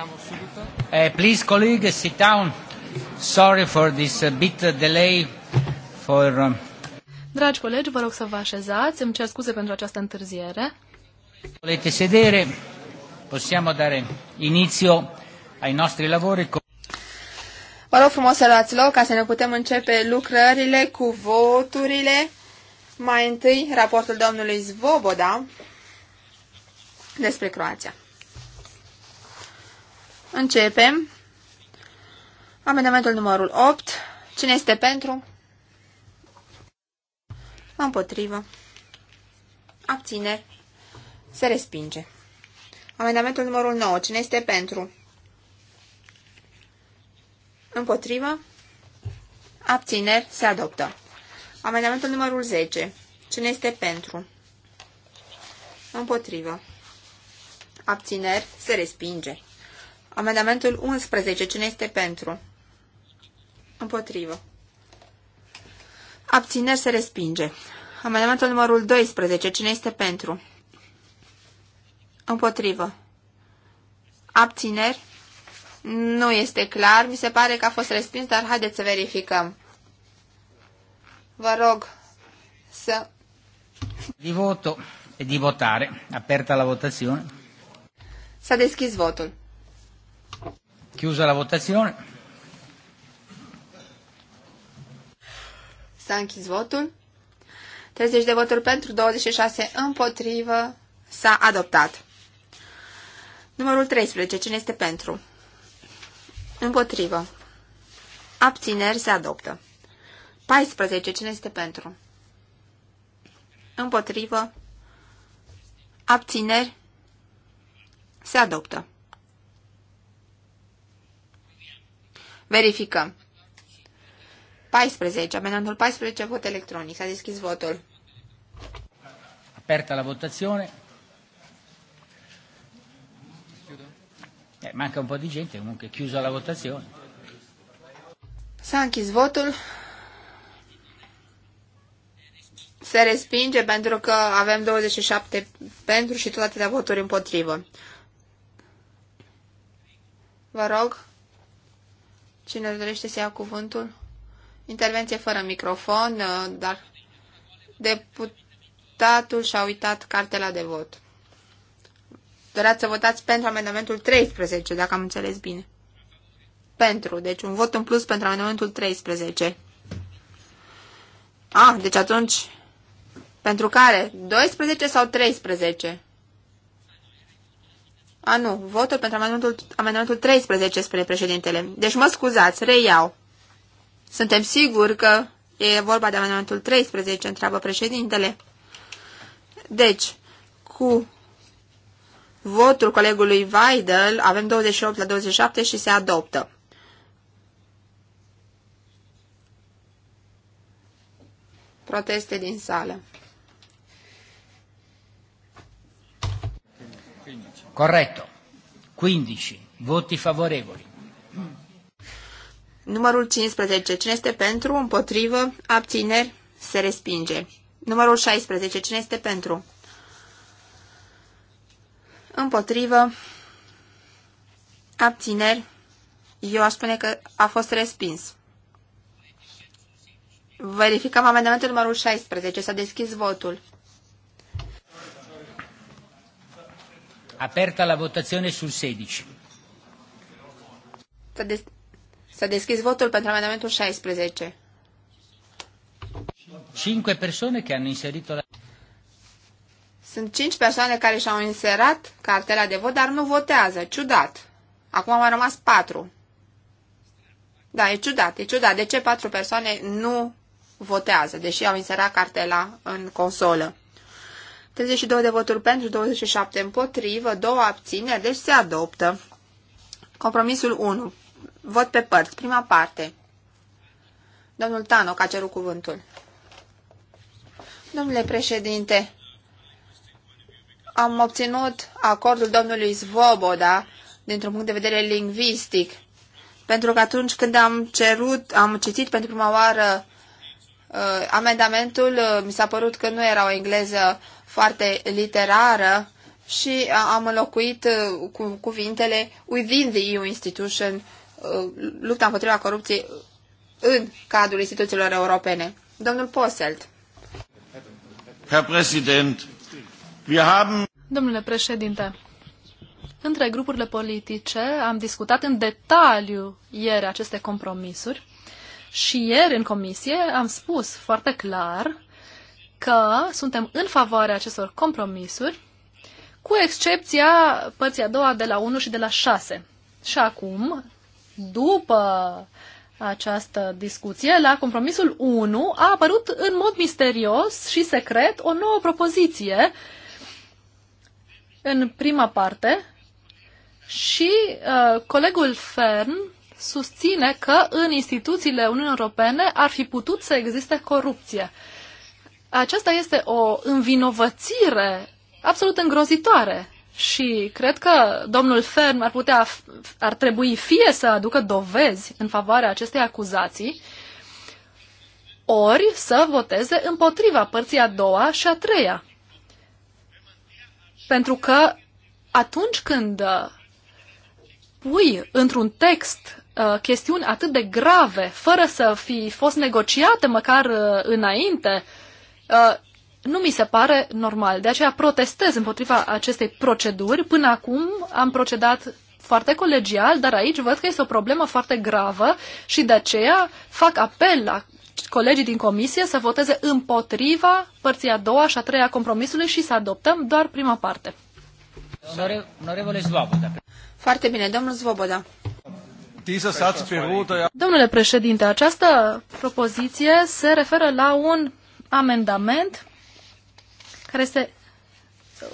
Uh, please colleagues, sit down. Sorry for this uh, bit uh, delay for um... Dragi colegi, vă rog să vă așezați. Îmi cer scuze pentru această întârziere. Volete sedere? Possiamo dare inizio ai nostri lavori. Vă rog frumos să luați loc ca să ne putem începe lucrările cu voturile. Mai întâi, raportul domnului Zvoboda despre Croația. Începem. Amendamentul numărul 8. Cine este pentru? Împotrivă. Abține. Se respinge. Amendamentul numărul 9. Cine este pentru? Împotrivă. Abțineri. Se adoptă. Amendamentul numărul 10. Cine este pentru? Împotrivă. Abțineri. Se respinge. Amendamentul 11. Cine este pentru? Împotrivă. Abțineri se respinge. Amendamentul numărul 12. Cine este pentru? Împotrivă. Abțineri? Nu este clar. Mi se pare că a fost respins, dar haideți să verificăm. Vă rog să... Di voto e di votare. Aperta la votazione. S-a deschis votul. Chiusa la votazione. S-a închis votul. 30 de voturi pentru, 26 împotrivă. S-a adoptat. Numărul 13. Cine este pentru? Împotrivă. Abțineri se adoptă. 14. Cine este pentru? Împotrivă. Abțineri se adoptă. Verificăm. 14. Amendamentul 14, vot electronic. S-a deschis votul. Aperta la votazione. Eh, manca un po' di gente, comunque è chiusa la votazione. S-a închis votul. Se respinge pentru că avem 27 pentru și tot atâtea voturi împotrivă. Vă rog. Cine dorește să ia cuvântul? Intervenție fără microfon, uh, dar deputatul și-a uitat cartela de vot. Doreați să votați pentru amendamentul 13, dacă am înțeles bine. Pentru, deci un vot în plus pentru amendamentul 13. Ah, deci atunci, pentru care? 12 sau 13? A, nu, votul pentru amendamentul, amendamentul 13 spre președintele. Deci mă scuzați, reiau. Suntem siguri că e vorba de amendamentul 13, întreabă președintele. Deci, cu votul colegului Weidel avem 28 la 27 și se adoptă. Proteste din sală. Corretto. 15. Voti favorevoli. Numărul 15. Cine este pentru, împotrivă, abțineri, se respinge. Numărul 16. Cine este pentru? Împotrivă, abțineri, eu aș spune că a fost respins. Verificăm amendamentul numărul 16. S-a deschis votul. Aperta la votazione sul 16. S-a, des- deschis votul pentru amendamentul 16. 5 persoane che hanno inserito la... Sunt 5 persoane care și-au inserat cartela de vot, dar nu votează. Ciudat. Acum au rămas 4. Da, e ciudat, e ciudat. De ce patru persoane nu votează, deși au inserat cartela în consolă? 32 de voturi pentru, 27 împotrivă, 2 abțineri, deci se adoptă. Compromisul 1. Vot pe părți. Prima parte. Domnul Tano, a cerut cuvântul. Domnule președinte, am obținut acordul domnului Svoboda dintr-un punct de vedere lingvistic, pentru că atunci când am cerut, am citit pentru prima oară uh, amendamentul, uh, mi s-a părut că nu era o engleză foarte literară și uh, am înlocuit uh, cu cuvintele within the EU institution, uh, lupta împotriva corupției în cadrul instituțiilor europene. Domnul Poselt. Herr Präsident, wir haben... Domnule președinte, între grupurile politice am discutat în detaliu ieri aceste compromisuri și ieri în comisie am spus foarte clar că suntem în favoarea acestor compromisuri, cu excepția părții a doua de la 1 și de la 6. Și acum, după această discuție, la compromisul 1 a apărut în mod misterios și secret o nouă propoziție în prima parte și uh, colegul Fern susține că în instituțiile Uniunii Europene ar fi putut să existe corupție. Uh, aceasta este o învinovățire absolut îngrozitoare și cred că domnul Fern ar, putea, ar trebui fie să aducă dovezi în favoarea acestei acuzații, ori să voteze împotriva părții a doua și a treia. Pentru că atunci când uh, pui într-un text uh, chestiuni atât de grave, fără să fi fost negociate măcar uh, înainte, Uh, nu mi se pare normal. De aceea protestez împotriva acestei proceduri. Până acum am procedat foarte colegial, dar aici văd că este o problemă foarte gravă și de aceea fac apel la colegii din comisie să voteze împotriva părții a doua și a treia compromisului și să adoptăm doar prima parte. Foarte bine, domnul Zvoboda. Domnule președinte, această propoziție se referă la un amendament care este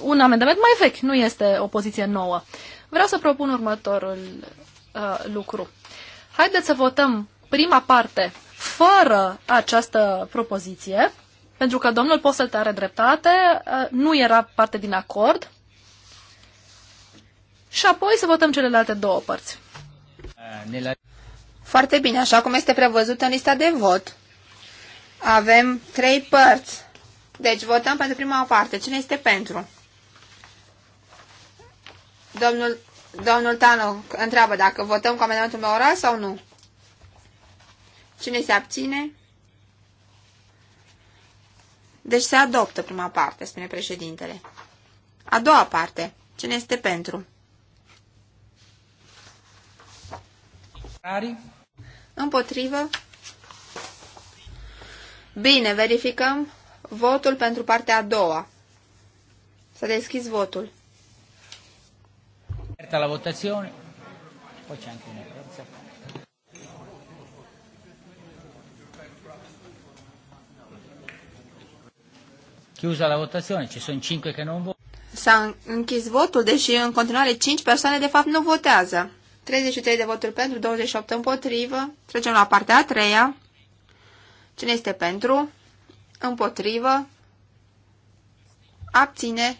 un amendament mai vechi, nu este o poziție nouă. Vreau să propun următorul uh, lucru. Haideți să votăm prima parte fără această propoziție, pentru că domnul Postel are dreptate, uh, nu era parte din acord, și apoi să votăm celelalte două părți. Foarte bine, așa cum este prevăzut în lista de vot. Avem trei părți. Deci votăm pentru prima parte. Cine este pentru? Domnul, domnul Tano întreabă dacă votăm cu amendamentul meu oral sau nu. Cine se abține? Deci se adoptă prima parte, spune președintele. A doua parte. Cine este pentru? Ari. Împotrivă. Bine, verificăm votul pentru partea a doua. Să deschizi votul. Aperta la votazione. Poi c'è anche una terza. Chiusa la votazione, ci sono 5 che non votano. S-a închis votul, deși în continuare 5 persoane de fapt nu votează. 33 de voturi pentru, 28 împotrivă. Trecem la partea a treia. Cine este pentru? Împotrivă? Abține?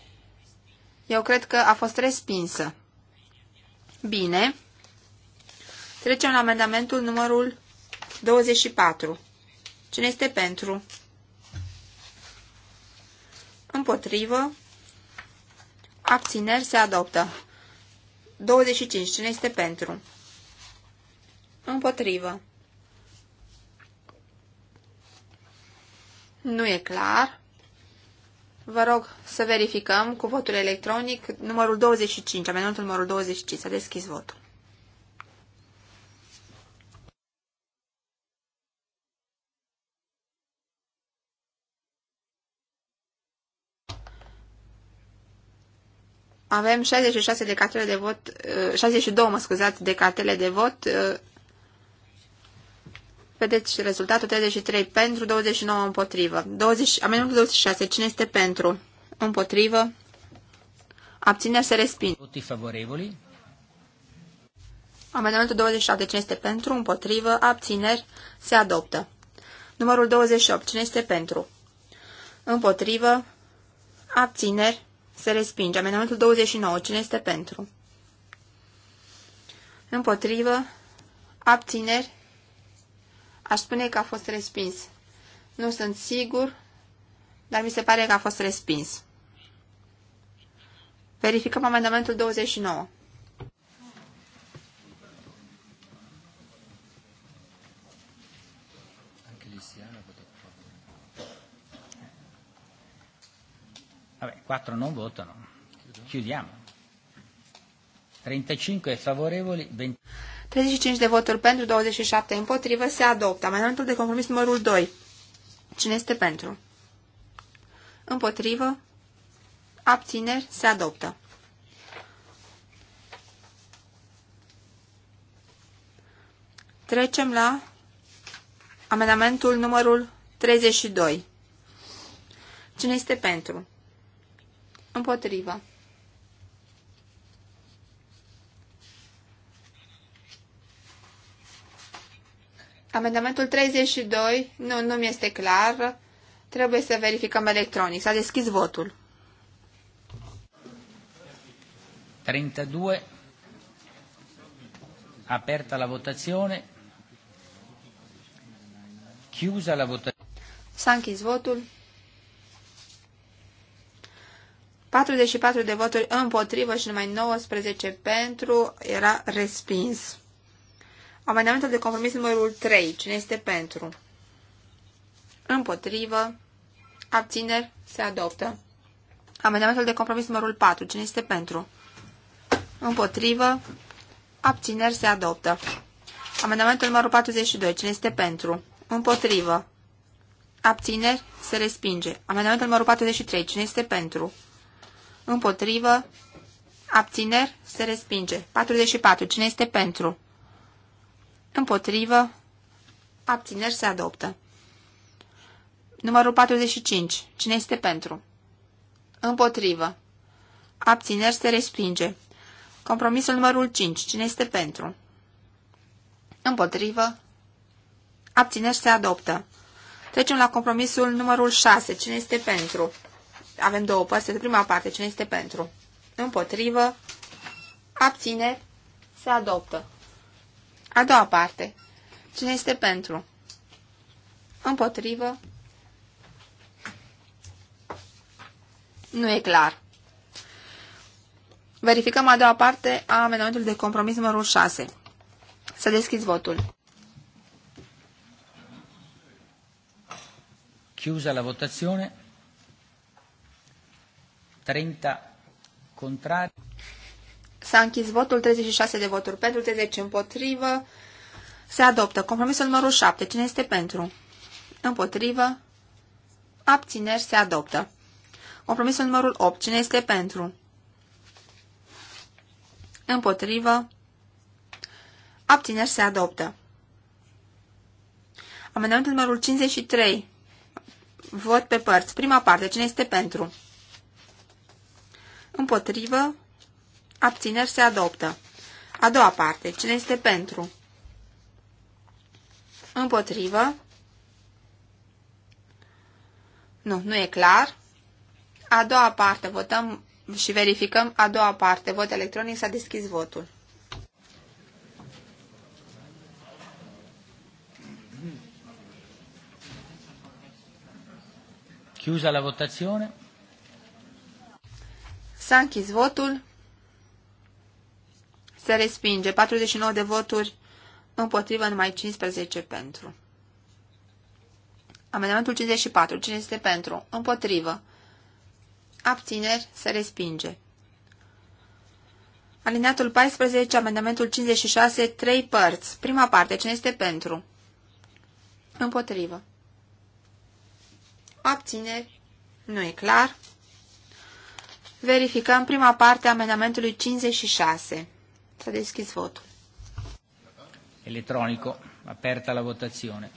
Eu cred că a fost respinsă. Bine. Trecem la amendamentul numărul 24. Cine este pentru? Împotrivă? Abțineri se adoptă. 25. Cine este pentru? Împotrivă. Nu e clar. Vă rog să verificăm cu votul electronic numărul 25, amendamentul numărul 25. S-a deschis votul. Avem 66 de cartele de vot, 62, eh, mă scuzați, de cartele de vot eh, Vedeți deci, rezultatul 33 pentru, 29 împotrivă. 20, amendamentul 26. Cine este pentru? Împotrivă. Abțineri se respinge. Voti favorevoli. Amendamentul 27. Cine este pentru? Împotrivă. Abțineri se adoptă. Numărul 28. Cine este pentru? Împotrivă. Abțineri se respinge. Amendamentul 29. Cine este pentru? Împotrivă. Abțineri Aș spune că a fost respins. Nu sunt sigur, dar mi se pare că a fost respins. Verificăm amendamentul 29. Vabbè, 4 non votano. Chiudiamo. 35 favorevoli, 20. 35 de voturi pentru, 27 împotrivă, se adoptă. Amendamentul de compromis numărul 2. Cine este pentru? Împotrivă, abțineri, se adoptă. Trecem la amendamentul numărul 32. Cine este pentru? Împotrivă. Amendamentul 32, nu, nu mi este clar. Trebuie să verificăm electronic. S-a deschis votul. 32. Aperta la votazione. Chiusa la votazione. S-a închis votul. 44 de voturi împotrivă și numai 19 pentru era respins. Amendamentul de compromis numărul 3. Cine este pentru? Împotrivă. Abțineri. Se adoptă. Amendamentul de compromis numărul 4. Cine este pentru? Împotrivă. Abțineri. Se adoptă. Amendamentul numărul 42. Cine este pentru? Împotrivă. Abțineri. Se respinge. Amendamentul numărul 43. Cine este pentru? Împotrivă. Abțineri. Se respinge. 44. Cine este pentru? împotrivă, abțineri se adoptă. Numărul 45. Cine este pentru? Împotrivă. Abțineri se respinge. Compromisul numărul 5. Cine este pentru? Împotrivă. Abțineri se adoptă. Trecem la compromisul numărul 6. Cine este pentru? Avem două părți. De prima parte, cine este pentru? Împotrivă. Abține. se adoptă. A doua parte. Cine este pentru? Împotrivă. Nu e clar. Verificăm a doua parte a amendamentului de compromis numărul 6. Să deschizi votul. Chiusa la votazione. 30 contrari. S-a închis votul 36 de voturi pentru, 30 împotrivă. Se adoptă. Compromisul numărul 7. Cine este pentru? Împotrivă. Abțineri se adoptă. Compromisul numărul 8. Cine este pentru? Împotrivă. Abțineri se adoptă. Amendamentul numărul 53. Vot pe părți. Prima parte. Cine este pentru? Împotrivă abțineri se adoptă. A doua parte, cine este pentru? Împotrivă. Nu, nu e clar. A doua parte, votăm și verificăm a doua parte. Vot electronic, s-a deschis votul. Chiusa la votazione. S-a închis votul. Se respinge. 49 de voturi împotrivă, numai 15 pentru. Amendamentul 54. Cine este pentru? Împotrivă. Abțineri. Se respinge. Alineatul 14, amendamentul 56, 3 părți. Prima parte. Cine este pentru? Împotrivă. Abțineri. Nu e clar. Verificăm prima parte a amendamentului 56. S-a deschis votul. Electronico. aperta la votazione.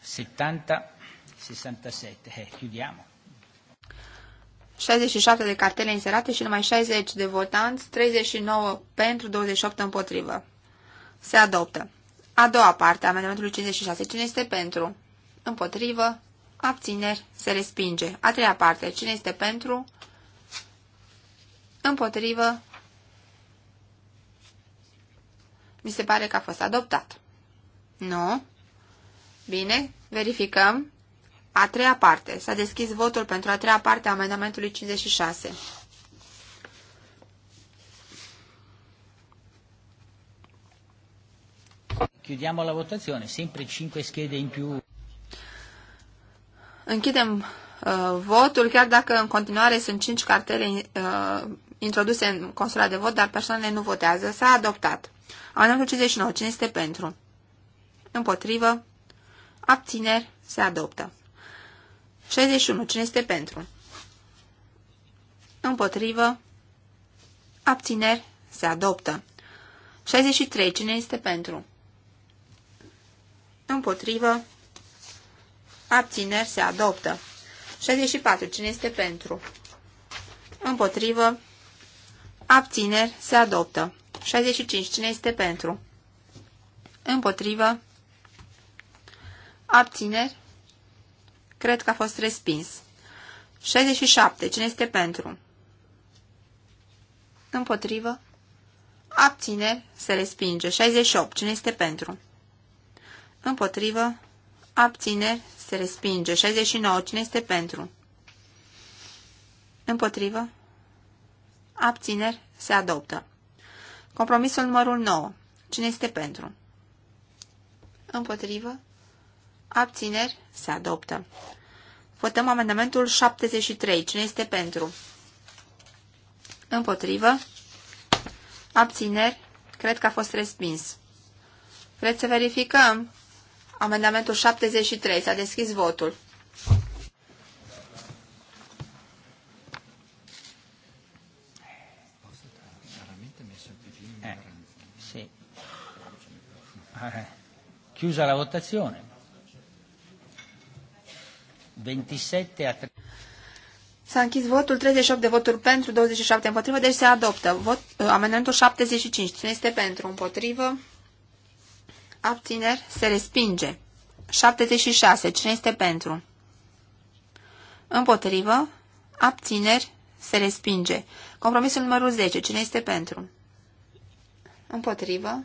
Settanta, 67, eh, chiudiamo. 67 de cartele inserate și numai 60 de votanți, 39 pentru, 28 împotrivă. Se adoptă. A doua parte a amendamentului 56. Cine este pentru? Împotrivă abțineri, se respinge. A treia parte, cine este pentru, împotrivă, mi se pare că a fost adoptat. Nu? Bine, verificăm. A treia parte. S-a deschis votul pentru a treia parte a amendamentului 56. Chiudiamo la votazione, sempre 5 schede in più. Închidem uh, votul, chiar dacă în continuare sunt cinci cartele uh, introduse în consola de vot, dar persoanele nu votează. S-a adoptat. Amendamentul 59. Cine este pentru? Împotrivă. Abțineri. Se adoptă. 61. Cine este pentru? Împotrivă. Abțineri. Se adoptă. 63. Cine este pentru? Împotrivă abțineri se adoptă. 64. Cine este pentru? Împotrivă, abțineri se adoptă. 65. Cine este pentru? Împotrivă, abțineri, cred că a fost respins. 67. Cine este pentru? Împotrivă. Abțineri. Se respinge. 68. Cine este pentru? Împotrivă. Abțineri se respinge. 69. Cine este pentru? Împotrivă. Abțineri se adoptă. Compromisul numărul 9. Cine este pentru? Împotrivă. Abțineri se adoptă. Votăm amendamentul 73. Cine este pentru? Împotrivă. Abțineri. Cred că a fost respins. Vreți să verificăm? Amendamentul 73. S-a deschis votul. Eh, Chiusa la votazione. 27 a 3. S-a închis votul, 38 de voturi pentru, 27 împotrivă, deci se adoptă. Vot, eh, amendamentul 75. Cine este pentru? Împotrivă? abțineri, se respinge. 76. Cine este pentru? Împotrivă, abțineri, se respinge. Compromisul numărul 10. Cine este pentru? Împotrivă,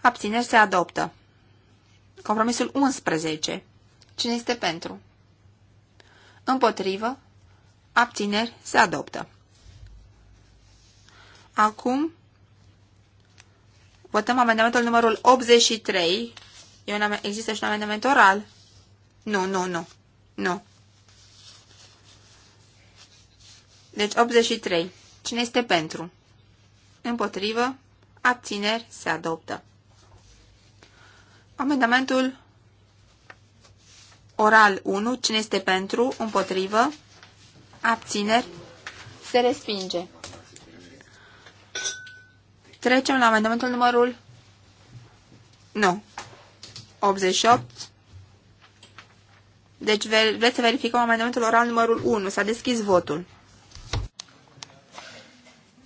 abțineri, se adoptă. Compromisul 11. Cine este pentru? Împotrivă, abțineri, se adoptă. Acum Votăm amendamentul numărul 83. Un un, există și un amendament oral? Nu, nu, nu. Nu. Deci 83. Cine este pentru? Împotrivă. Abțineri. Se adoptă. Amendamentul oral 1. Cine este pentru? Împotrivă. Abțineri. Se respinge. Trecem la amendamentul numărul... Nu. 88. Deci vreți să verificăm amendamentul oral numărul 1. S-a deschis votul.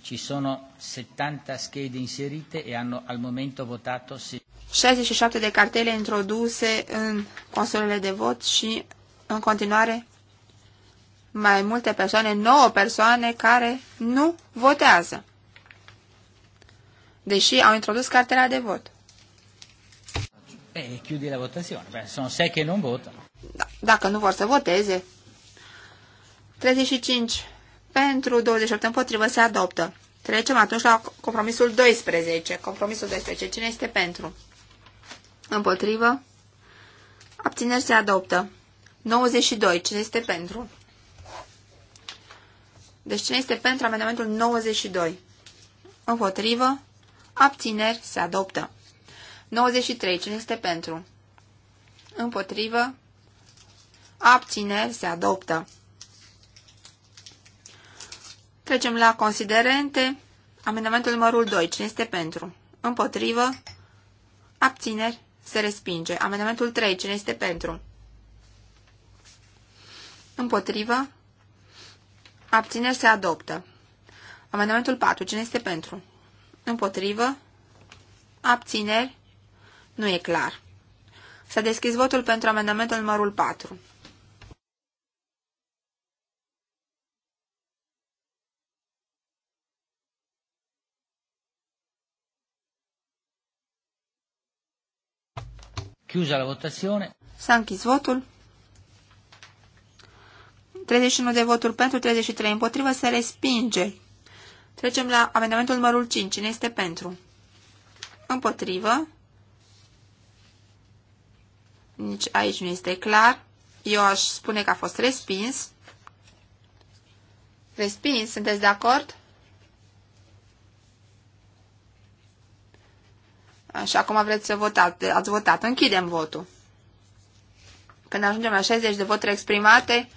Ci sono 70 schede inserite e hanno al momento votato... 67 de cartele introduse în consolele de vot și în continuare mai multe persoane, 9 persoane care nu votează deși au introdus cartela de vot. E, chiudi la votazione, Beh, sono sei che non votano. Da, dacă nu vor să voteze. 35 pentru, 28 împotrivă, se adoptă. Trecem atunci la compromisul 12. Compromisul 12. Cine este pentru? Împotrivă? Abțineri se adoptă. 92. Cine este pentru? Deci cine este pentru amendamentul 92? Împotrivă? Abțineri se adoptă. 93. Cine este pentru? Împotrivă. Abțineri se adoptă. Trecem la considerente. Amendamentul numărul 2. Cine este pentru? Împotrivă. Abțineri se respinge. Amendamentul 3. Cine este pentru? Împotrivă. Abțineri se adoptă. Amendamentul 4. Cine este pentru? Împotrivă? Abțineri? Nu e clar. S-a deschis votul pentru amendamentul numărul 4. Chiusa la votazione. S-a închis votul. 31 de voturi pentru, 33 împotrivă, se respinge. Trecem la amendamentul numărul 5. Cine este pentru? Împotrivă. Nici aici nu este clar. Eu aș spune că a fost respins. Respins, sunteți de acord? Așa acum vreți să votați, ați votat. Închidem votul. Când ajungem la 60 de voturi exprimate,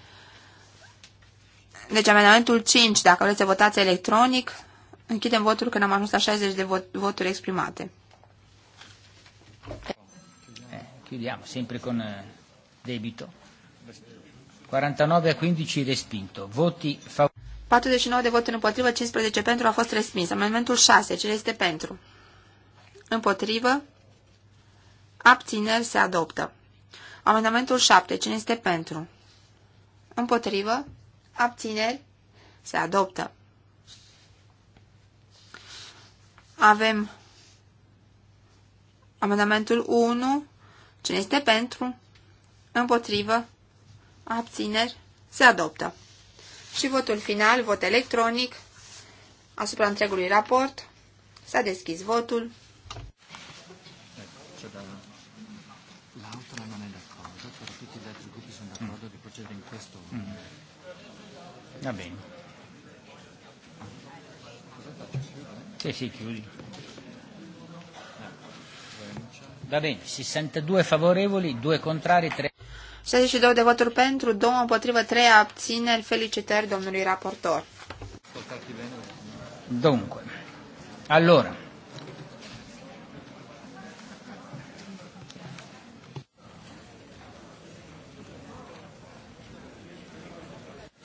deci amendamentul 5, dacă vreți să votați electronic, închidem votul când am ajuns la 60 de vot voturi exprimate. Chiudiamo, sempre con eh, debito. 49 a 15 respinto. Voti favorevoli. 49 de voturi împotrivă, 15 pentru, a fost respins. Amendamentul 6, cel este pentru. Împotrivă, abțineri se adoptă. Amendamentul 7, cine este pentru? Împotrivă, abțineri, se adoptă. Avem amendamentul 1, cine este pentru, împotrivă, abțineri, se adoptă. Și votul final, vot electronic, asupra întregului raport, s-a deschis votul. L'altra non è d'accordo, però tutti gli altri gruppi sono d'accordo di procedere in questo modo. Mm-hmm. Va da, bene. Sì, sì, chiudi. Va bene, 62 favorevoli, 2 contrari, 3... 62 de voturi pentru, 2 împotrivă, 3 abțineri. Felicitări domnului raportor. Dunque, allora,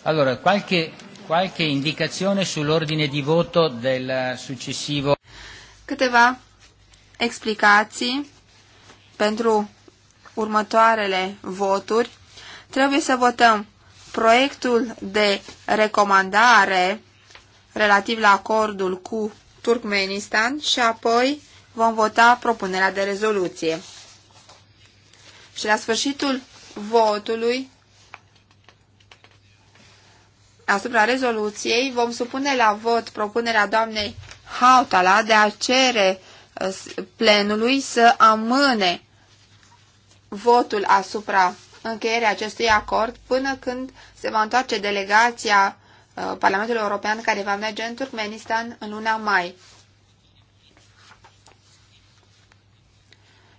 Allora, qualche, qualche indicazione sull'ordine di voto del successivo. Câteva explicații pentru următoarele voturi. Trebuie să votăm proiectul de recomandare relativ la acordul cu Turkmenistan și apoi vom vota propunerea de rezoluție. Și la sfârșitul votului asupra rezoluției, vom supune la vot propunerea doamnei Hautala de a cere uh, plenului să amâne votul asupra încheierea acestui acord până când se va întoarce delegația uh, Parlamentului European care va merge în Turkmenistan în luna mai.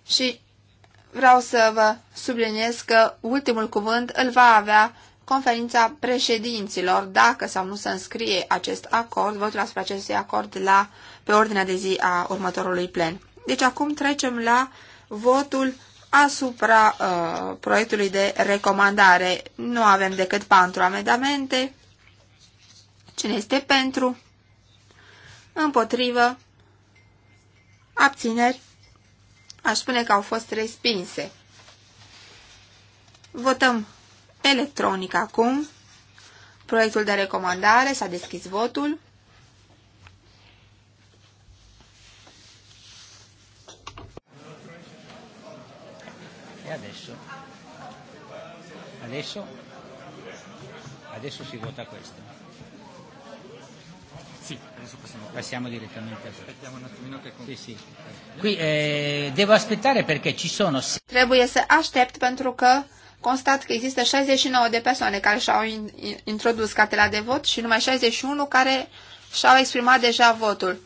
Și vreau să vă subliniez că ultimul cuvânt îl va avea conferința președinților dacă sau nu se înscrie acest acord, votul asupra acestui acord la, pe ordinea de zi a următorului plen. Deci acum trecem la votul asupra uh, proiectului de recomandare. Nu avem decât patru amendamente. Cine este pentru? Împotrivă? Abțineri? Aș spune că au fost respinse. Votăm electronic acum. Proiectul de recomandare s-a deschis votul. adesso? Adesso? Adesso si vota questo. Sì, adesso possiamo... Passiamo direttamente a Aspettiamo un attimino che... con... Sì, sì. Qui eh, devo aspettare perché ci sono... Trebuie să aștept pentru că constat că există 69 de persoane care și-au introdus cartela de vot și numai 61 care și-au exprimat deja votul.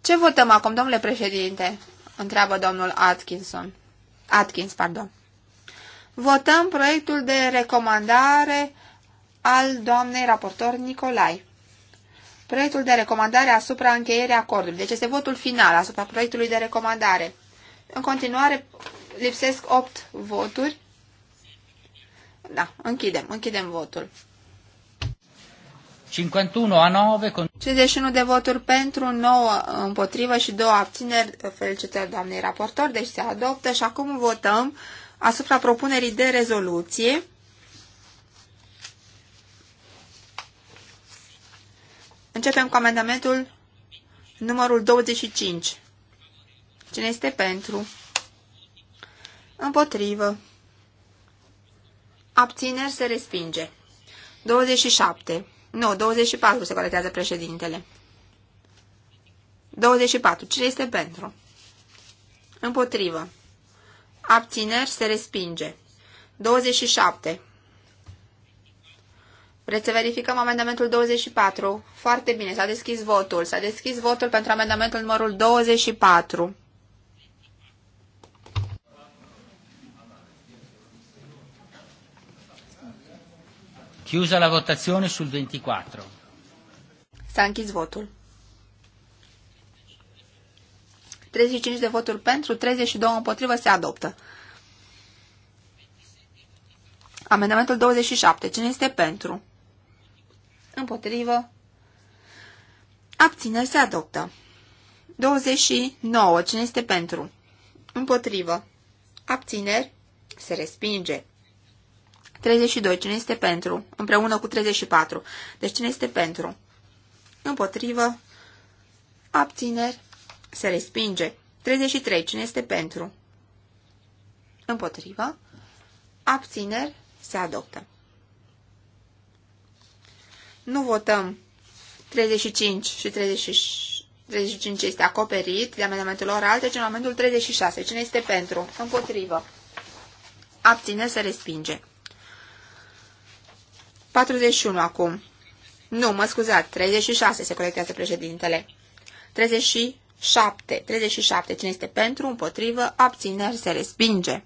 Ce votăm acum, domnule președinte? Întreabă domnul Atkinson. Atkins, pardon. Votăm proiectul de recomandare al doamnei raportor Nicolai. Proiectul de recomandare asupra încheierii acordului. Deci este votul final asupra proiectului de recomandare. În continuare, lipsesc 8 voturi. Da, închidem, închidem votul. 51 a 9 con... 51 de voturi pentru, 9 împotrivă și 2 abțineri. Felicitări doamnei raportor, deci se adoptă și acum votăm asupra propunerii de rezoluție. Începem cu amendamentul numărul 25. Cine este pentru? Împotrivă. Abțineri se respinge. 27. Nu, 24 se corectează președintele. 24. Cine este pentru? Împotrivă. Abțineri se respinge. 27. Vreți să verificăm amendamentul 24? Foarte bine, s-a deschis votul. S-a deschis votul pentru amendamentul numărul 24. Chiusa la votazione sul 24. S-a închis votul. 35 de voturi pentru, 32 împotrivă, se adoptă. Amendamentul 27. Cine este pentru? Împotrivă. Abține, se adoptă. 29. Cine este pentru? Împotrivă. Abțineri se respinge. 32. Cine este pentru? Împreună cu 34. Deci cine este pentru? Împotrivă. Abțineri. Se respinge. 33. Cine este pentru? Împotrivă. Abțineri. Se adoptă. Nu votăm 35 și 36. 35 este acoperit de amendamentul Alte ci în amendamentul 36. Cine este pentru? Împotrivă. Abține se respinge. 41 acum. Nu, mă scuzați, 36 se corectează președintele. 37. 37. Cine este pentru, împotrivă, abțineri, se respinge.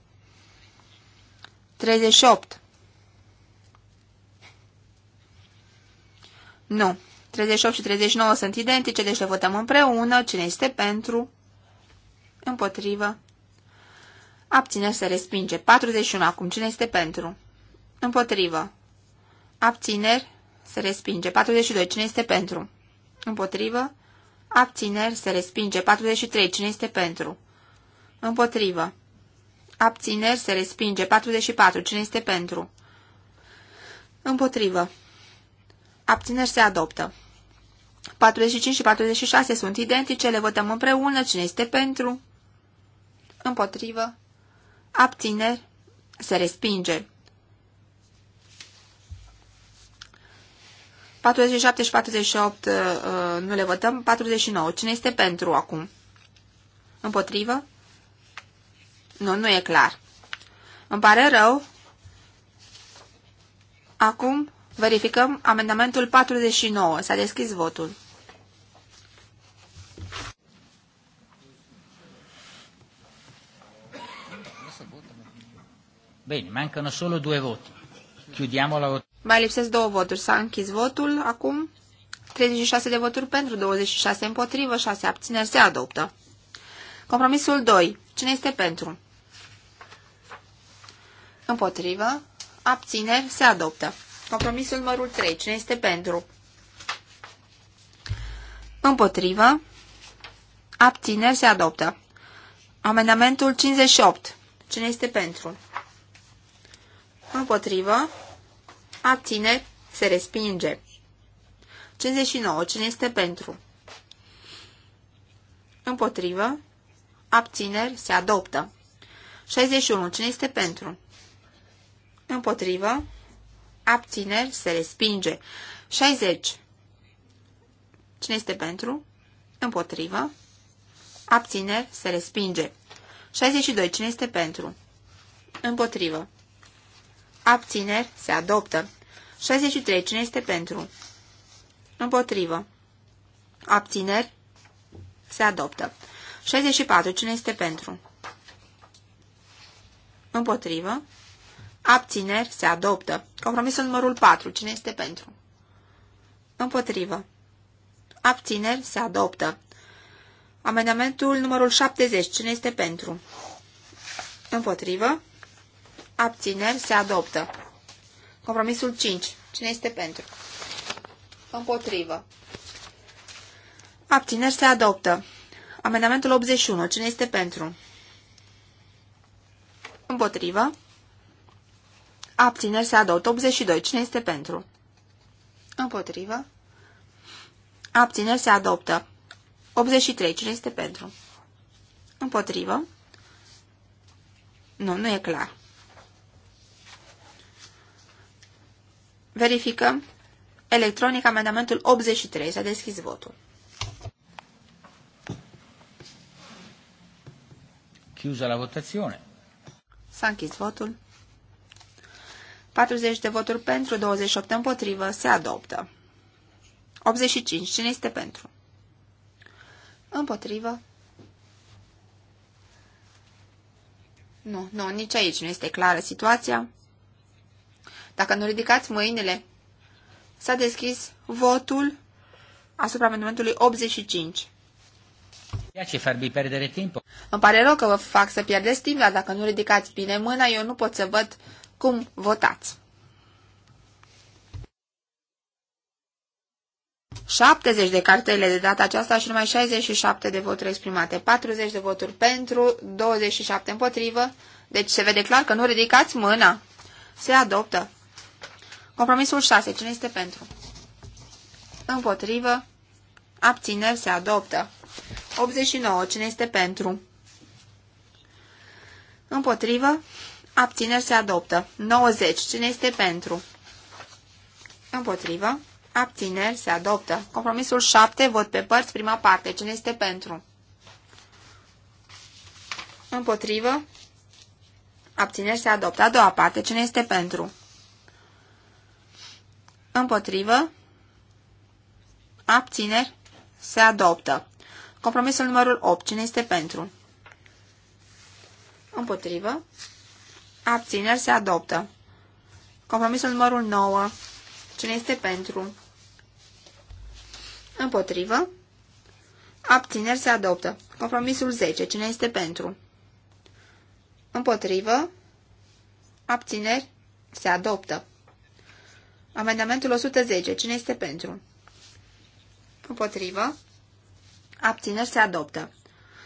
38. Nu. 38 și 39 sunt identice, deci le votăm împreună. Cine este pentru? Împotrivă. Abțineri se respinge. 41 acum. Cine este pentru? Împotrivă. Abțineri. Se respinge. 42. Cine este pentru? Împotrivă. Abțineri. Se respinge. 43. Cine este pentru? Împotrivă. Abțineri. Se respinge. 44. Cine este pentru? Împotrivă. Abțineri. Se adoptă. 45 și 46 sunt identice, le votăm împreună, cine este pentru, împotrivă, abțineri, se respinge. 47 și 48 uh, uh, nu le votăm. 49. Cine este pentru acum? Împotrivă? Nu, nu e clar. Îmi pare rău. Acum verificăm amendamentul 49. S-a deschis votul. Bine, mancano solo due voti. Chiudiamo la mai lipsesc două voturi. S-a închis votul acum. 36 de voturi pentru, 26 împotrivă, 6 abțineri se adoptă. Compromisul 2. Cine este pentru? Împotrivă. Abțineri se adoptă. Compromisul numărul 3. Cine este pentru? Împotrivă. Abțineri se adoptă. Amendamentul 58. Cine este pentru? Împotrivă abține, se respinge. 59. Cine este pentru? Împotrivă, abțineri, se adoptă. 61. Cine este pentru? Împotrivă, abțineri, se respinge. 60. Cine este pentru? Împotrivă, abțineri, se respinge. 62. Cine este pentru? Împotrivă. Abțineri se adoptă. 63. Cine este pentru? Împotrivă. Abțineri se adoptă. 64. Cine este pentru? Împotrivă. Abțineri se adoptă. Compromisul numărul 4. Cine este pentru? Împotrivă. Abțineri se adoptă. Amendamentul numărul 70. Cine este pentru? Împotrivă abțineri, se adoptă. Compromisul 5. Cine este pentru? Împotrivă. Abțineri, se adoptă. Amendamentul 81. Cine este pentru? Împotrivă. Abțineri, se adoptă. 82. Cine este pentru? Împotrivă. Abțineri, se adoptă. 83. Cine este pentru? Împotrivă. Nu, nu e clar. Verificăm electronic amendamentul 83. S-a deschis votul. Chiusa la votazione. S-a închis votul. 40 de voturi pentru, 28 împotrivă. Se adoptă. 85. Cine este pentru? Împotrivă. Nu, nu, nici aici nu este clară situația. Dacă nu ridicați mâinile, s-a deschis votul asupra amendamentului 85. Ce farbi pierdere timp. Îmi pare rău că vă fac să pierdeți timp, dar dacă nu ridicați bine mâna, eu nu pot să văd cum votați. 70 de cartele de data aceasta și numai 67 de voturi exprimate. 40 de voturi pentru, 27 împotrivă. Deci se vede clar că nu ridicați mâna. Se adoptă. Compromisul 6. Cine este pentru? Împotrivă. Abțineri se adoptă. 89. Cine este pentru? Împotrivă. Abțineri se adoptă. 90. Cine este pentru? Împotrivă. Abțineri se adoptă. Compromisul 7. Vot pe părți. Prima parte. Cine este pentru? Împotrivă. Abțineri se adoptă. A doua parte. Cine este pentru? Împotrivă. Abțineri. Se adoptă. Compromisul numărul 8. Cine este pentru? Împotrivă. Abțineri. Se adoptă. Compromisul numărul 9. Cine este pentru? Împotrivă. Abțineri. Se adoptă. Compromisul 10. Cine este pentru? Împotrivă. Abțineri. Se adoptă. Amendamentul 110. Cine este pentru? Împotrivă. Abțineri se adoptă.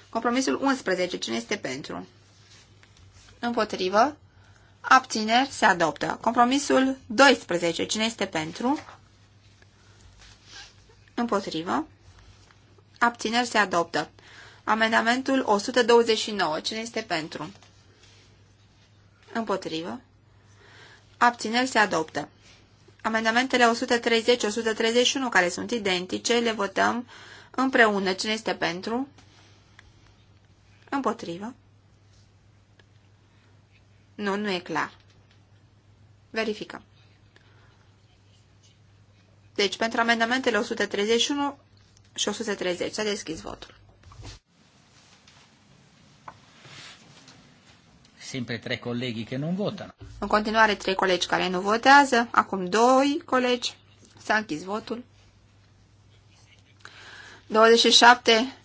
Compromisul 11. Cine este pentru? Împotrivă. Abțineri se adoptă. Compromisul 12. Cine este pentru? Împotrivă. Abțineri se adoptă. Amendamentul 129. Cine este pentru? Împotrivă. Abțineri se adoptă. Amendamentele 130-131, care sunt identice, le votăm împreună. Cine este pentru? Împotrivă. Nu, nu e clar. Verificăm. Deci, pentru amendamentele 131 și 130 s-a deschis votul. sempre tre colleghi che non votano. În continuare trei colegi care nu votează, acum doi colegi. S-a închis votul. 27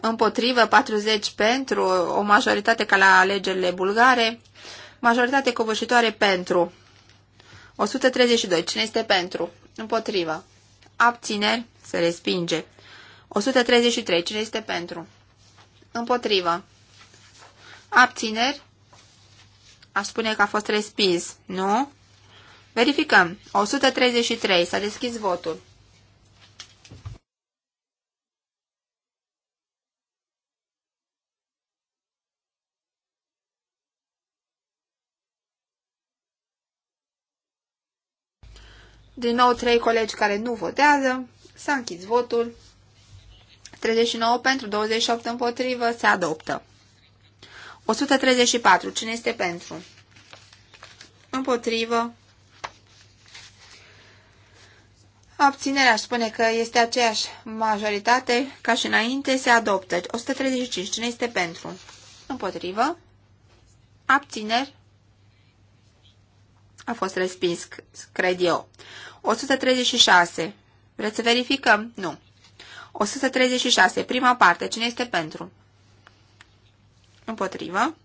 împotrivă, 40 pentru, o majoritate ca la alegerile bulgare, majoritate covârșitoare pentru. 132. Cine este pentru? Împotrivă. Abțineri? Se respinge. 133. Cine este pentru? Împotrivă. Abțineri? Aș spune că a fost respins, nu? Verificăm. 133. S-a deschis votul. Din nou trei colegi care nu votează. S-a închis votul. 39 pentru, 28 împotrivă. Se adoptă. 134. Cine este pentru? Împotrivă. Abținerea spune că este aceeași majoritate ca și înainte, se adoptă. 135. Cine este pentru? Împotrivă. Abțineri. A fost respins, cred eu. 136. Vreți să verificăm? Nu. 136. Prima parte. Cine este pentru? Împotrivă.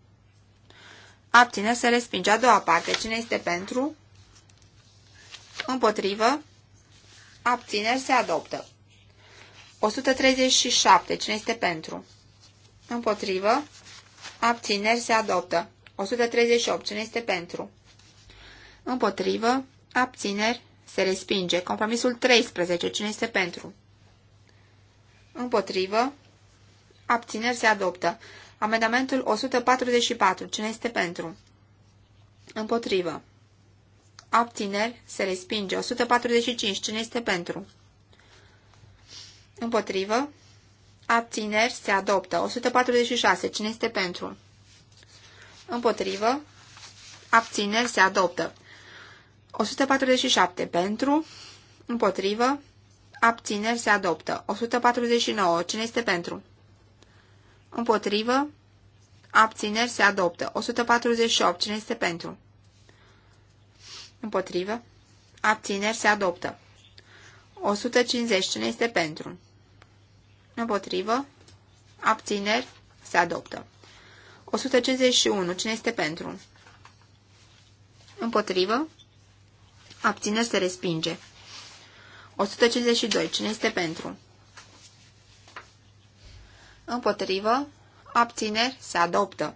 Abține se respinge. A doua parte. Cine este pentru? Împotrivă. Abțineri se adoptă. 137. Cine este pentru? Împotrivă. Abțineri se adoptă. 138. Cine este pentru? Împotrivă. Abțineri se respinge. Compromisul 13. Cine este pentru? Împotrivă. Abțineri se adoptă. Amendamentul 144. Cine este pentru? Împotrivă. Abțineri. Se respinge. 145. Cine este pentru? Împotrivă. Abțineri. Se adoptă. 146. Cine este pentru? Împotrivă. Abțineri. Se adoptă. 147. Pentru. Împotrivă. Abțineri. Se adoptă. 149. Cine este pentru? Împotrivă. Abțineri se adoptă. 148. Cine este pentru? Împotrivă. Abțineri se adoptă. 150. Cine este pentru? Împotrivă. Abțineri se adoptă. 151. Cine este pentru? Împotrivă. Abțineri se respinge. 152. Cine este pentru? împotrivă, abțineri, se adoptă.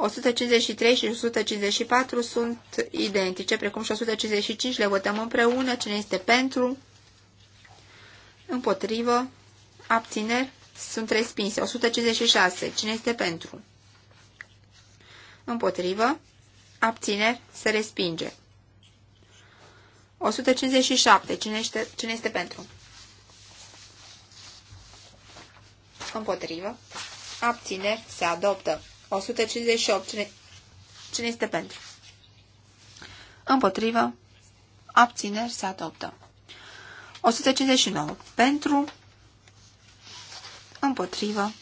153 și 154 sunt identice, precum și 155 le votăm împreună, cine este pentru, împotrivă, abțineri, sunt respinse. 156, cine este pentru, împotrivă, abțineri, se respinge. 157, cine este, cine este pentru, Împotrivă. Abțineri. Se adoptă. 158. Cine, cine este pentru? Împotrivă. Abțineri. Se adoptă. 159. Pentru. Împotrivă.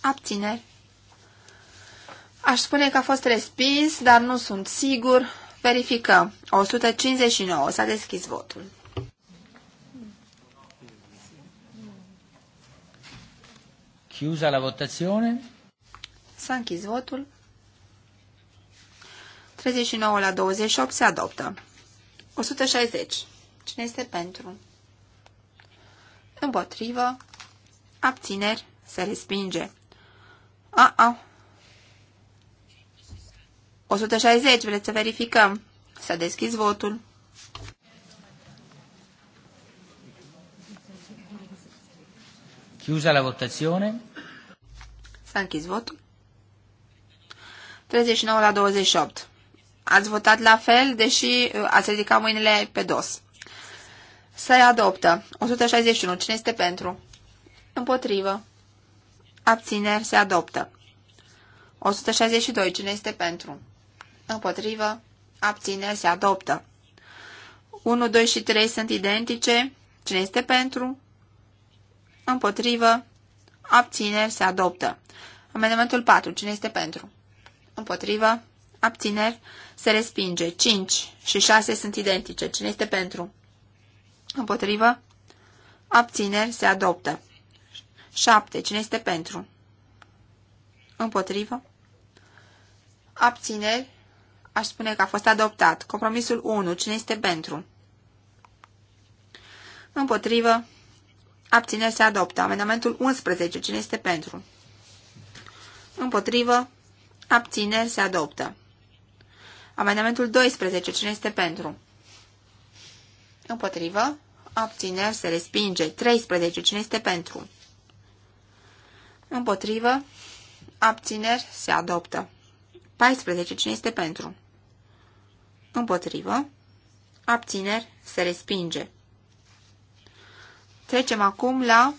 Abțineri. Aș spune că a fost respins, dar nu sunt sigur. Verificăm. 159. S-a deschis votul. Chiusa la votazione. S-a închis votul. 39 la 28 se adoptă. 160. Cine este pentru? Împotrivă. Abțineri. Se respinge. A, a. 160. Vreți să verificăm? S-a deschis votul. Chiusa la votazione. S-a închis votul. 39 la 28. Ați votat la fel, deși uh, ați ridicat mâinile pe dos. Se adoptă. 161. Cine este pentru? Împotrivă. Abțineri se adoptă. 162. Cine este pentru? Împotrivă. Abțineri se adoptă. 1, 2 și 3 sunt identice. Cine este pentru? Împotrivă. Abțineri se adoptă. Amendamentul 4. Cine este pentru? Împotrivă. Abțineri se respinge. 5 și 6 sunt identice. Cine este pentru? Împotrivă. Abțineri se adoptă. 7. Cine este pentru? Împotrivă. Abțineri. Aș spune că a fost adoptat. Compromisul 1. Cine este pentru? Împotrivă. Abțineri se adoptă. Amendamentul 11. Cine este pentru? Împotrivă. Abțineri se adoptă. Amendamentul 12. Cine este pentru? Împotrivă. Abțineri se respinge. 13. Cine este pentru? Împotrivă. Abțineri se adoptă. 14. Cine este pentru? Împotrivă. Abțineri se respinge. Trecem acum la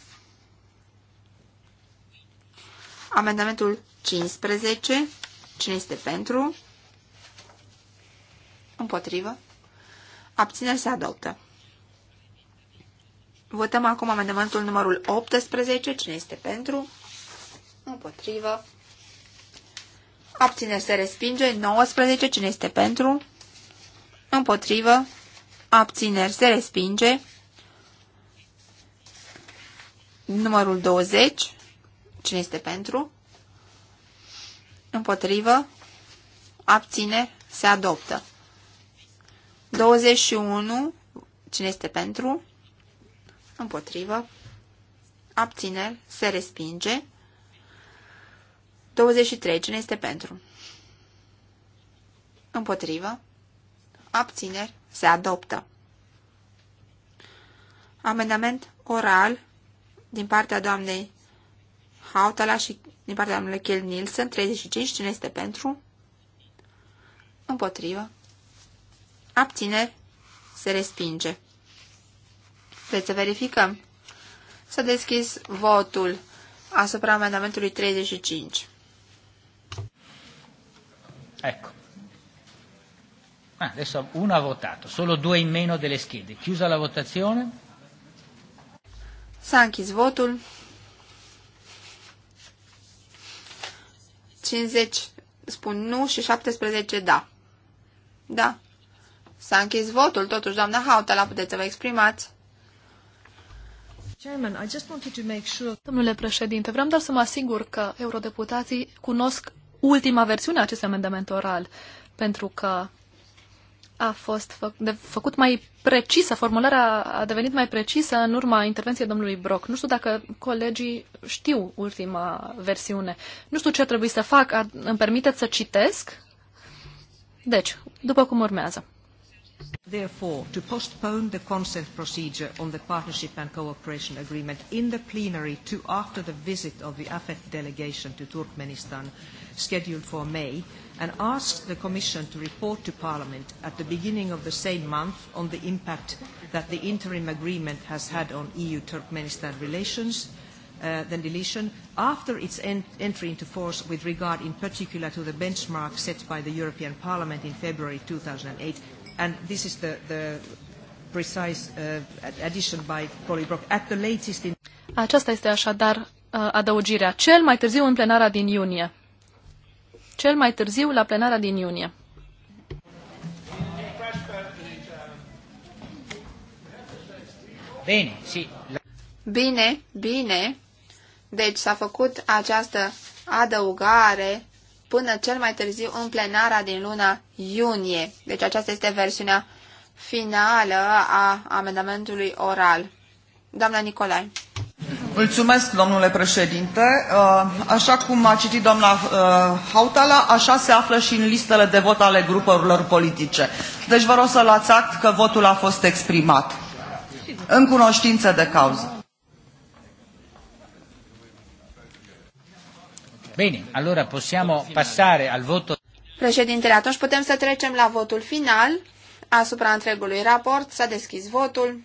amendamentul 15. Cine este pentru? Împotrivă. Abțineri se adoptă. Votăm acum amendamentul numărul 18. Cine este pentru? Împotrivă. Abțineri se respinge. 19. Cine este pentru? Împotrivă. Abțineri se respinge. Numărul 20. Cine este pentru? Împotrivă. Abține. Se adoptă. 21. Cine este pentru? Împotrivă. abține Se respinge. 23. Cine este pentru? Împotrivă. Abțineri. Se adoptă. Amendament oral din partea doamnei Hautala și din partea doamnei Kel Nielsen, 35, cine este pentru? Împotrivă. Abțineri. Se respinge. Vreți deci să verificăm? S-a deschis votul asupra amendamentului 35. Ecco. Ah, adesso una ha votato, solo due in meno delle schede. Chiusa la votazione. S-a închis votul. 50 spun nu și 17 da. Da. S-a închis votul, totuși, doamna la puteți să vă exprimați. Domnule președinte, vreau doar să mă asigur că eurodeputații cunosc ultima versiune a acestui amendament oral, pentru că a fost fă, de, făcut mai precisă, formularea a devenit mai precisă în urma intervenției domnului Brock. Nu știu dacă colegii știu ultima versiune. Nu știu ce ar trebui să fac. Ar, îmi permiteți să citesc? Deci, după cum urmează. Therefore, to postpone the consent procedure on the Partnership and Cooperation Agreement in the plenary to after the visit of the AFET delegation to Turkmenistan scheduled for May and asked the Commission to report to Parliament at the beginning of the same month on the impact that the interim agreement has had on EU-Turkmenistan relations, uh, the deletion, after its ent entry into force with regard in particular to the benchmark set by the European Parliament in February 2008. And this is the, the precise uh, addition by Polly Polybrock. At the latest in... Aceasta este așadar uh, adăugirea. Cel mai târziu în plenara din iunie cel mai târziu la plenara din iunie. Bine, și... Bine, bine. Deci s-a făcut această adăugare până cel mai târziu în plenara din luna iunie. Deci aceasta este versiunea finală a amendamentului oral. Doamna Nicolae. Mulțumesc, domnule președinte. Uh, așa cum a citit doamna uh, Hautala, așa se află și în listele de vot ale grupurilor politice. Deci vă rog să lați act că votul a fost exprimat în cunoștință de cauză. Bine, allora possiamo passare al voto. Președintele, atunci putem să trecem la votul final asupra întregului raport. S-a deschis votul.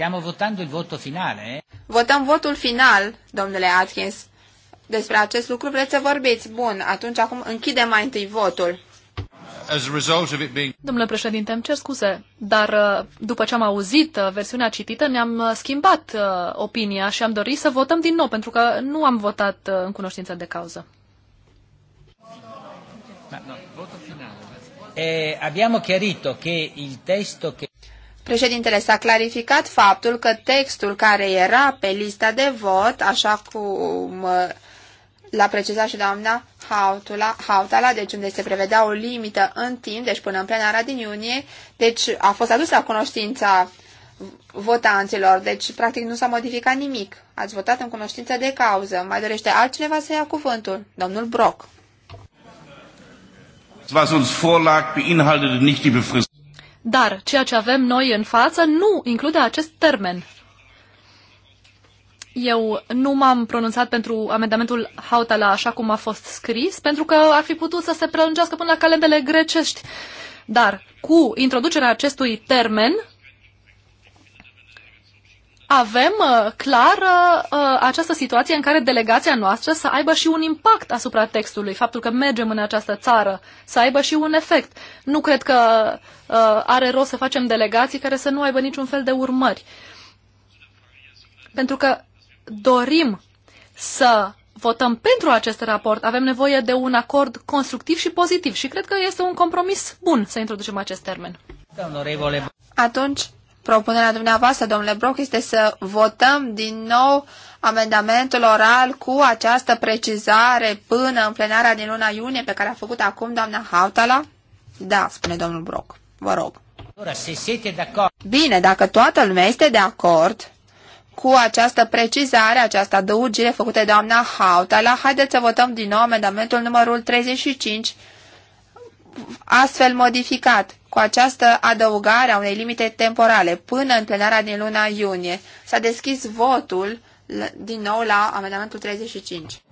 Stiamo votando il voto finale? Votăm votul final, domnule Atkins. Despre acest lucru vreți să vorbiți. Bun, atunci acum închidem mai întâi votul. Being... Domnule președinte, îmi cer scuze, dar uh, după ce am auzit uh, versiunea citită, ne-am uh, schimbat opinia și am dorit să votăm din nou, pentru că nu am votat în cunoștință de cauză. Ma, no, voto finale. Eh, abbiamo chiarito che il testo che... Președintele s-a clarificat faptul că textul care era pe lista de vot, așa cum uh, l-a precizat și doamna Hautula, Hautala, deci unde se prevedea o limită în timp, deci până în plenara din iunie, deci a fost adusă la cunoștința votanților, deci practic nu s-a modificat nimic. Ați votat în cunoștință de cauză. Mai dorește altcineva să ia cuvântul? Domnul Brock. Was uns vorlag, beinhaltete nicht die dar ceea ce avem noi în față nu include acest termen. Eu nu m-am pronunțat pentru amendamentul Hautala așa cum a fost scris, pentru că ar fi putut să se prelungească până la calendele grecești. Dar cu introducerea acestui termen, avem uh, clar uh, uh, această situație în care delegația noastră să aibă și un impact asupra textului, faptul că mergem în această țară, să aibă și un efect. Nu cred că uh, are rost să facem delegații care să nu aibă niciun fel de urmări. Pentru că dorim să votăm pentru acest raport, avem nevoie de un acord constructiv și pozitiv și cred că este un compromis bun să introducem acest termen. Atunci, Propunerea dumneavoastră, domnule Broc, este să votăm din nou amendamentul oral cu această precizare până în plenarea din luna iunie pe care a făcut acum doamna Hautala? Da, spune domnul Broc. Vă rog. Bine, dacă toată lumea este de acord cu această precizare, această adăugire făcută de doamna Hautala, haideți să votăm din nou amendamentul numărul 35, astfel modificat cu această adăugare a unei limite temporale până în plenarea din luna iunie. S-a deschis votul din nou la amendamentul 35.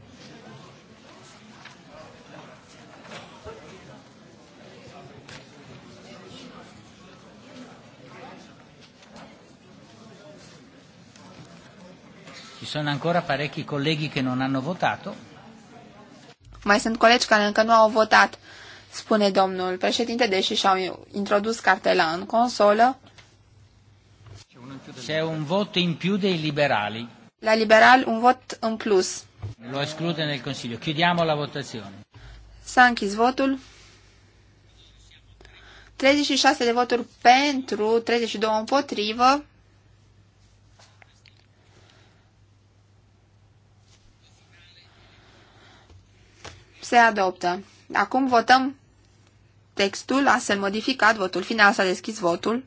Ci sono ancora parecchi colleghi che non hanno votato. Mai sunt colegi care încă nu au votat spune domnul președinte, deși și-au introdus cartela în consolă. Se un vot în più dei liberali. La liberal un vot în plus. Lo esclude nel Consiglio. Chiudiamo la votazione. S-a închis votul. 36 de voturi pentru, 32 împotrivă. Se adoptă. Acum votăm textul astfel modificat, votul final s-a deschis votul.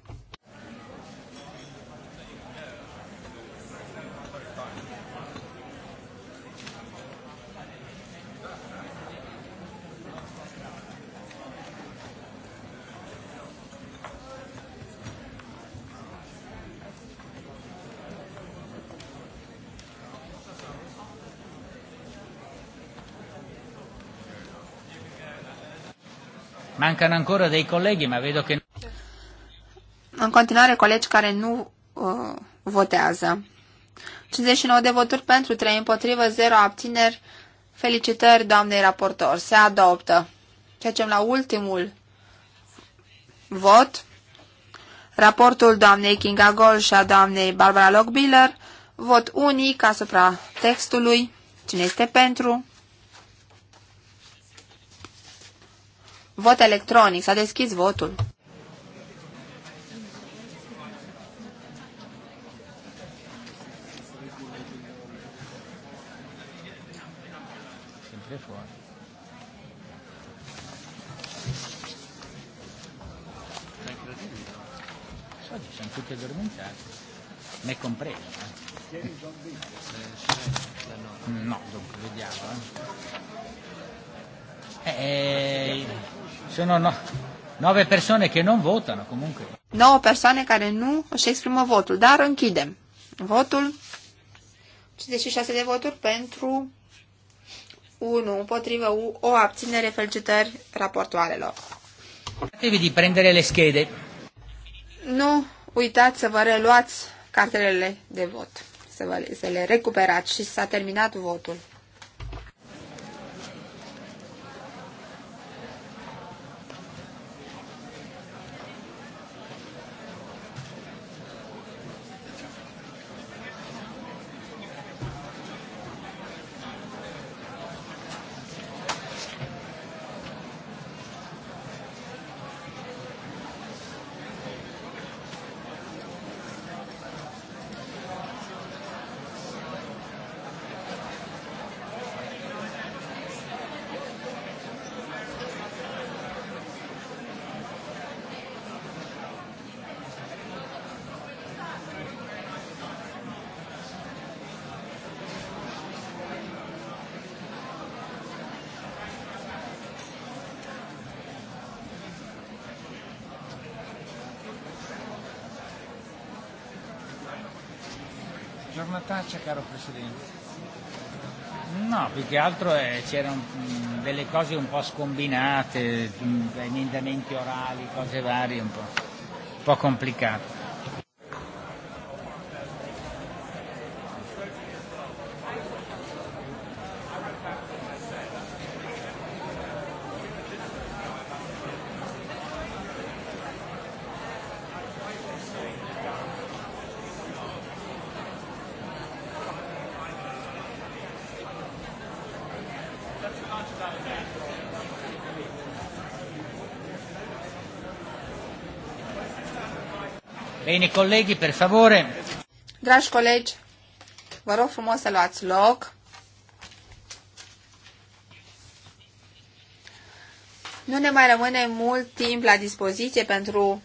Mancano ancora dei colleghi, ma vedo che... În continuare, colegi care nu uh, votează. 59 de voturi pentru, 3 împotrivă, 0 abțineri. Felicitări, doamnei raportor. Se adoptă. Trecem la ultimul vot. Raportul doamnei Kinga Gol și a doamnei Barbara Lockbiller. Vot unic asupra textului. Cine este pentru? Vot electronic. S-a deschis votul. Oggi siamo tutti addormentati, me compreso. Eh? No, dunque, vediamo. Eh. Eh, Sono no, nove persone che non votano comunque. Nove persone che non si esprimono votul, dar închidem. Votul 56 de voturi pentru 1 împotrivă U, o abținere, felicitări raportoarelor. Activi de prendere le schede. Nu uitați să vă reluați cartelele de vot, să, vă, să le recuperați și s-a terminat votul. No, più che altro eh, c'erano mm, delle cose un po' scombinate, emendamenti mm, orali, cose varie, un po', un po complicate. Bine, colegi, per favore. Dragi colegi, vă rog frumos să luați loc. Nu ne mai rămâne mult timp la dispoziție pentru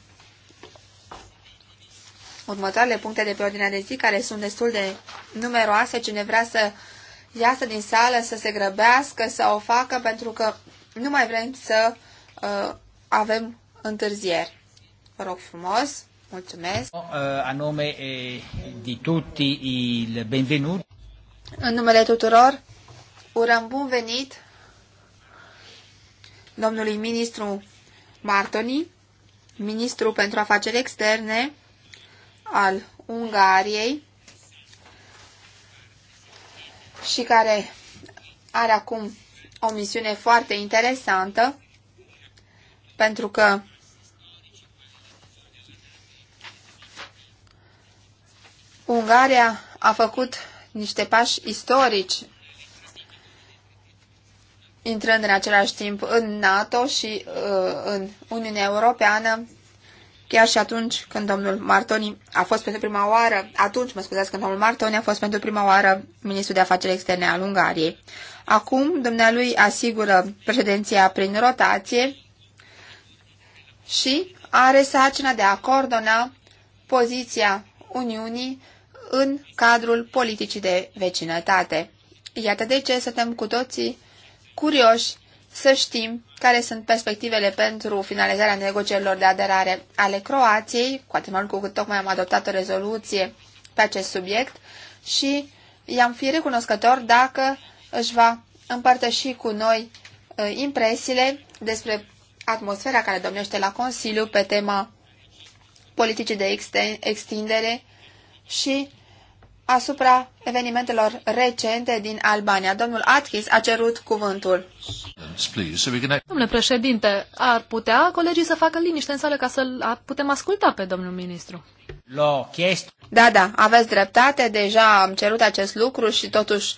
următoarele puncte de pe ordinea de zi, care sunt destul de numeroase. Cine vrea să iasă din sală, să se grăbească, să o facă, pentru că nu mai vrem să uh, avem întârzieri. Vă rog frumos! Mulțumesc. Uh, a nume eh, de tutti il benvenuto. În numele tuturor, urăm bun venit domnului ministru Martoni, ministru pentru afaceri externe al Ungariei și care are acum o misiune foarte interesantă pentru că Ungaria a făcut niște pași istorici intrând în același timp în NATO și uh, în Uniunea Europeană, chiar și atunci când domnul Martoni a fost pentru prima oară, atunci, mă scuzați, când domnul Martoni a fost pentru prima oară ministru de afaceri externe al Ungariei. Acum, dumnealui asigură președinția prin rotație și are sarcina de a coordona poziția Uniunii în cadrul politicii de vecinătate. Iată de ce suntem cu toții curioși să știm care sunt perspectivele pentru finalizarea negocierilor de aderare ale Croației, cu atât mai mult cu cât tocmai am adoptat o rezoluție pe acest subiect și i-am fi recunoscător dacă își va împărtăși cu noi uh, impresiile despre atmosfera care domnește la Consiliu pe tema politicii de extindere și asupra evenimentelor recente din Albania. Domnul Atkins a cerut cuvântul. Domnule președinte, ar putea colegii să facă liniște în sală ca să putem asculta pe domnul ministru? Da, da, aveți dreptate, deja am cerut acest lucru și totuși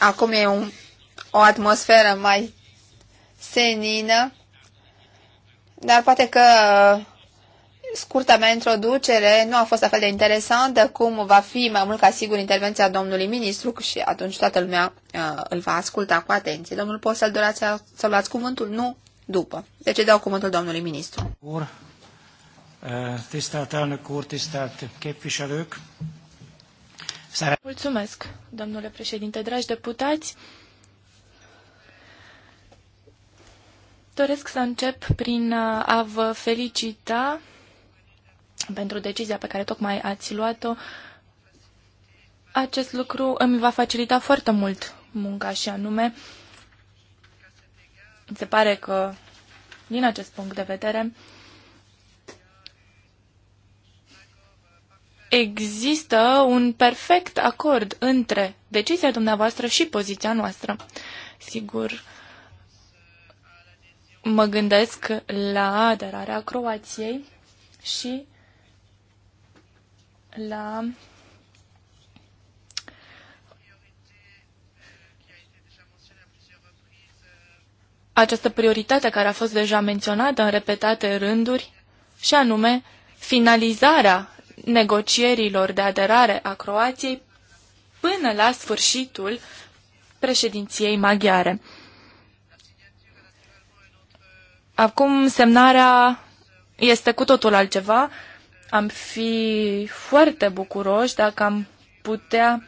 acum e un, o atmosferă mai senină, dar poate că scurta mea introducere nu a fost la fel de interesantă cum va fi mai mult ca sigur intervenția domnului ministru și atunci toată lumea uh, îl va asculta cu atenție. Domnul poți să-l dorați să luați cuvântul? Nu, după. Deci dau cuvântul domnului ministru. Or, uh, Mulțumesc, domnule președinte, dragi deputați! Doresc să încep prin uh, a vă felicita pentru decizia pe care tocmai ați luat-o. Acest lucru îmi va facilita foarte mult munca și anume, se pare că, din acest punct de vedere, există un perfect acord între decizia dumneavoastră și poziția noastră. Sigur, mă gândesc la aderarea Croației și la această prioritate care a fost deja menționată în repetate rânduri, și anume finalizarea negocierilor de aderare a Croației până la sfârșitul președinției maghiare. Acum semnarea este cu totul altceva. Am fi foarte bucuroși dacă am putea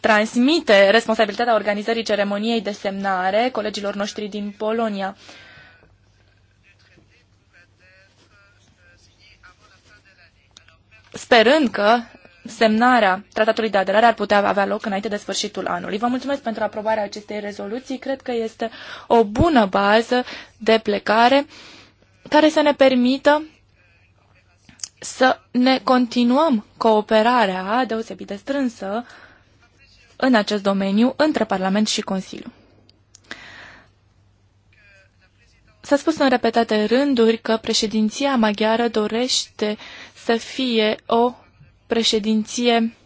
transmite responsabilitatea organizării ceremoniei de semnare colegilor noștri din Polonia. Sperând că semnarea tratatului de aderare ar putea avea loc înainte de sfârșitul anului. Vă mulțumesc pentru aprobarea acestei rezoluții. Cred că este o bună bază de plecare care să ne permită să ne continuăm cooperarea deosebit de strânsă în acest domeniu între Parlament și Consiliu. S-a spus în repetate rânduri că președinția maghiară dorește să fie o președinție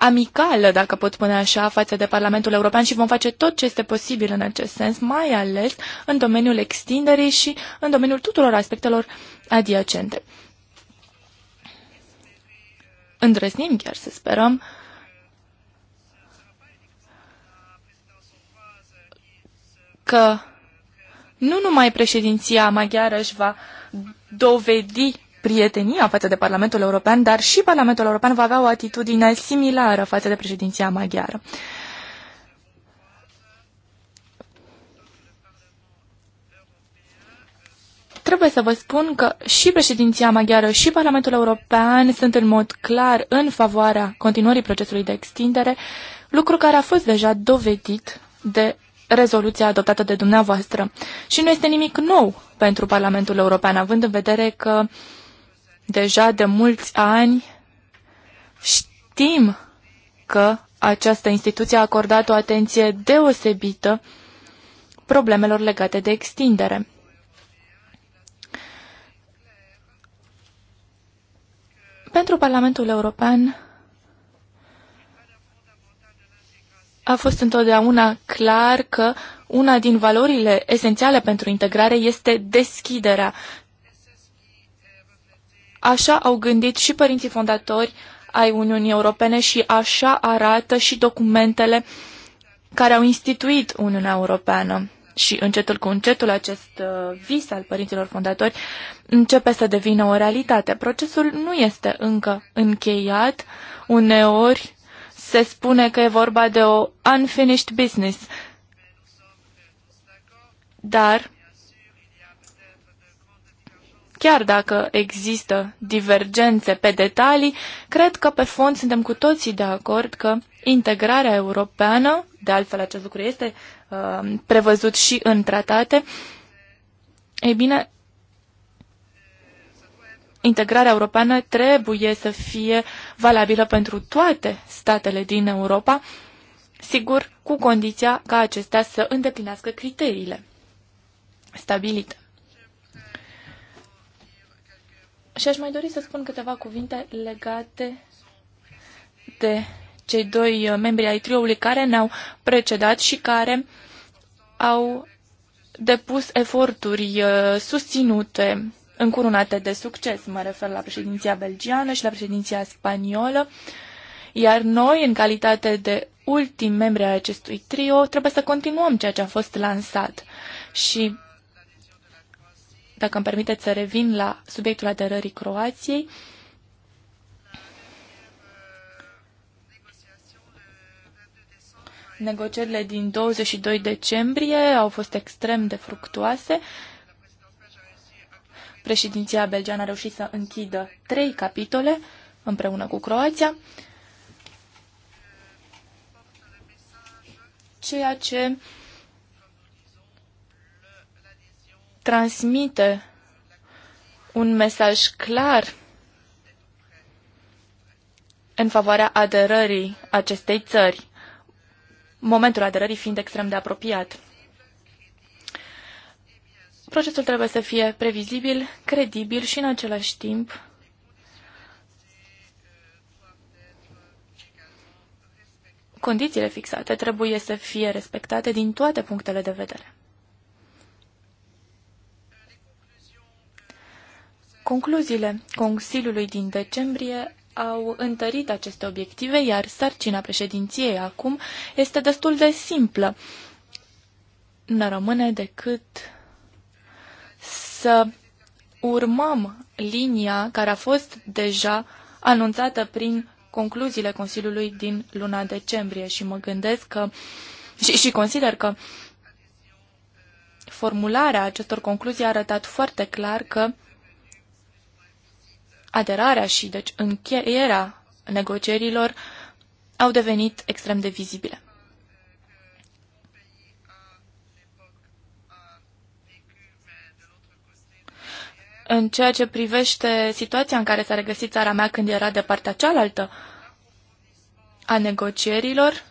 amicală, dacă pot spune așa, față de Parlamentul European și vom face tot ce este posibil în acest sens, mai ales în domeniul extinderii și în domeniul tuturor aspectelor adiacente. Îndrăznim chiar să sperăm că nu numai președinția maghiară își va dovedi prietenia față de Parlamentul European, dar și Parlamentul European va avea o atitudine similară față de președinția maghiară. Trebuie să vă spun că și președinția maghiară și Parlamentul European sunt în mod clar în favoarea continuării procesului de extindere, lucru care a fost deja dovedit de rezoluția adoptată de dumneavoastră. Și nu este nimic nou pentru Parlamentul European, având în vedere că uh, deja de mulți ani știm că această instituție a acordat o atenție deosebită problemelor legate de extindere. Pentru Parlamentul European a fost întotdeauna clar că una din valorile esențiale pentru integrare este deschiderea Așa au gândit și părinții fondatori ai Uniunii Europene și așa arată și documentele care au instituit Uniunea Europeană. Și încetul cu încetul acest uh, vis al părinților fondatori începe să devină o realitate. Procesul nu este încă încheiat. Uneori se spune că e vorba de o unfinished business. Dar Chiar dacă există divergențe pe detalii, cred că pe fond suntem cu toții de acord că integrarea europeană, de altfel acest lucru este uh, prevăzut și în tratate, ei bine, integrarea europeană trebuie să fie valabilă pentru toate statele din Europa, sigur, cu condiția ca acestea să îndeplinească criteriile stabilite. Și aș mai dori să spun câteva cuvinte legate de cei doi uh, membri ai trioului care ne-au precedat și care au depus eforturi uh, susținute, încurunate de succes. Mă refer la președinția belgiană și la președinția spaniolă. Iar noi, în calitate de ultimi membri ai acestui trio, trebuie să continuăm ceea ce a fost lansat. Și dacă îmi permiteți să revin la subiectul aderării Croației, Negocierile din 22 decembrie au fost extrem de fructuoase. Președinția belgeană a reușit să închidă trei capitole împreună cu Croația, ceea ce transmite un mesaj clar în favoarea aderării acestei țări, momentul aderării fiind extrem de apropiat. Procesul trebuie să fie previzibil, credibil și în același timp condițiile fixate trebuie să fie respectate din toate punctele de vedere. Concluziile Consiliului din decembrie au întărit aceste obiective, iar sarcina președinției acum este destul de simplă. Ne rămâne decât să urmăm linia care a fost deja anunțată prin concluziile Consiliului din luna decembrie și mă gândesc că și, și consider că formularea acestor concluzii a arătat foarte clar că aderarea și deci încheierea negocierilor au devenit extrem de vizibile. În ceea ce privește situația în care s-a regăsit țara mea când era de partea cealaltă a negocierilor,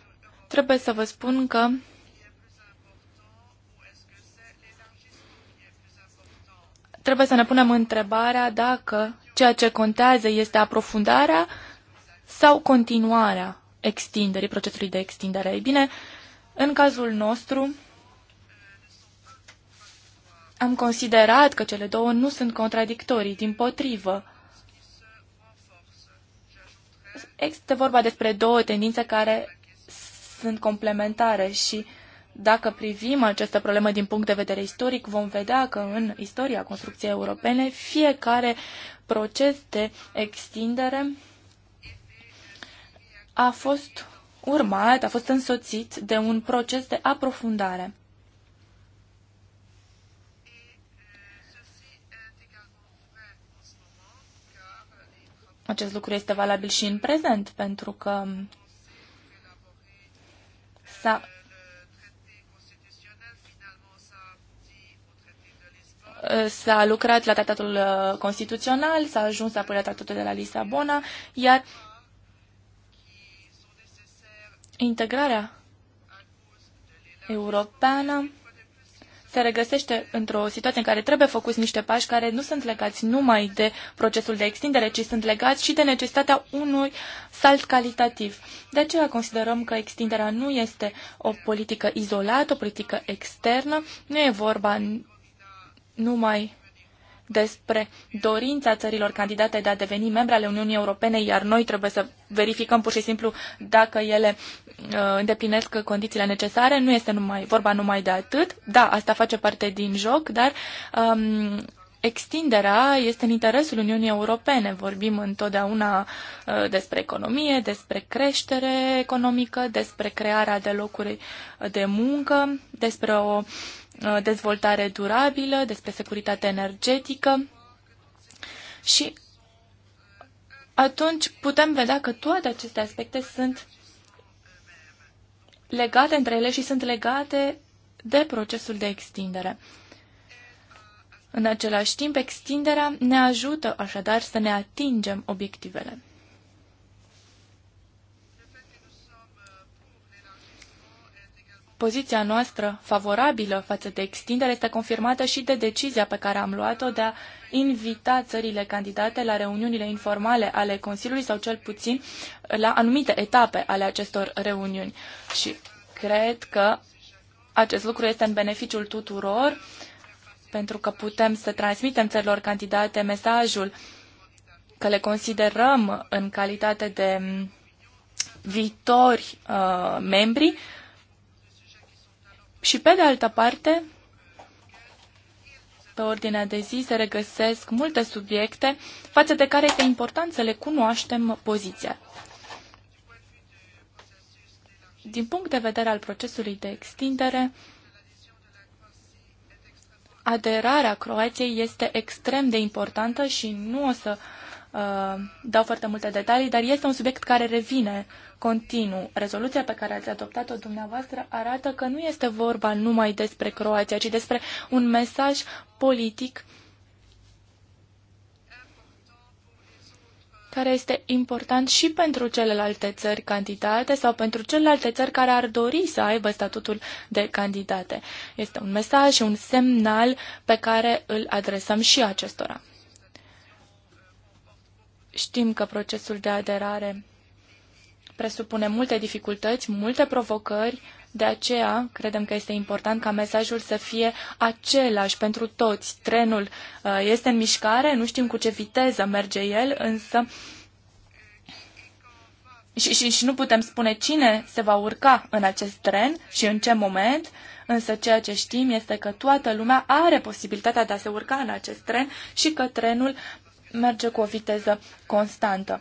trebuie să vă spun că trebuie să ne punem întrebarea dacă Ceea ce contează este aprofundarea sau continuarea extinderii, procesului de extindere. Ei bine, în cazul nostru, am considerat că cele două nu sunt contradictorii, din potrivă. Este vorba despre două tendințe care sunt complementare și dacă privim această problemă din punct de vedere istoric, vom vedea că în istoria construcției europene fiecare proces de extindere a fost urmat, a fost însoțit de un proces de aprofundare. Acest lucru este valabil și în prezent, pentru că s-a Uh, s-a lucrat la tratatul uh, constituțional, s-a ajuns apoi la tratatul de la Lisabona, iar integrarea europeană se regăsește într-o situație în care trebuie făcuți niște pași care nu sunt legați numai de procesul de extindere, ci sunt legați și de necesitatea unui salt calitativ. De aceea considerăm că extinderea nu este o politică izolată, o politică externă, nu e vorba numai despre dorința țărilor candidate de a deveni membre ale Uniunii Europene, iar noi trebuie să verificăm pur și simplu dacă ele uh, îndeplinesc condițiile necesare. Nu este numai, vorba numai de atât. Da, asta face parte din joc, dar um, extinderea este în interesul Uniunii Europene. Vorbim întotdeauna uh, despre economie, despre creștere economică, despre crearea de locuri de muncă, despre o uh, Uh, dezvoltare durabilă, despre securitate energetică și atunci putem vedea că toate aceste aspecte sunt legate între ele și sunt legate de procesul de extindere. În același timp, extinderea ne ajută așadar să ne atingem obiectivele. Poziția noastră favorabilă față de extindere este confirmată și de decizia pe care am luat-o de a invita țările candidate la reuniunile informale ale Consiliului sau cel puțin la anumite etape ale acestor reuniuni. Și cred că acest lucru este în beneficiul tuturor pentru că putem să transmitem țărilor candidate mesajul că le considerăm în calitate de viitori uh, membri și pe de altă parte, pe ordinea de zi se regăsesc multe subiecte față de care este important să le cunoaștem poziția. Din punct de vedere al procesului de extindere, aderarea Croației este extrem de importantă și nu o să uh, uh, dau foarte multe detalii, dar este un subiect care revine continuu. Rezoluția pe care ați adoptat-o dumneavoastră arată că nu este vorba numai despre Croația, ci despre un mesaj politic care este important și pentru celelalte țări candidate sau pentru celelalte țări care ar dori să aibă statutul de candidate. Este un mesaj și un semnal pe care îl adresăm și acestora. Știm că procesul de aderare presupune multe dificultăți, multe provocări, de aceea credem că este important ca mesajul să fie același pentru toți. Trenul uh, este în mișcare, nu știm cu ce viteză merge el, însă și, și, și nu putem spune cine se va urca în acest tren și în ce moment, însă ceea ce știm este că toată lumea are posibilitatea de a se urca în acest tren și că trenul merge cu o viteză constantă,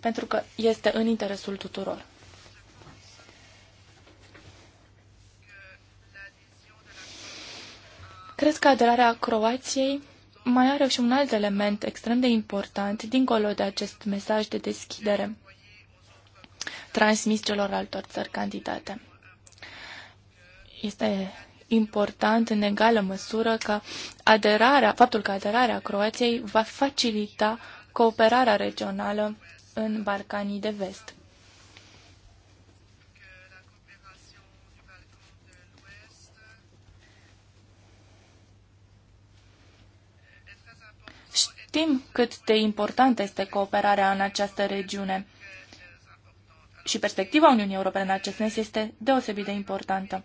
pentru că este în interesul tuturor. Cred că aderarea Croației mai are și un alt element extrem de important, dincolo de acest mesaj de deschidere transmis celor altor țări candidate. Este important în egală măsură că aderarea, faptul că aderarea Croației va facilita cooperarea regională în Balcanii de Vest. Știm cât de importantă este cooperarea în această regiune și perspectiva Uniunii Europene în acest sens este deosebit de importantă.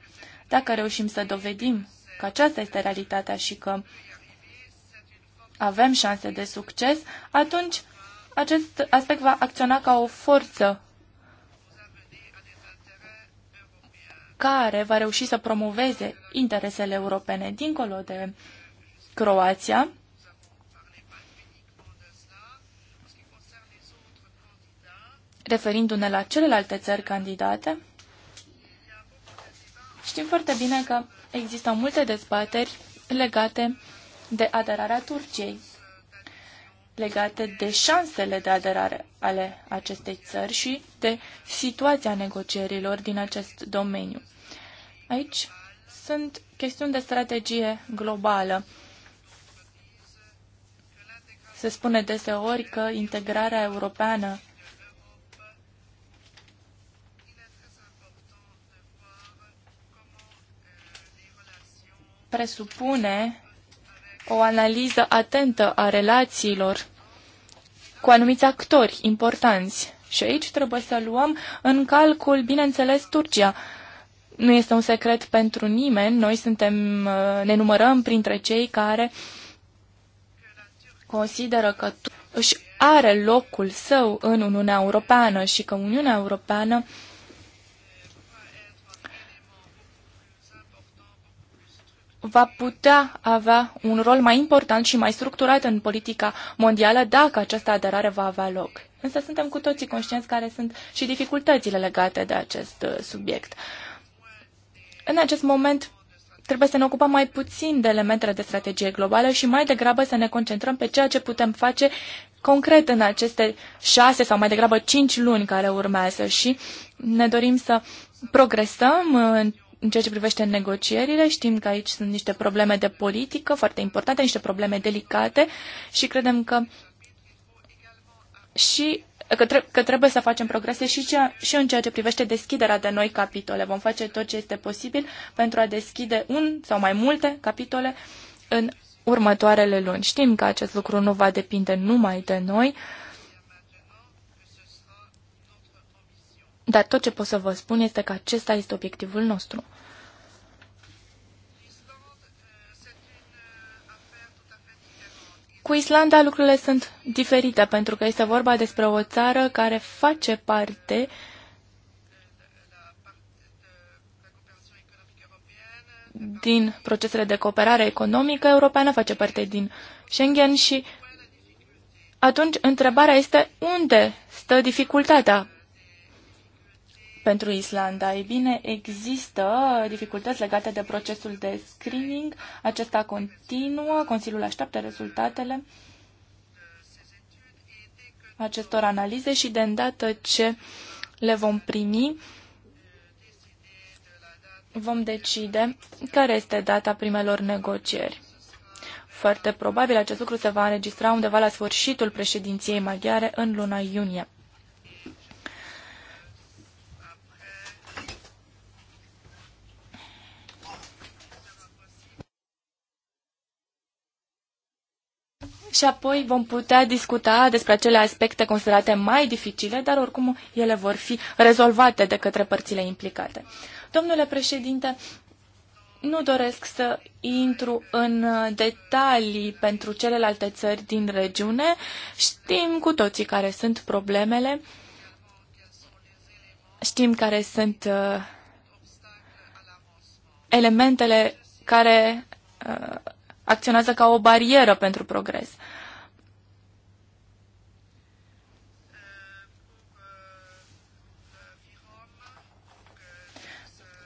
Dacă reușim să dovedim că aceasta este realitatea și că avem șanse de succes, atunci acest aspect va acționa ca o forță care va reuși să promoveze interesele europene dincolo de Croația. Referindu-ne la celelalte țări candidate, Știm foarte bine că există multe dezbateri legate de aderarea Turciei, legate de șansele de aderare ale acestei țări și de situația negocierilor din acest domeniu. Aici sunt chestiuni de strategie globală. Se spune deseori că integrarea europeană presupune o analiză atentă a relațiilor cu anumiți actori importanți. Și aici trebuie să luăm în calcul, bineînțeles, Turcia. Nu este un secret pentru nimeni, noi suntem, uh, ne numărăm printre cei care consideră că își are locul său în Uniunea Europeană și că Uniunea Europeană va putea avea un rol mai important și mai structurat în politica mondială dacă această aderare va avea loc. Însă suntem cu toții conștienți care sunt și dificultățile legate de acest uh, subiect. În acest moment trebuie să ne ocupăm mai puțin de elementele de strategie globală și mai degrabă să ne concentrăm pe ceea ce putem face concret în aceste șase sau mai degrabă cinci luni care urmează și ne dorim să progresăm în în ceea ce privește negocierile, știm că aici sunt niște probleme de politică foarte importante, niște probleme delicate și credem că și că, tre- că trebuie să facem progrese și, cea, și în ceea ce privește deschiderea de noi capitole. Vom face tot ce este posibil pentru a deschide un sau mai multe capitole în următoarele luni. Știm că acest lucru nu va depinde numai de noi, uh, Dar tot ce pot să vă spun este că acesta este obiectivul nostru. Cu Islanda lucrurile sunt diferite, pentru că este vorba despre o țară care face parte din procesele de cooperare economică europeană, face parte din Schengen și atunci întrebarea este unde stă dificultatea pentru Islanda? Ei bine, există dificultăți legate de procesul de screening. Acesta continuă, Consiliul așteaptă rezultatele acestor analize și de îndată ce le vom primi, vom decide care este data primelor negocieri. Foarte probabil acest lucru se va înregistra undeva la sfârșitul președinției maghiare în luna iunie. și apoi vom putea discuta despre acele aspecte considerate mai dificile, dar oricum ele vor fi rezolvate de către părțile implicate. Domnule președinte, nu doresc să intru în detalii pentru celelalte țări din regiune. Știm cu toții care sunt problemele, știm care sunt uh, elementele care uh, acționează ca o barieră pentru progres.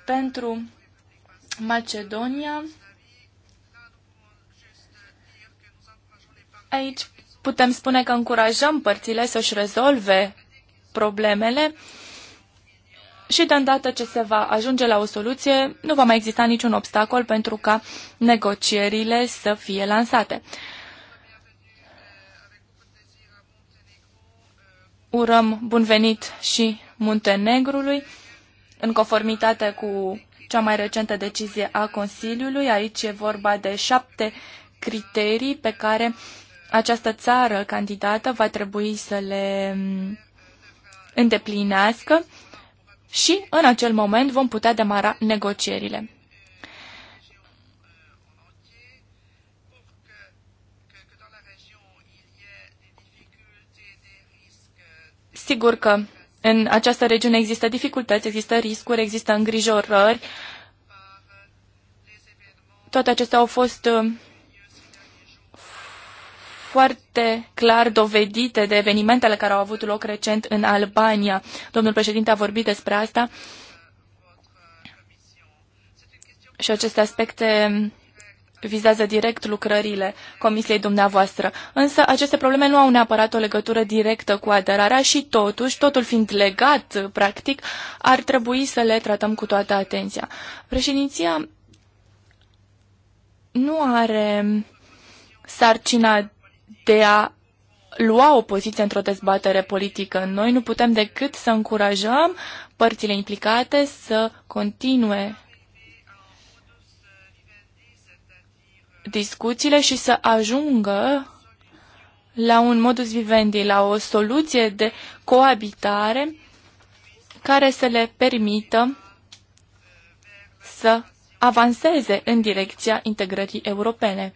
Pentru Macedonia, aici putem spune că încurajăm părțile să-și rezolve problemele și de îndată ce se va ajunge la o soluție, nu va mai exista niciun obstacol pentru ca negocierile să fie lansate. Urăm bun venit și Muntenegrului, în conformitate cu cea mai recentă decizie a Consiliului. Aici e vorba de șapte criterii pe care această țară candidată va trebui să le mm, îndeplinească și în acel moment vom putea demara negocierile. Sigur că în această regiune există dificultăți, există riscuri, există îngrijorări. Toate acestea au fost uh, foarte clar dovedite de evenimentele care au avut loc recent în Albania. Domnul președinte a vorbit despre asta și aceste aspecte vizează direct lucrările comisiei dumneavoastră. Însă aceste probleme nu au neapărat o legătură directă cu aderarea și totuși, totul fiind legat, practic, ar trebui să le tratăm cu toată atenția. Președinția nu are sarcina de a lua o poziție într-o dezbatere politică. Noi nu putem decât să încurajăm părțile implicate să continue discuțiile și să ajungă la un modus vivendi, la o soluție de coabitare care să le permită să avanseze în direcția integrării europene.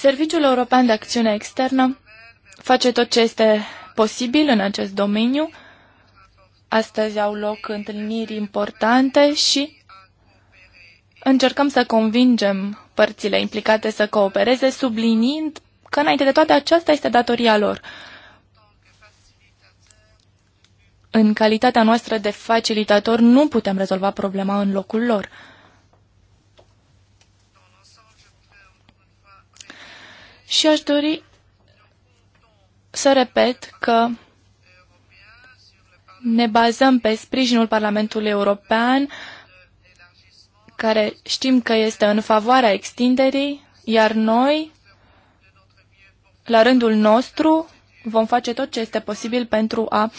Serviciul European de Acțiune Externă face tot ce este posibil în acest domeniu. Astăzi au loc întâlniri importante și încercăm să convingem părțile implicate să coopereze, subliniind că înainte de toate aceasta este datoria lor. În calitatea noastră de facilitator nu putem rezolva problema în locul lor. Și aș dori să repet că ne bazăm pe sprijinul Parlamentului European, care știm că este în favoarea extinderii, iar noi, la rândul nostru, vom face tot ce este posibil pentru a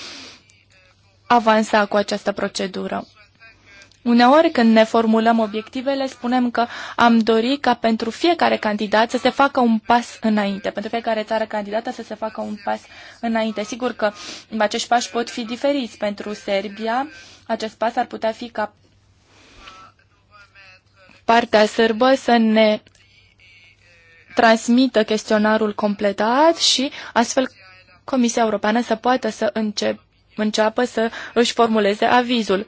avansa cu această procedură. Uneori când ne formulăm obiectivele, spunem că am dori ca pentru fiecare candidat să se facă un pas înainte, pentru fiecare țară candidată să se facă un pas înainte. Sigur că acești pași pot fi diferiți. Pentru Serbia, acest pas ar putea fi ca partea sârbă să ne transmită chestionarul completat și astfel Comisia Europeană să poată să înceapă să își formuleze avizul.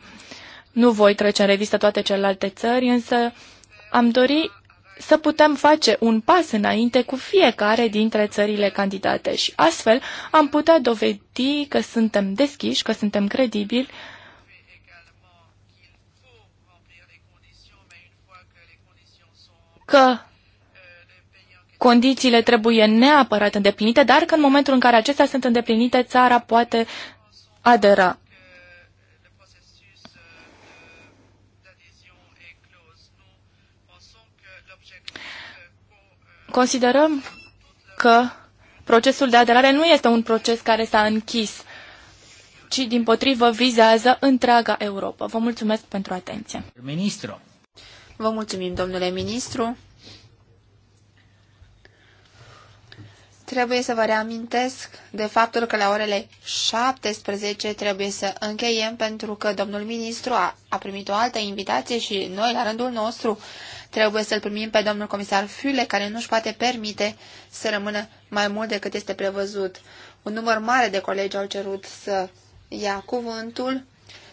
Nu voi trece în revistă toate celelalte țări, însă am dori să putem face un pas înainte cu fiecare dintre țările candidate și astfel am putea dovedi că suntem deschiși, că suntem credibili că condițiile trebuie neapărat îndeplinite, dar că în momentul în care acestea sunt îndeplinite, țara poate adera. Considerăm că procesul de aderare nu este un proces care s-a închis, ci din potrivă vizează întreaga Europa. Vă mulțumesc pentru atenție. Ministru. Vă mulțumim, domnule ministru. Trebuie să vă reamintesc de faptul că la orele 17 trebuie să încheiem pentru că domnul ministru a, a primit o altă invitație și noi, la rândul nostru, Trebuie să-l primim pe domnul comisar Fiule, care nu-și poate permite să rămână mai mult decât este prevăzut. Un număr mare de colegi au cerut să ia cuvântul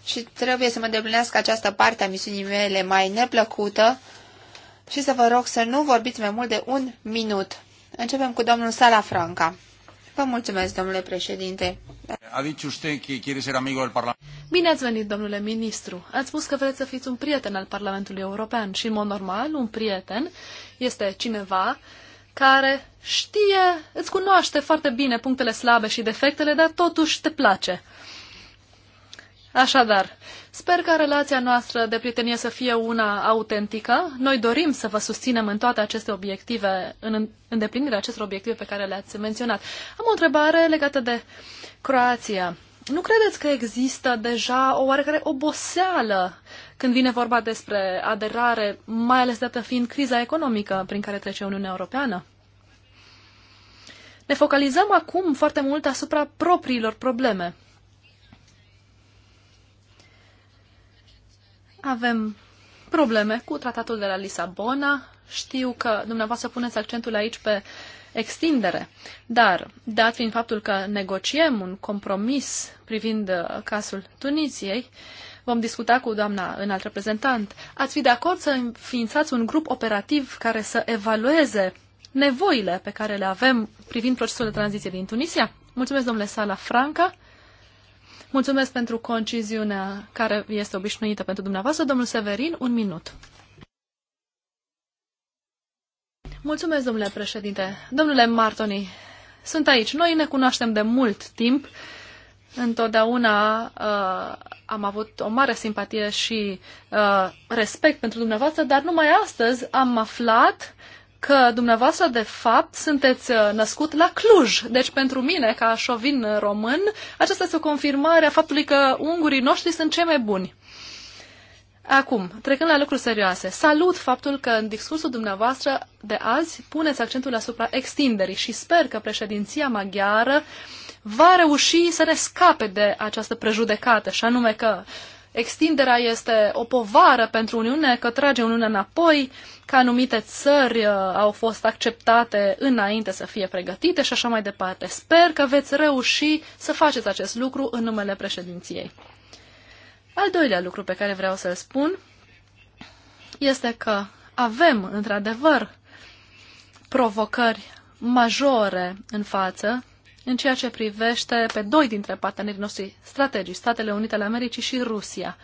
și trebuie să mă deplinească această parte a misiunii mele mai neplăcută și să vă rog să nu vorbiți mai mult de un minut. Începem cu domnul Sala Franca. Vă mulțumesc, domnule președinte. Bine ați venit, domnule ministru. Ați spus că vreți să fiți un prieten al Parlamentului European și, în mod normal, un prieten este cineva care știe, îți cunoaște foarte bine punctele slabe și defectele, dar totuși te place. Așadar, Sper ca relația noastră de prietenie să fie una autentică. Noi dorim să vă susținem în toate aceste obiective, în îndeplinirea acestor obiective pe care le-ați menționat. Am o întrebare legată de Croația. Nu credeți că există deja o oarecare oboseală când vine vorba despre aderare, mai ales dată fiind criza economică prin care trece Uniunea Europeană? Ne focalizăm acum foarte mult asupra propriilor probleme. avem probleme cu tratatul de la Lisabona. Știu că dumneavoastră puneți accentul aici pe extindere, dar dat fiind faptul că negociem un compromis privind uh, casul Tuniziei, vom discuta cu doamna înalt reprezentant. Ați fi de acord să ființați un grup operativ care să evalueze nevoile pe care le avem privind procesul de tranziție din Tunisia? Mulțumesc, domnule Sala Franca. Mulțumesc pentru conciziunea care este obișnuită pentru dumneavoastră. Domnul Severin, un minut. Mulțumesc, domnule președinte. Domnule Martoni, sunt aici. Noi ne cunoaștem de mult timp. Întotdeauna uh, am avut o mare simpatie și uh, respect pentru dumneavoastră, dar numai astăzi am aflat uh, că dumneavoastră, de fapt, sunteți uh, născut la Cluj. Deci, pentru mine, ca șovin român, aceasta este o confirmare a faptului că ungurii noștri sunt cei mai buni. Acum, trecând la lucruri serioase, salut faptul că în discursul dumneavoastră de azi puneți accentul asupra extinderii și sper că președinția maghiară va reuși să ne scape de această prejudecată, și anume că uh, extinderea este o povară pentru Uniune, că trage Uniunea înapoi, că anumite țări uh, au fost acceptate înainte să fie pregătite și așa mai departe. Sper că veți reuși să faceți acest lucru în numele președinției. Al doilea lucru pe care vreau să-l spun este că avem, într-adevăr, provocări majore în față în ceea ce privește pe doi dintre partenerii noștri strategici, Statele Unite ale Americii și Rusia.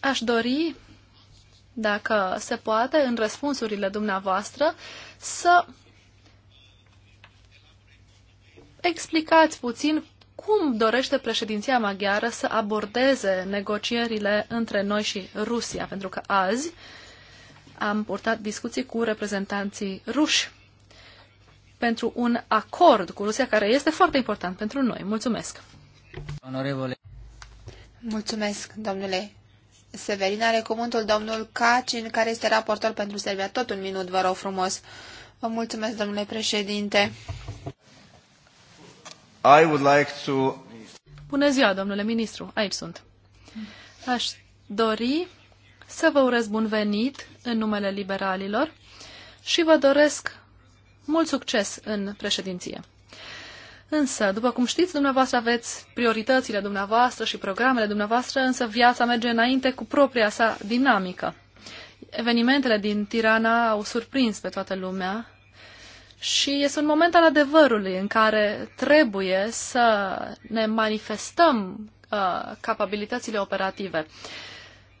Aș dori, dacă se poate, în răspunsurile dumneavoastră, să explicați puțin cum dorește președinția maghiară să abordeze negocierile între noi și Rusia, pentru că azi am purtat discuții cu reprezentanții ruși pentru un acord cu Rusia care este foarte important pentru noi. Mulțumesc! Onorevole. Mulțumesc, domnule Severin. Are cuvântul domnul Cacin, care este raportor pentru Serbia. Tot un minut, vă rog frumos. Vă mulțumesc, domnule președinte. I would like to... Bună ziua, domnule ministru. Aici sunt. Aș dori să vă urez bun venit în numele liberalilor și vă doresc mult succes în președinție. Însă, după cum știți, dumneavoastră aveți prioritățile dumneavoastră și programele dumneavoastră, însă viața merge înainte cu propria sa dinamică. Evenimentele din Tirana au surprins pe toată lumea și este un moment al adevărului în care trebuie să ne manifestăm uh, capabilitățile operative.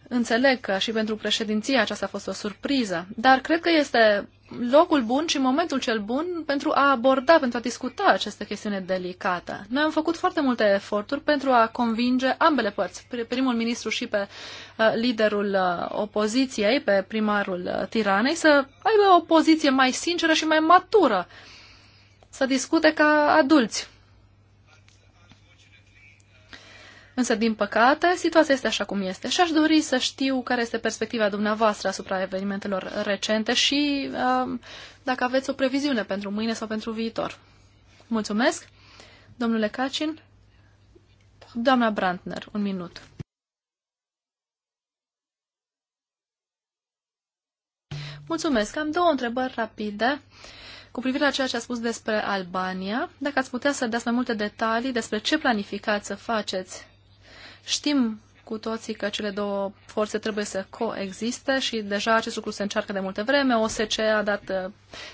Înțeleg că și pentru președinție aceasta a fost o surpriză, dar cred că este locul bun și momentul cel bun pentru a aborda, pentru a discuta această chestiune delicată. Noi am făcut foarte multe eforturi pentru a convinge ambele părți, primul ministru și pe uh, liderul uh, opoziției, pe primarul uh, Tiranei, să aibă o poziție mai sinceră și mai matură, să discute ca adulți Însă, din păcate, situația este așa cum este și aș dori să știu care este perspectiva dumneavoastră asupra evenimentelor recente și uh, dacă aveți o previziune pentru mâine sau pentru viitor. Mulțumesc, domnule Cacin. Doamna Brandner, un minut. Mulțumesc. Am două întrebări rapide cu privire la ceea ce a spus despre Albania. Dacă ați putea să dați mai multe detalii despre ce planificați să faceți Știm cu toții că cele două forțe trebuie să coexiste și deja acest lucru se încearcă de multe vreme. OSCE a dat uh,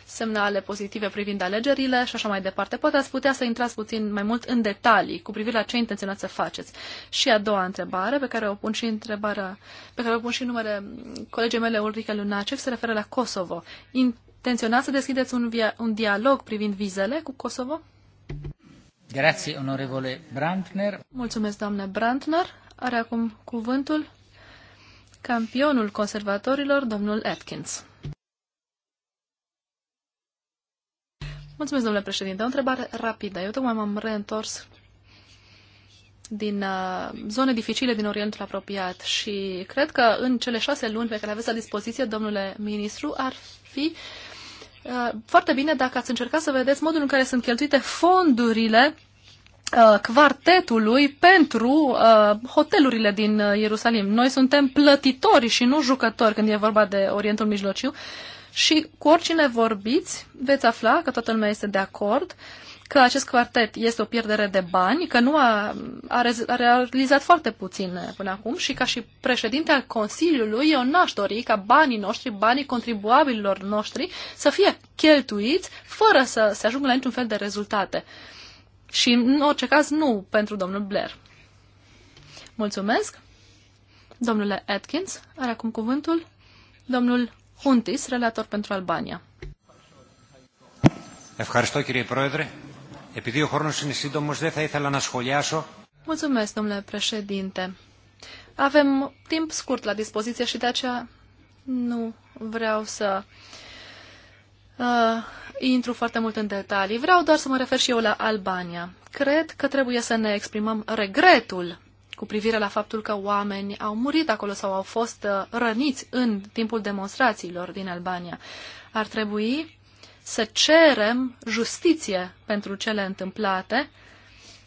semnale pozitive privind alegerile și așa mai departe. Poate ați putea să intrați puțin mai mult în detalii cu privire la ce intenționați să faceți. Și a doua întrebare, pe care o pun și întrebarea, pe care o pun și numele colegii mele Ulrike Lunacev, se referă la Kosovo. Intenționați să deschideți un, via, un dialog privind vizele cu Kosovo? Grazie, onorevole Brandner. Mulțumesc, doamne Brandner. Are acum cuvântul campionul conservatorilor, domnul Atkins. Mulțumesc, domnule președinte. O întrebare rapidă. Eu tocmai m-am reîntors din uh, zone dificile din Orientul apropiat și cred că în cele șase luni pe care le aveți la dispoziție, domnule ministru, ar fi uh, Uh, foarte bine dacă ați încercat să vedeți modul în care sunt cheltuite fondurile uh, quartetului pentru uh, hotelurile din uh, Ierusalim. Noi suntem plătitori și nu jucători când e vorba de Orientul Mijlociu și cu oricine vorbiți veți afla că toată lumea este de acord uh, că acest quartet este o pierdere de bani, că nu a, a, rez, a realizat foarte puțin până acum și ca și președinte al Consiliului, eu n-aș dori ca banii noștri, banii contribuabililor noștri să fie cheltuiți fără să se ajungă la niciun fel de rezultate. Și în orice caz nu pentru domnul Blair. Mulțumesc. Domnule Atkins, are acum cuvântul domnul Huntis, relator pentru Albania. Ευχαριστώ κύριε Πρόεδρε. Επειδή ο χρόνος είναι σύντομος, δεν θα ήθελα να σχολιάσω. Mulțumesc, domnule președinte. Avem timp scurt la dispoziție și de aceea nu vreau să uh, intru foarte mult în detalii. Vreau doar să mă refer și eu la Albania. Cred că trebuie să ne exprimăm regretul cu privire la faptul că oameni au murit acolo sau au fost uh, răniți în timpul demonstrațiilor din Albania. Ar trebui să cerem justiție pentru cele întâmplate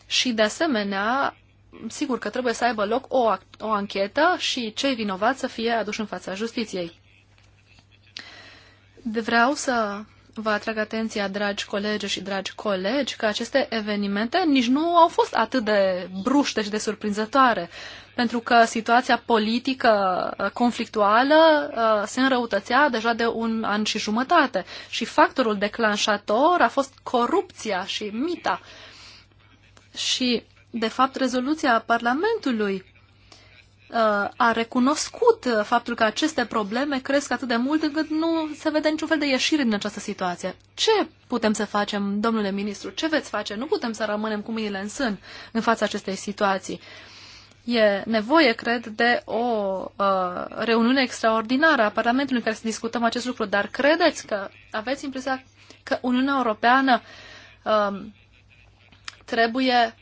și, de asemenea, sigur că trebuie să aibă loc o, o anchetă și cei vinovați să fie aduși în fața justiției. De vreau să vă atrag atenția, dragi colegi și dragi colegi, că aceste evenimente nici nu au fost atât de bruște și de surprinzătoare pentru că situația politică uh, conflictuală uh, se înrăutățea deja de un an și jumătate și factorul declanșator a fost corupția și mita. Și, de fapt, rezoluția Parlamentului uh, a recunoscut faptul că aceste probleme cresc atât de mult încât nu se vede niciun fel de ieșire din această situație. Ce putem să facem, domnule ministru? Ce veți face? Nu putem să rămânem cu mâinile în sân în fața acestei situații. Uh, E nevoie, cred, de o uh, reuniune extraordinară a Parlamentului în care să discutăm acest lucru, dar credeți că aveți impresia că Uniunea Europeană uh, trebuie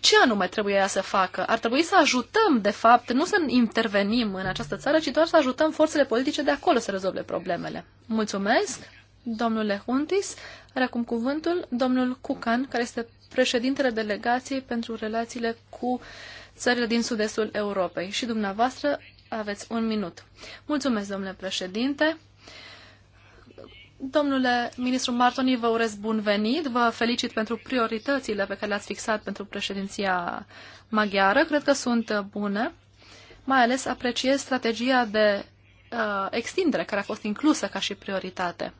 ce anume trebuie ea să facă? Ar trebui să ajutăm, de fapt, nu să intervenim în această țară, ci doar să ajutăm forțele politice de acolo să rezolve problemele. Mulțumesc, domnule Huntis. Are acum cuvântul domnul Cucan, care este președintele delegației pentru relațiile cu țările din sud-estul Europei. Și dumneavoastră aveți un minut. Mulțumesc, domnule președinte. Domnule ministru Martoni, vă urez bun venit, vă felicit pentru prioritățile pe care le-ați fixat pentru președinția maghiară. Cred că sunt bune. Mai ales apreciez strategia de uh, extindere care a fost inclusă ca și prioritate.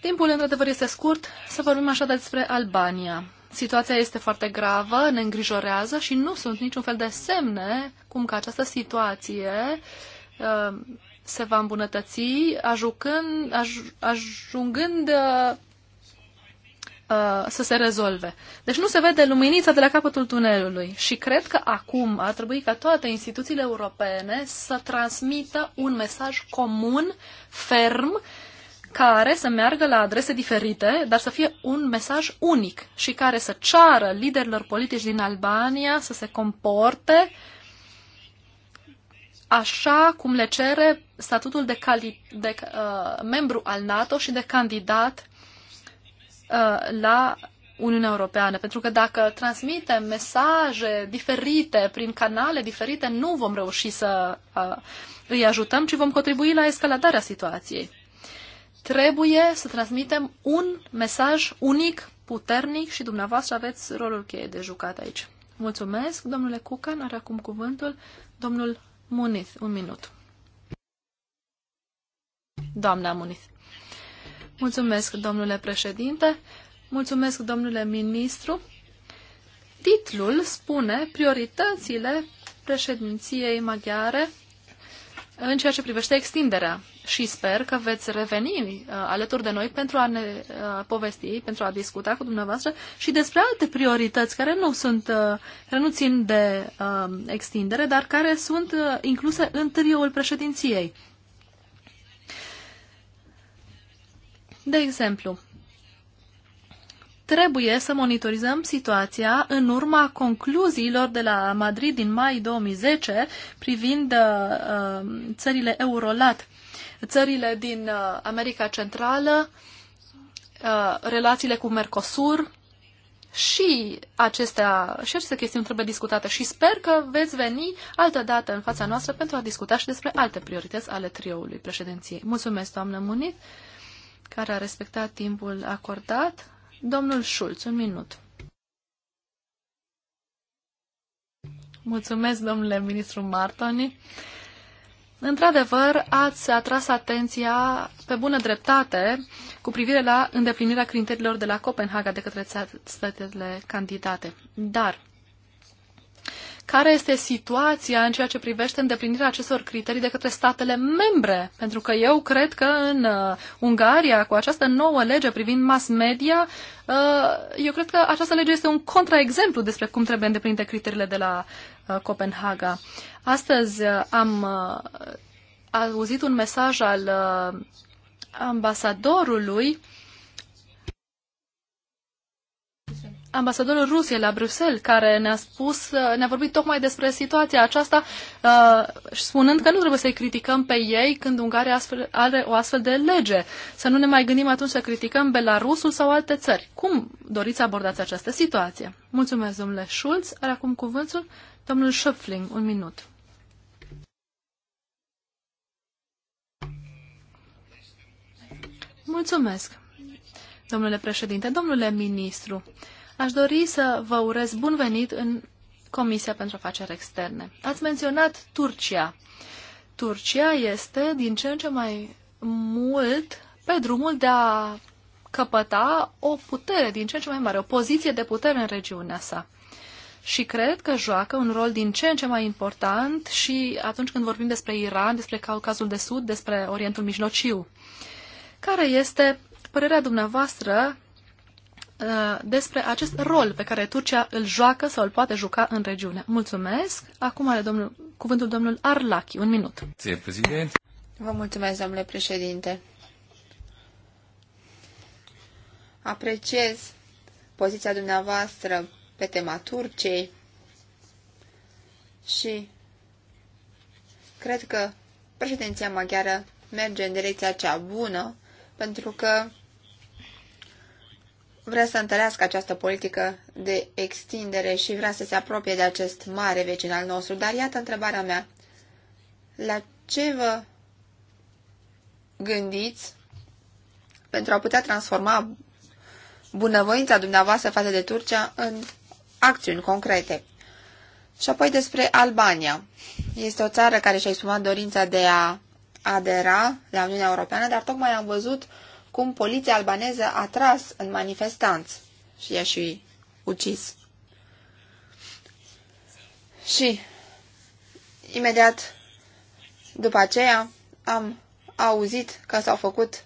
Timpul, într-adevăr, este scurt. Să vorbim așa despre Albania. Situația este foarte gravă, ne îngrijorează și nu sunt niciun fel de semne cum că această situație uh, se va îmbunătăți ajucând, aj, ajungând uh, uh, să se rezolve. Deci nu se vede luminița de la capătul tunelului și cred că acum ar trebui ca toate instituțiile europene să transmită un mesaj comun, ferm, care să meargă la adrese diferite, dar să fie un mesaj unic și care să ceară liderilor politici din Albania să se comporte așa cum le cere statutul de, cali- de uh, membru al NATO și de candidat uh, la Uniunea Europeană. Pentru că dacă transmitem mesaje diferite, prin canale diferite, nu vom reuși să uh, îi ajutăm, ci vom contribui la escaladarea situației trebuie să transmitem un mesaj unic, puternic și dumneavoastră aveți rolul cheie de jucat aici. Mulțumesc, domnule Cucan, are acum cuvântul domnul Muniz, un minut. Doamna Muniz. Mulțumesc, domnule președinte, mulțumesc, domnule ministru. Titlul spune prioritățile președinției maghiare în ceea ce privește extinderea și sper că veți reveni uh, alături de noi pentru a ne uh, povesti, pentru a discuta cu dumneavoastră și despre alte priorități care nu sunt, uh, care nu țin de um, extindere, dar care sunt incluse în târioul președinției. De exemplu, trebuie să monitorizăm situația în urma concluziilor de la Madrid din mai 2010 privind uh, uh, țările Eurolat, țările din uh, America Centrală, uh, relațiile cu Mercosur și acestea, și aceste chestiuni trebuie discutate și sper că veți veni altă dată în fața noastră pentru a discuta și despre alte priorități ale trioului președinției. Mulțumesc, doamnă Munit, care a respectat timpul acordat. Domnul Schulz, un minut. Mulțumesc, domnule ministru Martoni. Într-adevăr, ați atras atenția pe bună dreptate cu privire la îndeplinirea criteriilor de la Copenhaga de către statele candidate. Dar care este situația în ceea ce privește îndeplinirea acestor criterii de către statele membre. Pentru că eu cred că în uh, Ungaria, cu această nouă lege privind mass media, uh, eu cred că această lege este un contraexemplu despre cum trebuie îndeplinite criteriile de la uh, Copenhaga. Astăzi uh, am uh, auzit un mesaj al uh, ambasadorului ambasadorul Rusiei la Bruxelles, care ne-a spus, ne-a vorbit tocmai despre situația aceasta, uh, spunând că nu trebuie să-i criticăm pe ei când Ungaria astfel, are o astfel de lege. Să nu ne mai gândim atunci să criticăm Belarusul sau alte țări. Cum doriți să abordați această situație? Mulțumesc, domnule Schulz. Are acum cuvântul domnul Schöpfling. Un minut. Mulțumesc. Domnule președinte, domnule ministru, Aș dori să vă urez bun venit în Comisia pentru Afaceri Externe. Ați menționat Turcia. Turcia este din ce în ce mai mult pe drumul de a căpăta o putere din ce în ce mai mare, o poziție de putere în regiunea sa. Și cred că joacă un rol din ce în ce mai important și atunci când vorbim despre Iran, despre Caucazul de Sud, despre Orientul Mijlociu. Care este părerea dumneavoastră Uh, despre acest rol pe care Turcia îl joacă sau îl poate juca în regiune. Mulțumesc. Acum are domnul, cuvântul domnul Arlachi. Un minut. Ție, prezident. Vă mulțumesc, domnule președinte. Apreciez poziția dumneavoastră pe tema Turciei și cred că președinția maghiară merge în direcția cea bună pentru că vrea să întărească această politică de extindere și vrea să se apropie de acest mare vecin al nostru. Dar iată întrebarea mea. La ce vă gândiți pentru a putea transforma bunăvoința dumneavoastră față de Turcia în acțiuni concrete? Și apoi despre Albania. Este o țară care și-a exprimat dorința de a adera la Uniunea Europeană, dar tocmai am văzut uh, cum poliția albaneză a tras în manifestanți și i-a și ucis. Și imediat după aceea am auzit că s-au făcut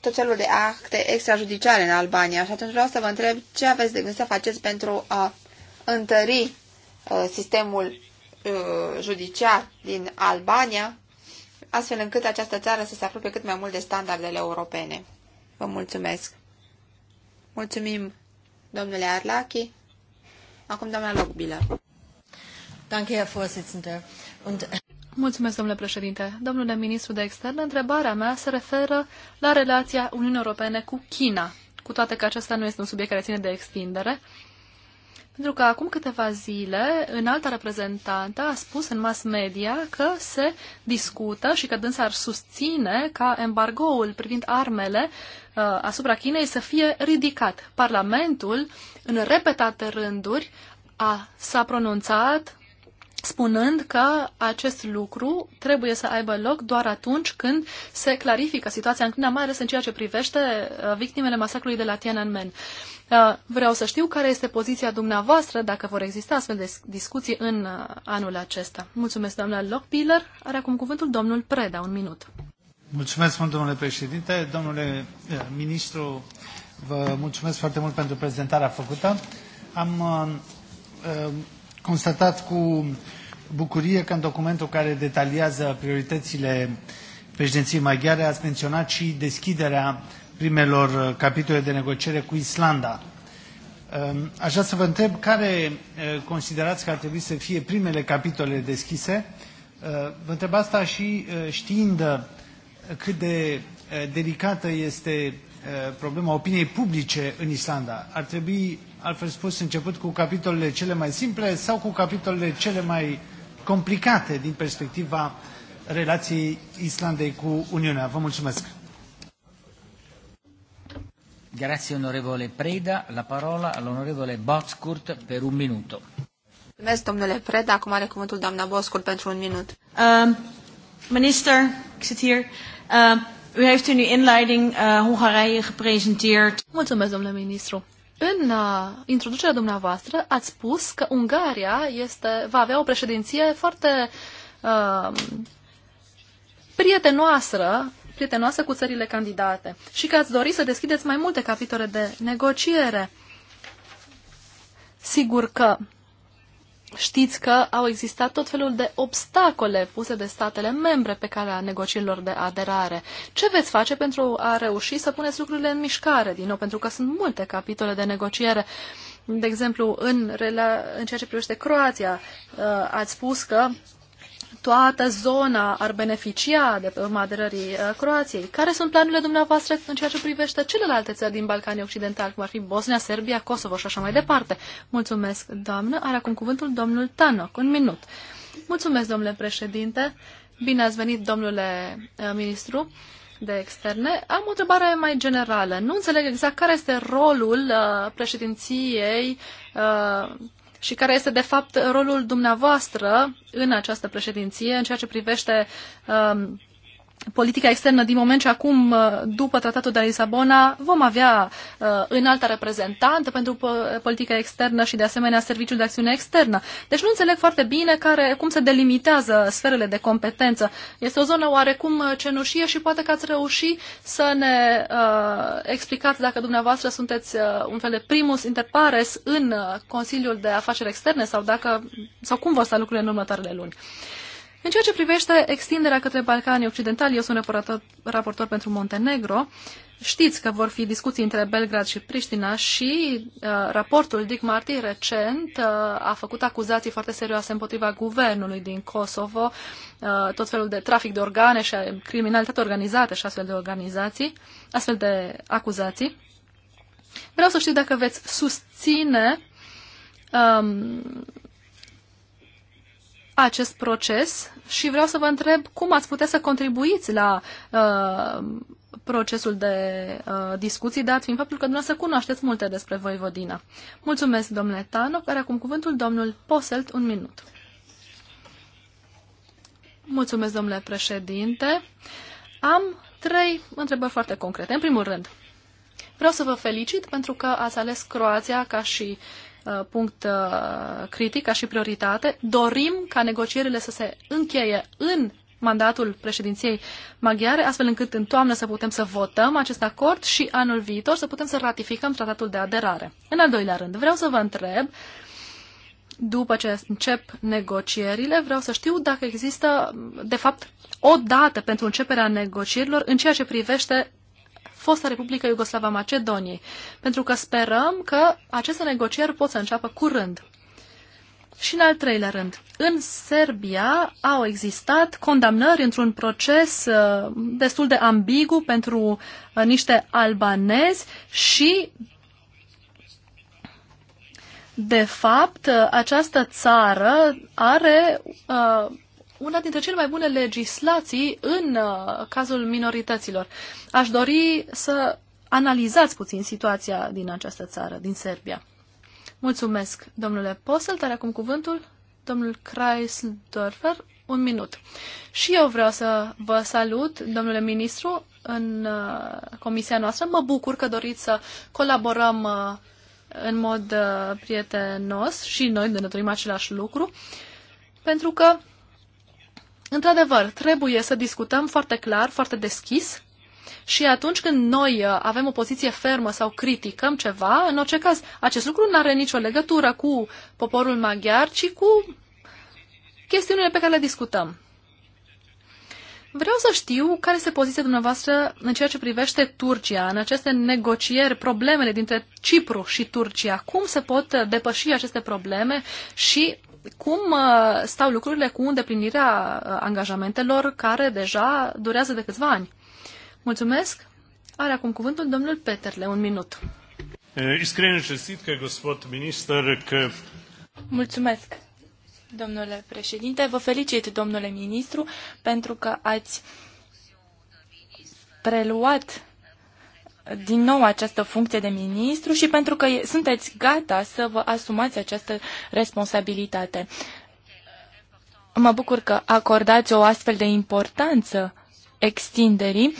tot felul de acte extrajudiciare în Albania și atunci vreau să vă întreb ce aveți de gând să faceți pentru a întări uh, sistemul uh, judiciar din Albania astfel încât această țară să se apropie cât mai mult de standardele europene. Vă mulțumesc! Mulțumim, domnule Arlachi. Acum, doamna Logbilă. Äh, mulțumesc, domnule președinte. Domnule ministru de externe, întrebarea mea se referă la relația Uniunii Europene cu China. Cu toate că acesta nu este un subiect care ține de extindere, pentru că acum câteva zile, înalta reprezentantă a spus în mass media că se discută și că dânsa ar susține ca embargoul privind armele uh, asupra Chinei să fie ridicat. Parlamentul, în repetate rânduri, a, s-a pronunțat spunând că acest lucru trebuie să aibă loc doar atunci când se clarifică situația în China, mai ales în ceea ce privește uh, victimele masacrului de la Tiananmen. Uh, vreau să știu care este poziția dumneavoastră, dacă vor exista astfel de discuții în uh, anul acesta. Mulțumesc, doamna Lockpiller. Are acum cuvântul domnul Preda, un minut. Mulțumesc domnule președinte. Domnule ministru, vă mulțumesc foarte mult pentru prezentarea făcută. Am uh, constatat cu bucurie că în documentul care detaliază prioritățile președinției maghiare ați menționat și deschiderea primelor uh, capitole de negociere cu Islanda. Um, aș vrea să vă întreb care uh, considerați că ar trebui să fie primele capitole deschise. Uh, vă întreb asta și știind cât de delicată este problema opiniei publice în Islanda. Ar trebui altfel spus, început cu capitolele cele mai simple sau cu capitolele cele mai complicate din perspectiva relației Islandei cu Uniunea. Vă mulțumesc! Grazie onorevole Preda. La parola all'onorevole Botscurt per un minuto. Mulțumesc, domnule Preda. Acum are cuvântul doamna Botscurt pentru un minut. Um, minister, ik zit hier. Um, u heeft in uw inleiding uh, Hongarije gepresenteerd. Mulțumesc, domnule ministru. În uh, introducerea dumneavoastră ați spus că Ungaria este, va avea o președinție foarte uh, prietenoasă, prietenoasă cu țările candidate și că ați dori să deschideți mai multe capitole de negociere. Sigur că Știți că au existat tot felul de obstacole puse de statele membre pe calea negocierilor de aderare. Ce veți face pentru a reuși să puneți lucrurile în mișcare din nou? Pentru că sunt multe capitole de negociere. De exemplu, în, în ceea ce privește Croația, uh, ați spus că toată zona ar beneficia de pe urma aderării uh, Croației. Care sunt planurile dumneavoastră în ceea ce privește celelalte țări din Balcanii Occidentali, cum ar fi Bosnia, Serbia, Kosovo și așa mai departe? Mulțumesc, doamnă. Are acum cuvântul domnul Tanoc. Un minut. Mulțumesc, domnule președinte. Bine ați venit, domnule uh, ministru de externe. Am o întrebare mai generală. Nu înțeleg exact care este rolul uh, președinției și care este de fapt rolul dumneavoastră în această președinție în ceea ce privește uh, politica externă din moment ce acum, uh, după tratatul de la Lisabona, vom avea uh, înalta reprezentantă pentru politica externă și, de asemenea, serviciul de acțiune externă. Deci nu înțeleg foarte bine care, cum se delimitează sferele de competență. Este o zonă oarecum uh, cenușie și poate că ați reuși să ne uh, explicați dacă dumneavoastră sunteți uh, un fel de primus inter pares în uh, Consiliul de Afaceri Externe sau, dacă, sau cum vor sta lucrurile în următoarele luni. Uh, în ceea ce privește extinderea către Balcanii Occidentali, eu sunt raportor, raportor pentru Montenegro. Știți că vor fi discuții între Belgrad și Priștina și uh, raportul Dick Marty recent uh, a făcut acuzații foarte serioase împotriva guvernului din Kosovo, uh, tot felul de trafic de organe și criminalitate organizată și astfel de organizații, astfel de acuzații. Vreau să știu dacă veți susține um, acest proces și vreau să vă întreb cum ați putea să contribuiți la uh, procesul de uh, discuții, dat fiind faptul că dumneavoastră cunoașteți multe despre Voivodina. Mulțumesc, domnule Tano, care acum cuvântul domnul Poselt, un minut. Mulțumesc, domnule președinte. Am trei întrebări foarte concrete. În primul rând, vreau să vă felicit pentru că ați ales Croația ca și Uh, punct uh, critic, ca și prioritate. Dorim ca negocierile să se încheie în mandatul președinției maghiare, astfel încât în toamnă să putem să votăm acest acord și anul viitor să putem să ratificăm tratatul de aderare. În al doilea rând, vreau să vă întreb, după ce încep negocierile, vreau să știu dacă există, de fapt, o dată pentru începerea negocierilor în ceea ce privește fosta Republică Iugoslava Macedoniei, pentru că sperăm că aceste negocieri pot să înceapă curând. Și în al treilea rând, în Serbia au existat condamnări într-un proces uh, destul de ambigu pentru uh, niște albanezi și de fapt, uh, această țară are uh, una dintre cele mai bune legislații în uh, cazul minorităților. Aș dori să analizați puțin situația din această țară, din Serbia. Mulțumesc, domnule Posel, dar acum cuvântul domnul Kreisdorfer, un minut. Și eu vreau să vă salut, domnule ministru, în uh, comisia noastră. Mă bucur că doriți să colaborăm uh, în mod prietenos și noi ne dorim același lucru, pentru că Într-adevăr, trebuie să discutăm foarte clar, foarte deschis și atunci când noi uh, avem o poziție fermă sau criticăm ceva, în orice caz, acest lucru nu are nicio legătură cu poporul maghiar, ci cu chestiunile pe care le discutăm. Vreau să știu care este poziția dumneavoastră în ceea ce privește Turcia, în aceste negocieri, problemele dintre Cipru și Turcia. Cum se pot uh, depăși aceste probleme și cum uh, stau lucrurile cu îndeplinirea uh, angajamentelor care deja durează de câțiva ani. Mulțumesc. Are acum cuvântul domnul Peterle, un minut. Iskrene că gospod minister, că... Mulțumesc, domnule președinte. Vă felicit, domnule ministru, pentru că ați preluat din nou această funcție de ministru și pentru că sunteți gata să vă asumați această responsabilitate. Mă bucur că acordați o astfel de importanță extinderii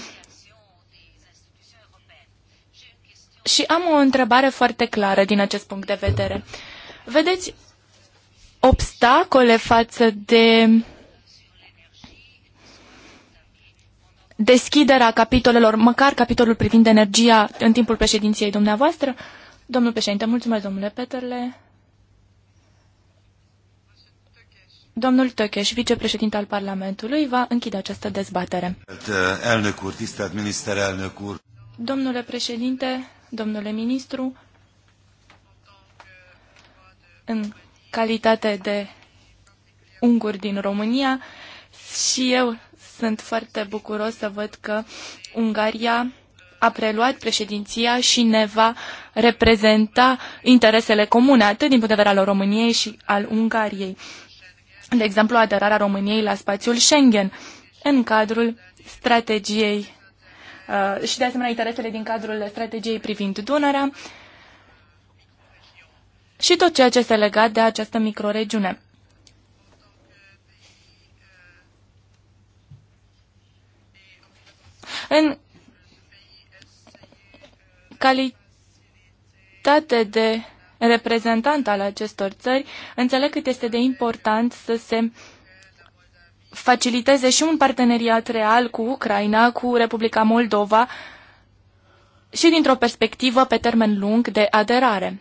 și am o întrebare foarte clară din acest punct de vedere. Vedeți obstacole față de deschiderea capitolelor, măcar capitolul privind energia în timpul președinției dumneavoastră? Domnul președinte, mulțumesc, domnule Peterle. Domnul Tăcheș, vicepreședinte al Parlamentului, va închide această dezbatere. Domnule președinte, domnule ministru, în calitate de ungur din România, și eu sunt foarte bucuros să văd că Ungaria a preluat președinția și ne va reprezenta interesele comune, atât din punct de vedere al României și al Ungariei. De exemplu, aderarea României la spațiul Schengen în cadrul strategiei uh, și, de asemenea, interesele din cadrul strategiei privind Dunărea și tot ceea ce este legat de această microregiune. În calitate de reprezentant al acestor țări, înțeleg cât este de important să se faciliteze și un parteneriat real cu Ucraina, cu Republica Moldova și dintr-o perspectivă pe termen lung de aderare.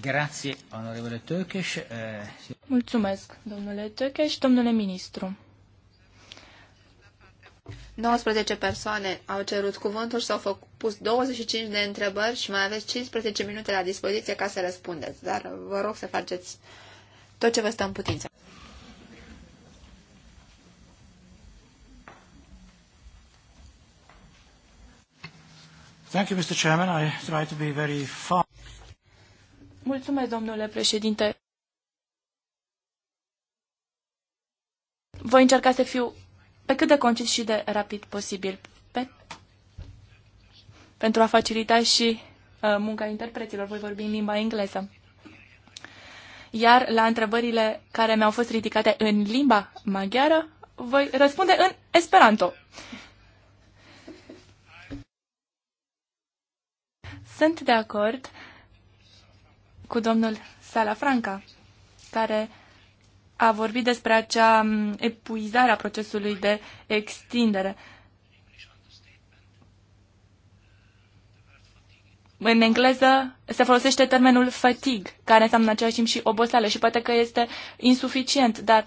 Grazie, onorevole Tökes. Eh, Mulțumesc, domnule Tökes, domnule ministru. 19 persoane au cerut cuvântul și s-au pus 25 de întrebări și mai aveți 15 minute la dispoziție ca să răspundeți, dar vă rog să faceți tot ce vă stă în putință. Thank you, Mr. Chairman. I try to be very Mulțumesc, domnule președinte. Voi încerca să fiu pe cât de concis și de rapid posibil pe... pentru a facilita și uh, munca interpreților. Voi vorbi în limba engleză. Iar la întrebările care mi-au fost ridicate în limba maghiară, voi răspunde în esperanto. Sunt de acord uh, cu domnul Salafranca, care a vorbit despre acea epuizare a procesului de extindere. În engleză se folosește termenul fatig, care înseamnă în același timp și oboseală și poate că este insuficient, dar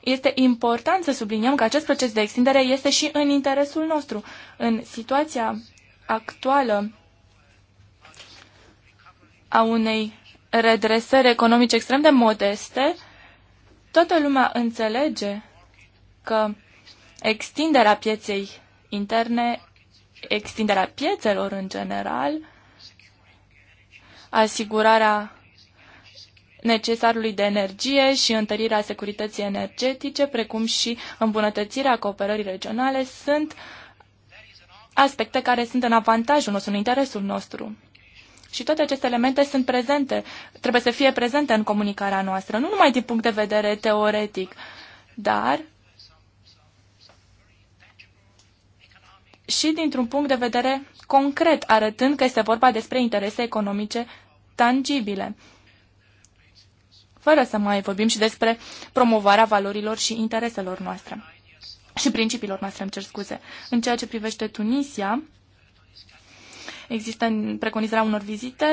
este important să subliniem că acest proces de extindere este și în interesul nostru. În situația actuală a unei redresări economice extrem de modeste, toată lumea înțelege că extinderea pieței interne, extinderea piețelor în general, asigurarea necesarului de energie și întărirea securității energetice, precum și îmbunătățirea cooperării regionale, sunt aspecte care sunt în avantajul nostru, în interesul nostru. Și toate aceste elemente sunt prezente, trebuie să fie prezente în comunicarea noastră, nu numai din punct de vedere teoretic, dar și dintr-un punct de vedere concret, arătând că este vorba despre interese economice tangibile. Fără să mai vorbim și despre promovarea valorilor și intereselor noastre și principiilor noastre, îmi cer scuze. În ceea ce privește Tunisia, Există preconizarea unor vizite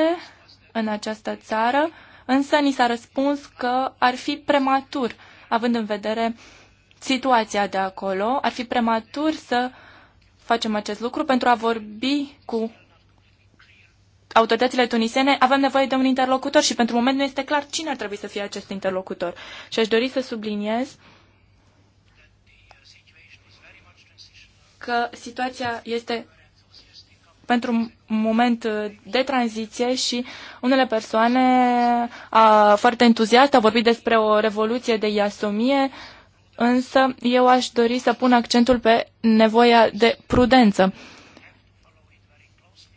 în această țară, însă ni s-a răspuns că ar fi prematur, având în vedere situația de acolo, ar fi prematur să facem acest lucru pentru a vorbi cu autoritățile tunisene, avem nevoie de un interlocutor și pentru moment nu este clar cine ar trebui să fie acest interlocutor. Și aș dori să subliniez că situația este pentru un moment uh, de tranziție și unele persoane a, foarte entuziaste au vorbit despre o revoluție de iasomie, însă eu aș dori să pun accentul pe nevoia de prudență.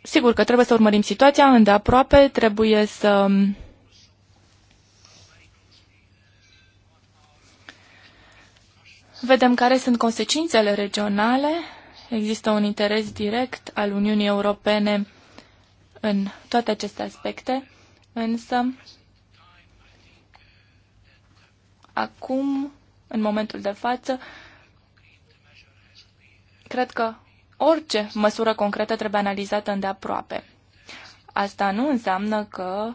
Sigur că trebuie să urmărim situația îndeaproape, trebuie să um, vedem care sunt consecințele regionale Există un interes direct al Uniunii Europene în toate aceste aspecte, însă acum, în momentul de față, cred că orice măsură concretă trebuie analizată îndeaproape. Asta nu înseamnă că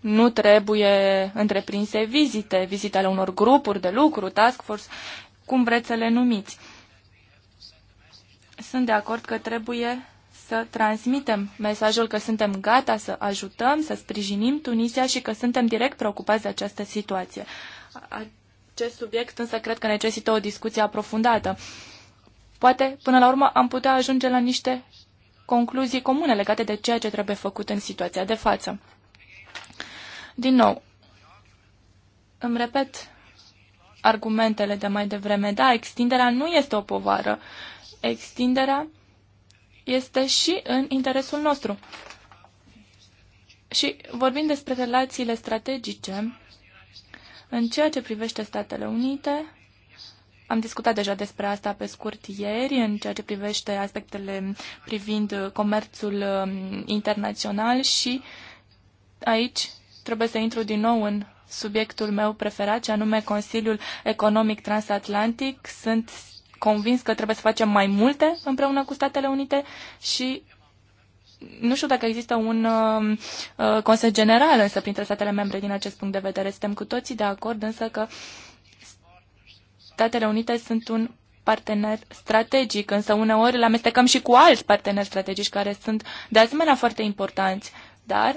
nu trebuie întreprinse vizite, vizite ale unor grupuri de lucru, task force, cum vreți să le numiți sunt de acord că trebuie să transmitem mesajul că suntem gata să ajutăm, să sprijinim Tunisia și că suntem direct preocupați de această situație. Acest subiect însă cred că necesită o discuție aprofundată. Poate, până la urmă, am putea ajunge la niște concluzii comune legate de ceea ce trebuie făcut în situația de față. Din nou, îmi repet argumentele de mai devreme. Da, extinderea nu este o povară extinderea este și în interesul nostru. Și vorbind despre relațiile strategice în ceea ce privește Statele Unite. Am discutat deja despre asta pe scurt ieri, în ceea ce privește aspectele privind comerțul um, internațional și aici trebuie să intru din nou în subiectul meu preferat, ce anume Consiliul Economic Transatlantic. Sunt convins că trebuie să facem mai multe împreună cu Statele Unite și nu știu dacă există un uh, consens general însă printre statele membre din acest punct de vedere. Suntem cu toții de acord însă că Statele Unite sunt un partener strategic, însă uneori îl amestecăm și cu alți parteneri strategici care sunt de asemenea foarte importanți, dar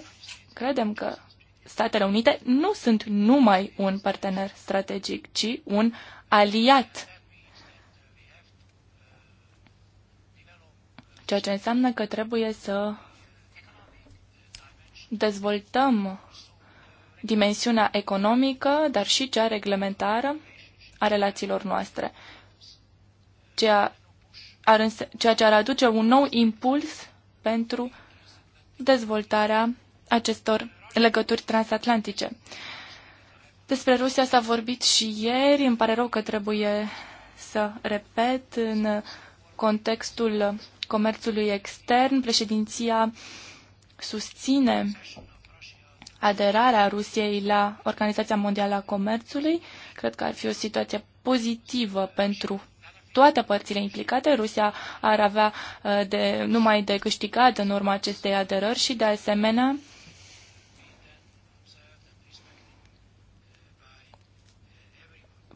credem că Statele Unite nu sunt numai un partener strategic, ci un aliat ceea ce înseamnă că trebuie să dezvoltăm dimensiunea economică, dar și cea reglementară a relațiilor noastre, ceea, ar înse- ceea ce ar aduce un nou impuls pentru dezvoltarea acestor legături transatlantice. Despre Rusia s-a vorbit și ieri, îmi pare rău că trebuie să repet în contextul Comerțului Extern, președinția susține aderarea Rusiei la Organizația Mondială a Comerțului. Cred că ar fi o situație pozitivă pentru toate părțile implicate. Rusia ar avea uh, de, numai de câștigat în urma acestei aderări și, de asemenea,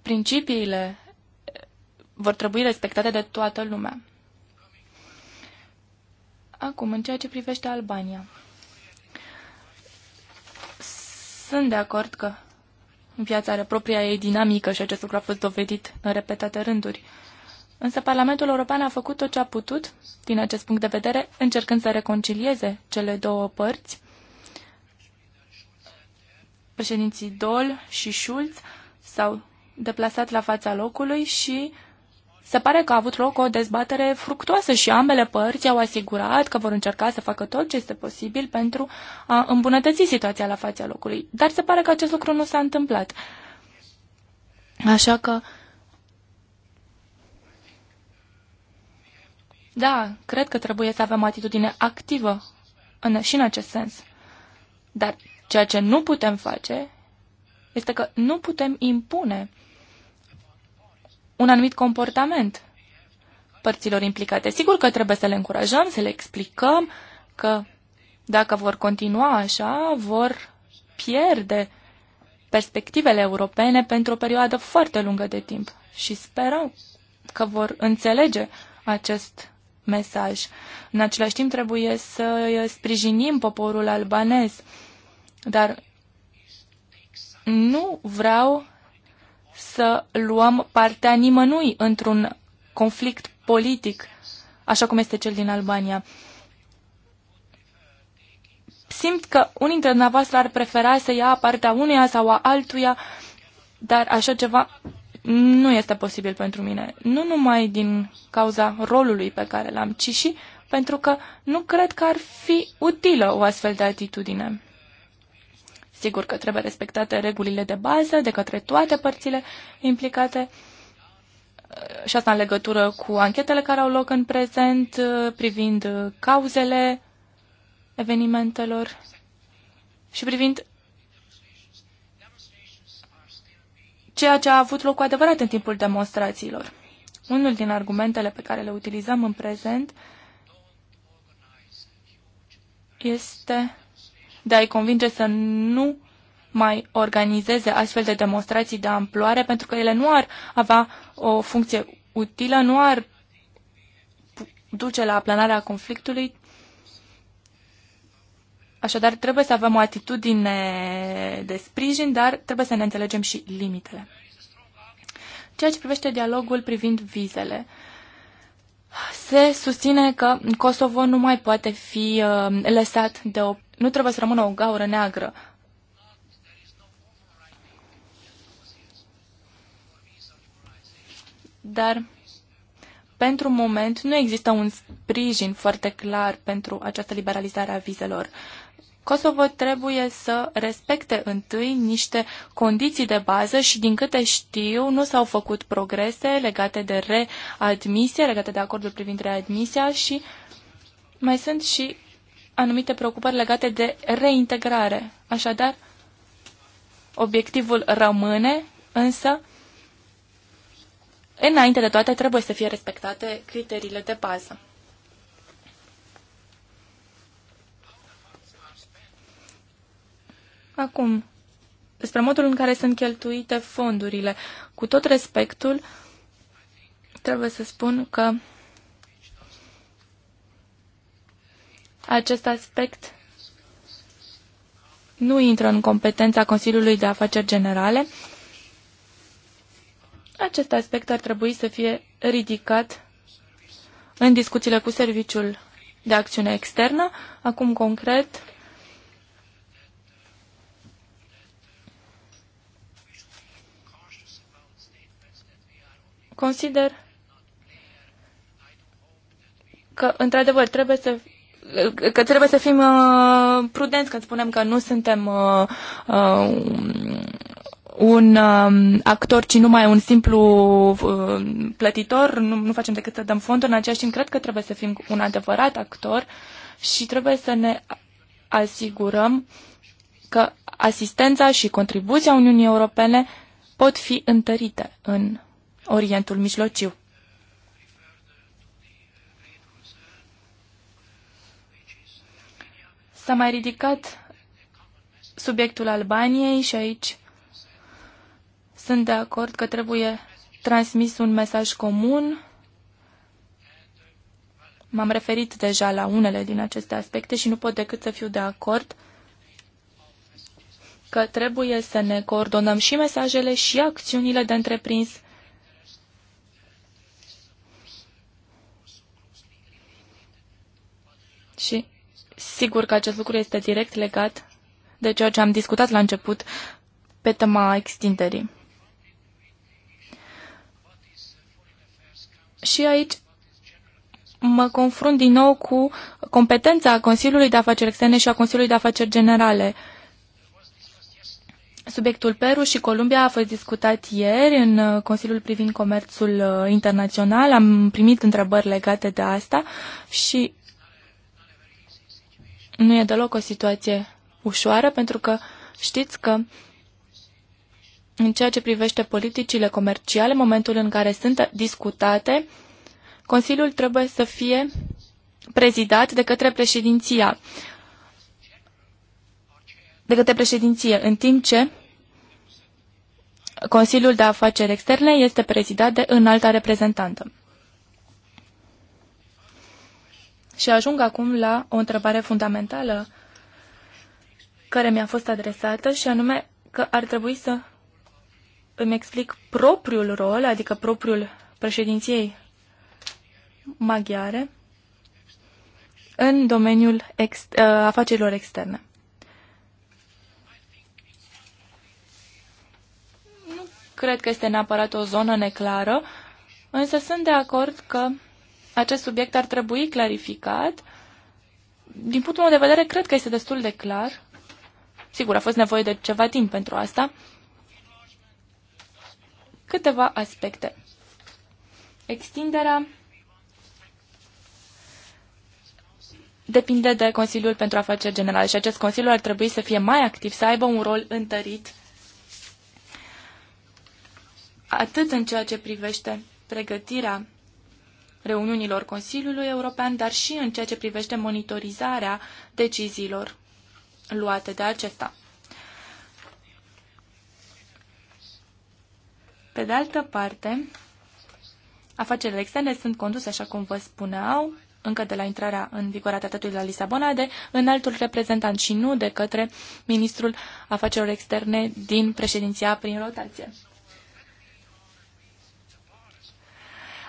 principiile vor trebui respectate de toată lumea. Acum, în ceea ce privește Albania, sunt de acord că viața are propria ei dinamică și acest lucru a fost dovedit în repetate rânduri. Însă Parlamentul European a făcut tot ce a putut, din acest punct de vedere, încercând să reconcilieze cele două părți. Președinții Dol și Schulz s-au deplasat la fața locului și uh, se pare că a avut loc o dezbatere fructuoasă și ambele părți au asigurat că vor încerca să facă tot ce este posibil pentru a îmbunătăți situația la fața locului. Dar se pare că acest lucru nu s-a întâmplat. Așa că... Da, cred că trebuie să avem atitudine activă în, și în acest sens. Dar ceea ce nu putem face este că nu putem impune un anumit comportament părților implicate. Sigur că trebuie să le încurajăm, să le explicăm că dacă vor continua așa, vor pierde perspectivele europene pentru o perioadă foarte lungă de timp și sperăm că vor înțelege acest mesaj. În același timp trebuie să sprijinim poporul albanez, dar nu vreau să luăm partea nimănui într-un conflict politic, așa cum este cel din Albania. Simt că unii dintre dumneavoastră ar prefera să ia partea uneia sau a altuia, dar așa ceva nu este posibil pentru mine. Nu numai din cauza rolului pe care l-am, ci și pentru că nu cred că ar fi utilă o astfel de atitudine. Sigur că trebuie respectate regulile de bază de către toate părțile implicate și asta în legătură cu anchetele care au loc în prezent privind cauzele evenimentelor și privind ceea ce a avut loc cu adevărat în timpul demonstrațiilor. Unul din argumentele pe care le utilizăm în prezent este de a-i convinge să nu mai organizeze astfel de demonstrații de amploare, pentru că ele nu ar avea o funcție utilă, nu ar duce la aplanarea conflictului. Așadar, trebuie să avem o atitudine de sprijin, dar trebuie să ne înțelegem și limitele. Ceea ce privește dialogul privind vizele, se susține că Kosovo nu mai poate fi uh, lăsat de o nu trebuie să rămână o gaură neagră. Dar pentru moment nu există un sprijin foarte clar pentru această liberalizare a vizelor. Kosovo trebuie să respecte întâi niște condiții de bază și, din câte știu, nu s-au făcut progrese legate de readmisie, legate de acordul privind readmisia și mai sunt și anumite preocupări legate de reintegrare. Așadar, obiectivul rămâne, însă, înainte de toate, trebuie să fie respectate criteriile de bază. Acum, despre modul în care sunt cheltuite fondurile. Cu tot respectul, trebuie să spun că Acest aspect nu intră în competența Consiliului de Afaceri Generale. Acest aspect ar trebui să fie ridicat în discuțiile cu Serviciul de Acțiune Externă. Acum, concret, consider că, într-adevăr, trebuie să că trebuie să fim uh, prudenți când spunem că nu suntem uh, uh, un um, actor, ci numai un simplu plătitor, nu, nu facem decât să dăm fonduri. În același timp, cred că trebuie să fim un adevărat actor și trebuie să ne asigurăm că asistența și contribuția Uniunii Europene pot fi întărite în Orientul Mijlociu. S-a mai ridicat subiectul Albaniei și aici sunt de acord că trebuie transmis un mesaj comun. M-am referit deja la unele din aceste aspecte și nu pot decât să fiu de acord că trebuie să ne coordonăm și mesajele și acțiunile de întreprins. Și Sigur că acest lucru este direct legat de ceea ce am discutat la început pe tema extinderii. Și aici mă confrunt din nou cu competența Consiliului de Afaceri Externe și a Consiliului de Afaceri Generale. Subiectul Peru și Columbia a fost discutat ieri în Consiliul privind comerțul uh, internațional. Am primit întrebări legate de asta și nu e deloc o situație ușoară, pentru că știți că în ceea ce privește politicile comerciale, momentul în care sunt discutate, Consiliul trebuie să fie prezidat de către președinția, de către președinție, în timp ce Consiliul de Afaceri Externe este prezidat de înalta reprezentantă. Și ajung acum la o întrebare fundamentală care mi-a fost adresată și anume că ar trebui să îmi explic propriul rol, adică propriul președinției maghiare în domeniul ex ă, afacerilor externe. Nu cred că este neapărat o zonă neclară, însă sunt de acord că acest subiect ar trebui clarificat. Din punctul meu de vedere, cred că este destul de clar. Sigur, a fost nevoie de ceva timp pentru asta. Câteva aspecte. Extinderea depinde de Consiliul pentru Afaceri Generale și acest Consiliu ar trebui să fie mai activ, să aibă un rol întărit atât în ceea ce privește pregătirea reuniunilor Consiliului European, dar și în ceea ce privește monitorizarea deciziilor luate de acesta. Pe de altă parte, afacerile externe sunt conduse, așa cum vă spuneau, încă de la intrarea în vigoare a tratatului la Lisabona, de înaltul reprezentant și nu de către ministrul afacerilor externe din președinția prin rotație.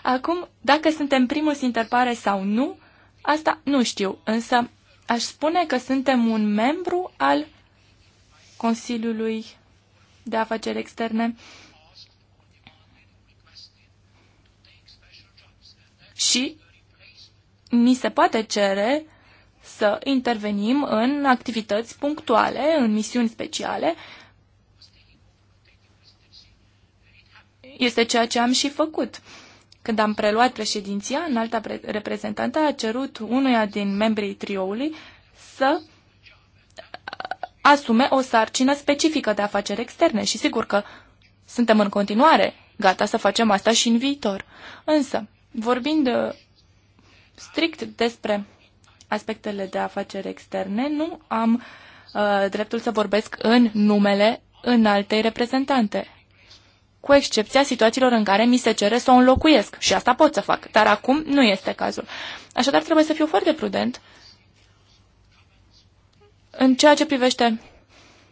Acum, dacă suntem primus interpare sau nu, asta nu știu, însă aș spune că suntem un membru al Consiliului de Afaceri Externe și ni se poate cere să intervenim în activități punctuale, în misiuni speciale. Este ceea ce am și făcut. Când am preluat președinția, înalta reprezentantă a cerut unuia din membrii trioului să asume o sarcină specifică de afaceri externe și sigur că suntem în continuare gata să facem asta și în viitor. Însă, vorbind uh, strict despre aspectele de afaceri externe, nu am uh, dreptul să vorbesc în numele altei reprezentante cu excepția situațiilor în care mi se cere să o înlocuiesc. Și asta pot să fac, dar acum nu este cazul. Așadar, trebuie să fiu foarte prudent în ceea ce privește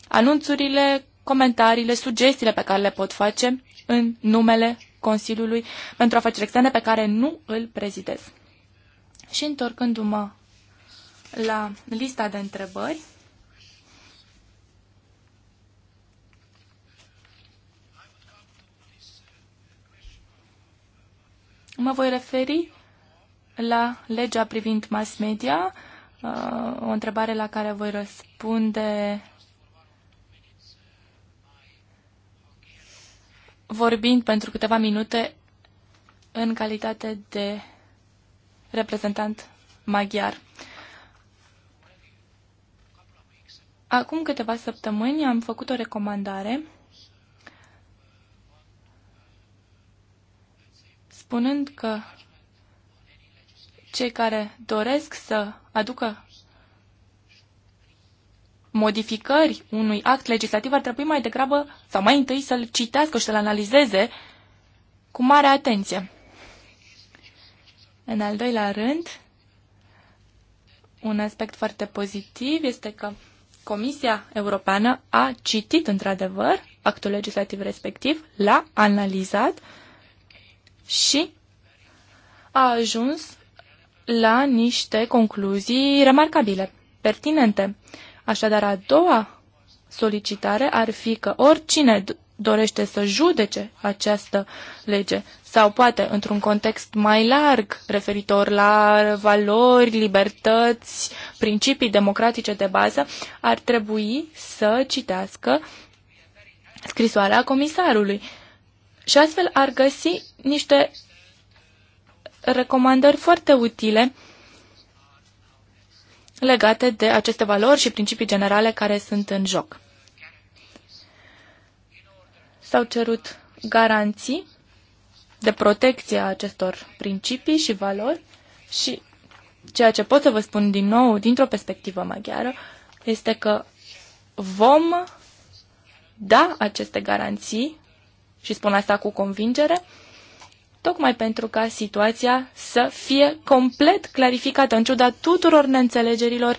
anunțurile, comentariile, sugestiile pe care le pot face în numele Consiliului pentru afaceri externe pe care nu îl prezidez. Și întorcându-mă la lista de întrebări, Mă voi referi la legea privind mass media, uh, o întrebare la care voi răspunde vorbind pentru câteva minute în calitate de reprezentant maghiar. Acum câteva săptămâni am făcut o recomandare spunând că cei care doresc să aducă modificări unui act legislativ ar trebui mai degrabă sau mai întâi să-l citească și să-l analizeze cu mare atenție. În al doilea rând, un aspect foarte pozitiv este că Comisia Europeană a citit într-adevăr actul legislativ respectiv, l-a analizat și a ajuns la niște concluzii remarcabile, pertinente. Așadar, a doua solicitare ar fi că oricine dorește să judece această lege sau poate într-un context mai larg referitor la valori, libertăți, principii democratice de bază, ar trebui să citească scrisoarea comisarului și astfel ar găsi niște recomandări foarte utile legate de aceste valori și principii generale care sunt în joc. S-au cerut garanții de protecție a acestor principii și valori și ceea ce pot să vă spun din nou, dintr-o perspectivă maghiară, este că vom da aceste garanții și spun asta cu convingere, tocmai pentru ca situația să fie complet clarificată, în ciuda tuturor neînțelegerilor,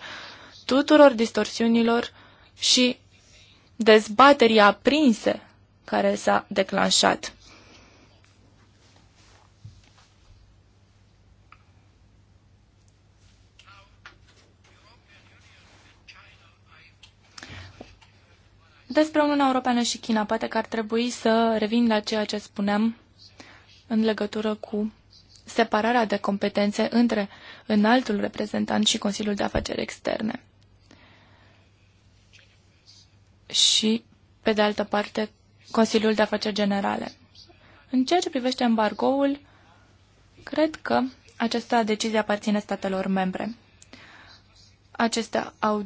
tuturor distorsiunilor și dezbaterii aprinse care s-a declanșat. Despre Uniunea Europeană și China, poate că ar trebui să revin la ceea ce spuneam în legătură cu separarea de competențe între înaltul reprezentant și Consiliul de Afaceri Externe. Și, pe de altă parte, Consiliul de Afaceri Generale. În ceea ce privește embargoul, cred că această decizie aparține statelor membre. Acestea au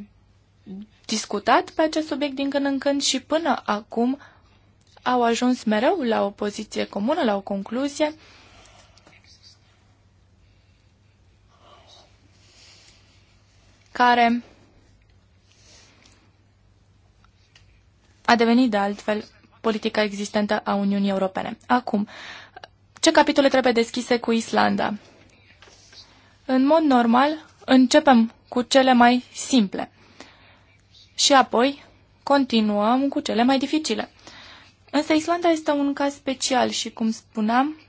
discutat pe acest subiect din când în când și până acum au ajuns mereu la o poziție comună, la o concluzie. care a devenit de altfel politica existentă a Uniunii Europene. Acum, ce capitole trebuie deschise cu Islanda? În mod normal, începem cu cele mai simple și apoi continuăm cu cele mai dificile. Însă Islanda este un caz special și, cum spuneam,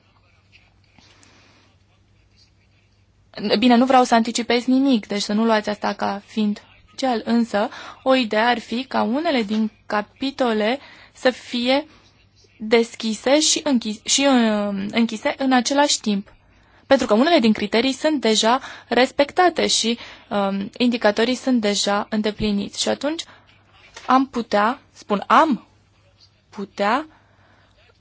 bine, nu vreau să anticipez nimic, deci să nu luați asta ca fiind cel, însă o idee ar fi ca unele din capitole să fie deschise și, închis, și uh, închise în același timp pentru că unele din criterii sunt deja respectate și um, indicatorii sunt deja îndepliniți. Și atunci am putea, spun am putea,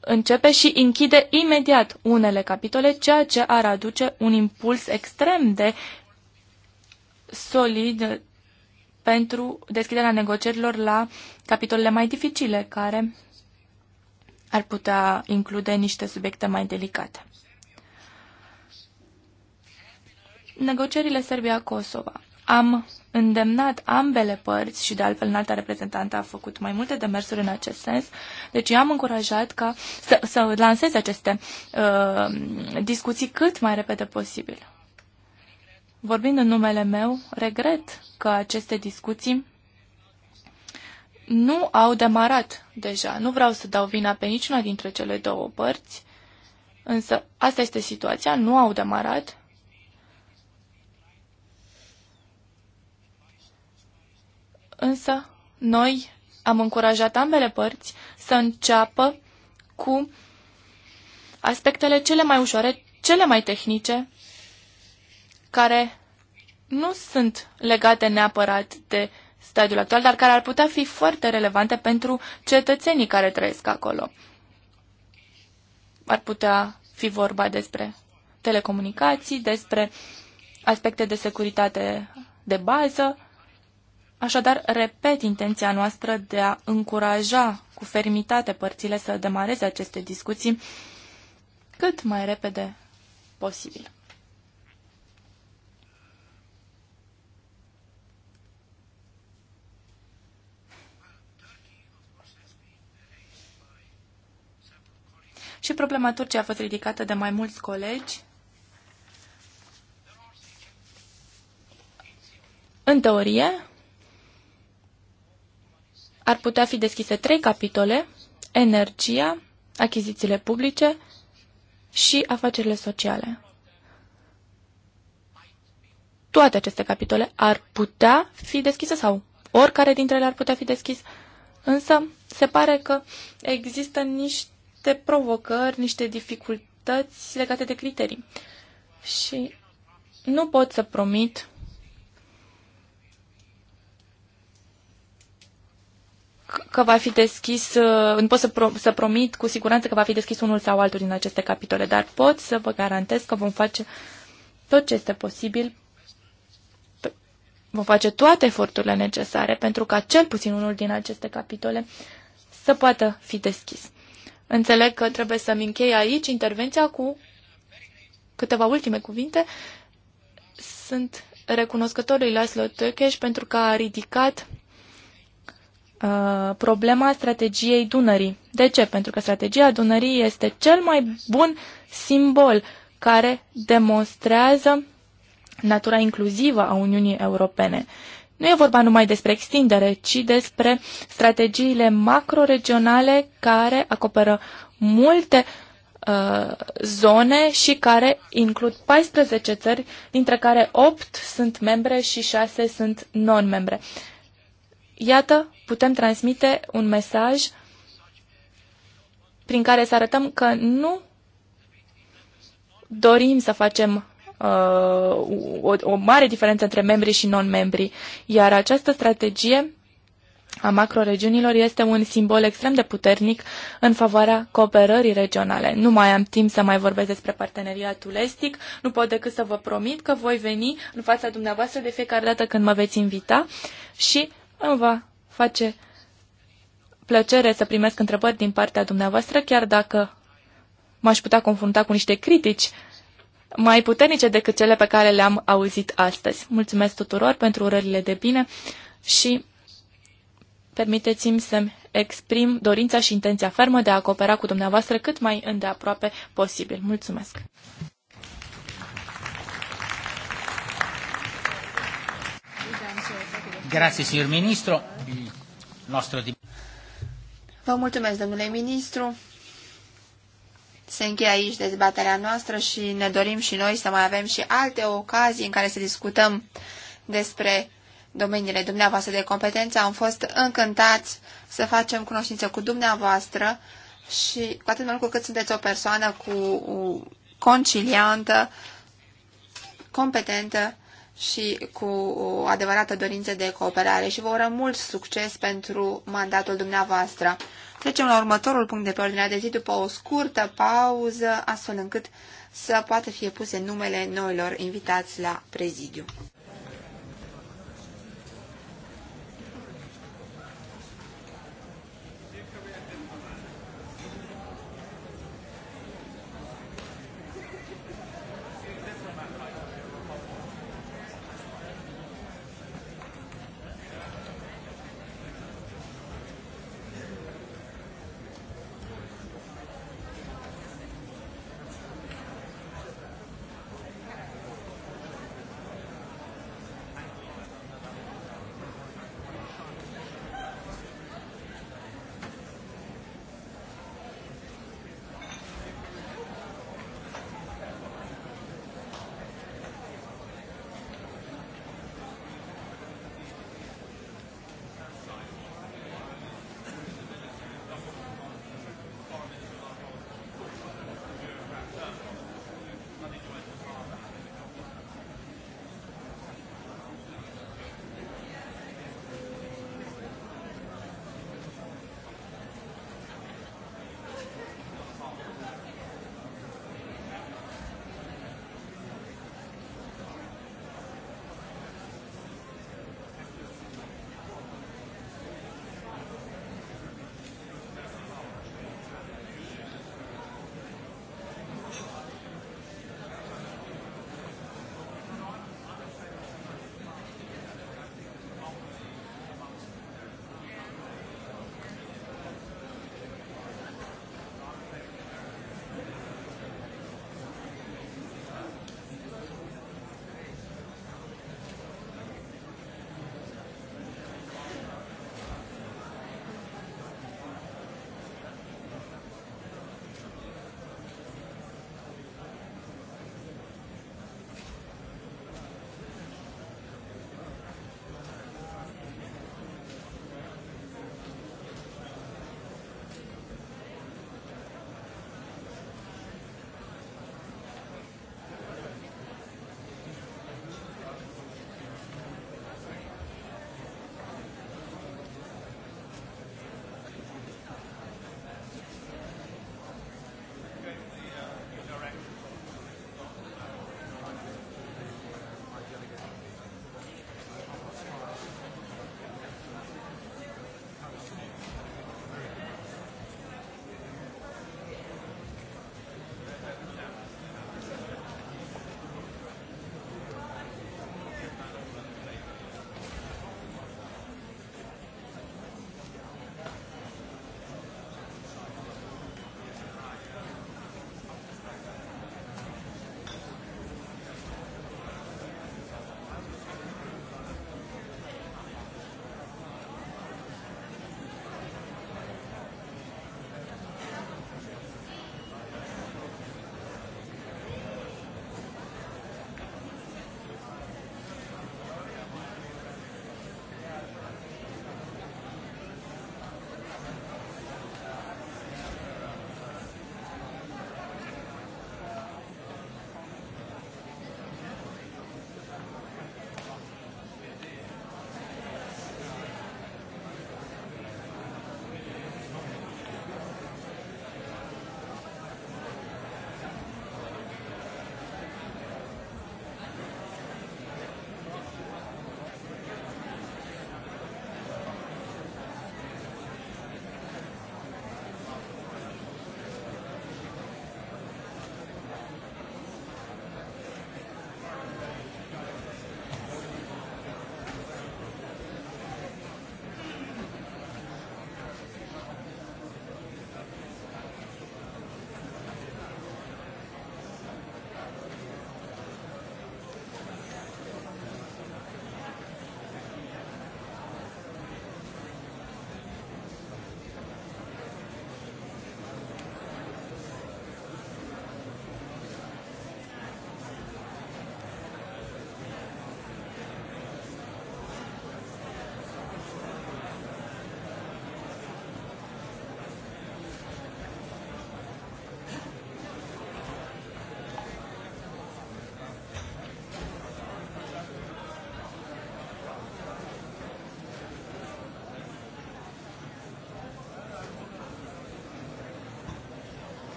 începe și închide imediat unele capitole, ceea ce ar aduce un impuls extrem de solid pentru deschiderea negocierilor la capitolele mai dificile, care ar putea include niște subiecte mai delicate. negocierile Serbia-Kosova. Am îndemnat ambele părți și de altfel înalta reprezentantă a făcut mai multe demersuri în acest sens, deci am încurajat ca să, să lanseze aceste uh, discuții cât mai repede posibil. Vorbind în numele meu, regret că aceste discuții nu au demarat deja. Nu vreau să dau vina pe niciuna dintre cele două părți, însă asta este situația, nu au demarat însă noi am încurajat ambele părți să înceapă cu aspectele cele mai ușoare, cele mai tehnice, care nu sunt legate neapărat de stadiul actual, dar care ar putea fi foarte relevante pentru cetățenii care trăiesc acolo. Ar putea fi vorba despre telecomunicații, despre aspecte de securitate de bază, Așadar, repet intenția noastră de a încuraja cu fermitate părțile să demareze aceste discuții cât mai repede posibil. Și problema Turciei a fost ridicată de mai mulți colegi. În teorie, ar putea fi deschise trei capitole, energia, achizițiile publice și afacerile sociale. Toate aceste capitole ar putea fi deschise sau oricare dintre ele ar putea fi deschis, însă se pare că există niște provocări, niște dificultăți legate de criterii. Și nu pot să promit că va fi deschis, uh, nu pot să, pro, să promit cu siguranță că va fi deschis unul sau altul din aceste capitole, dar pot să vă garantez că vom face tot ce este posibil, vom face toate eforturile necesare pentru ca cel puțin unul din aceste capitole să poată fi deschis. Înțeleg că trebuie să-mi închei aici intervenția cu câteva ultime cuvinte. Sunt recunoscătorul lui Laszlo Tökes pentru că a ridicat Uh, problema strategiei Dunării. De ce? Pentru că strategia Dunării este cel mai bun simbol care demonstrează natura inclusivă a Uniunii Europene. Nu e vorba numai despre extindere, ci despre strategiile macroregionale care acoperă multe uh, zone și care includ 14 țări, dintre care 8 sunt membre și 6 sunt non-membre. Uh, Iată, putem transmite un mesaj prin care să arătăm că nu dorim să facem uh, o, o mare diferență între membri și non-membri, iar această strategie a macroregiunilor este un simbol extrem de puternic în favoarea cooperării regionale. Nu mai am timp să mai vorbesc despre parteneriatul estic, nu pot decât să vă promit că voi veni în fața dumneavoastră de fiecare dată când mă veți invita și îmi va face plăcere să primesc întrebări din partea dumneavoastră, chiar dacă m-aș putea confrunta cu niște critici mai puternice decât cele pe care le-am auzit astăzi. Mulțumesc tuturor pentru urările de bine și permiteți-mi să-mi exprim dorința și intenția fermă de a coopera cu dumneavoastră cât mai îndeaproape posibil. Mulțumesc! Grazie, signor Ministro. Il nostro... Vă mulțumesc, domnule ministru. Se încheie aici dezbaterea noastră și ne dorim și noi să mai avem și alte ocazii în care să discutăm despre domeniile dumneavoastră de competență. Am fost încântați să facem cunoștință cu dumneavoastră și cu atât mai mult cu cât sunteți o persoană cu conciliantă, competentă și cu o adevărată dorință de cooperare și vă urăm mult succes pentru mandatul dumneavoastră. Trecem la următorul punct de pe ordinea de zi după o scurtă pauză, astfel încât să poată fi puse numele noilor invitați la prezidiu.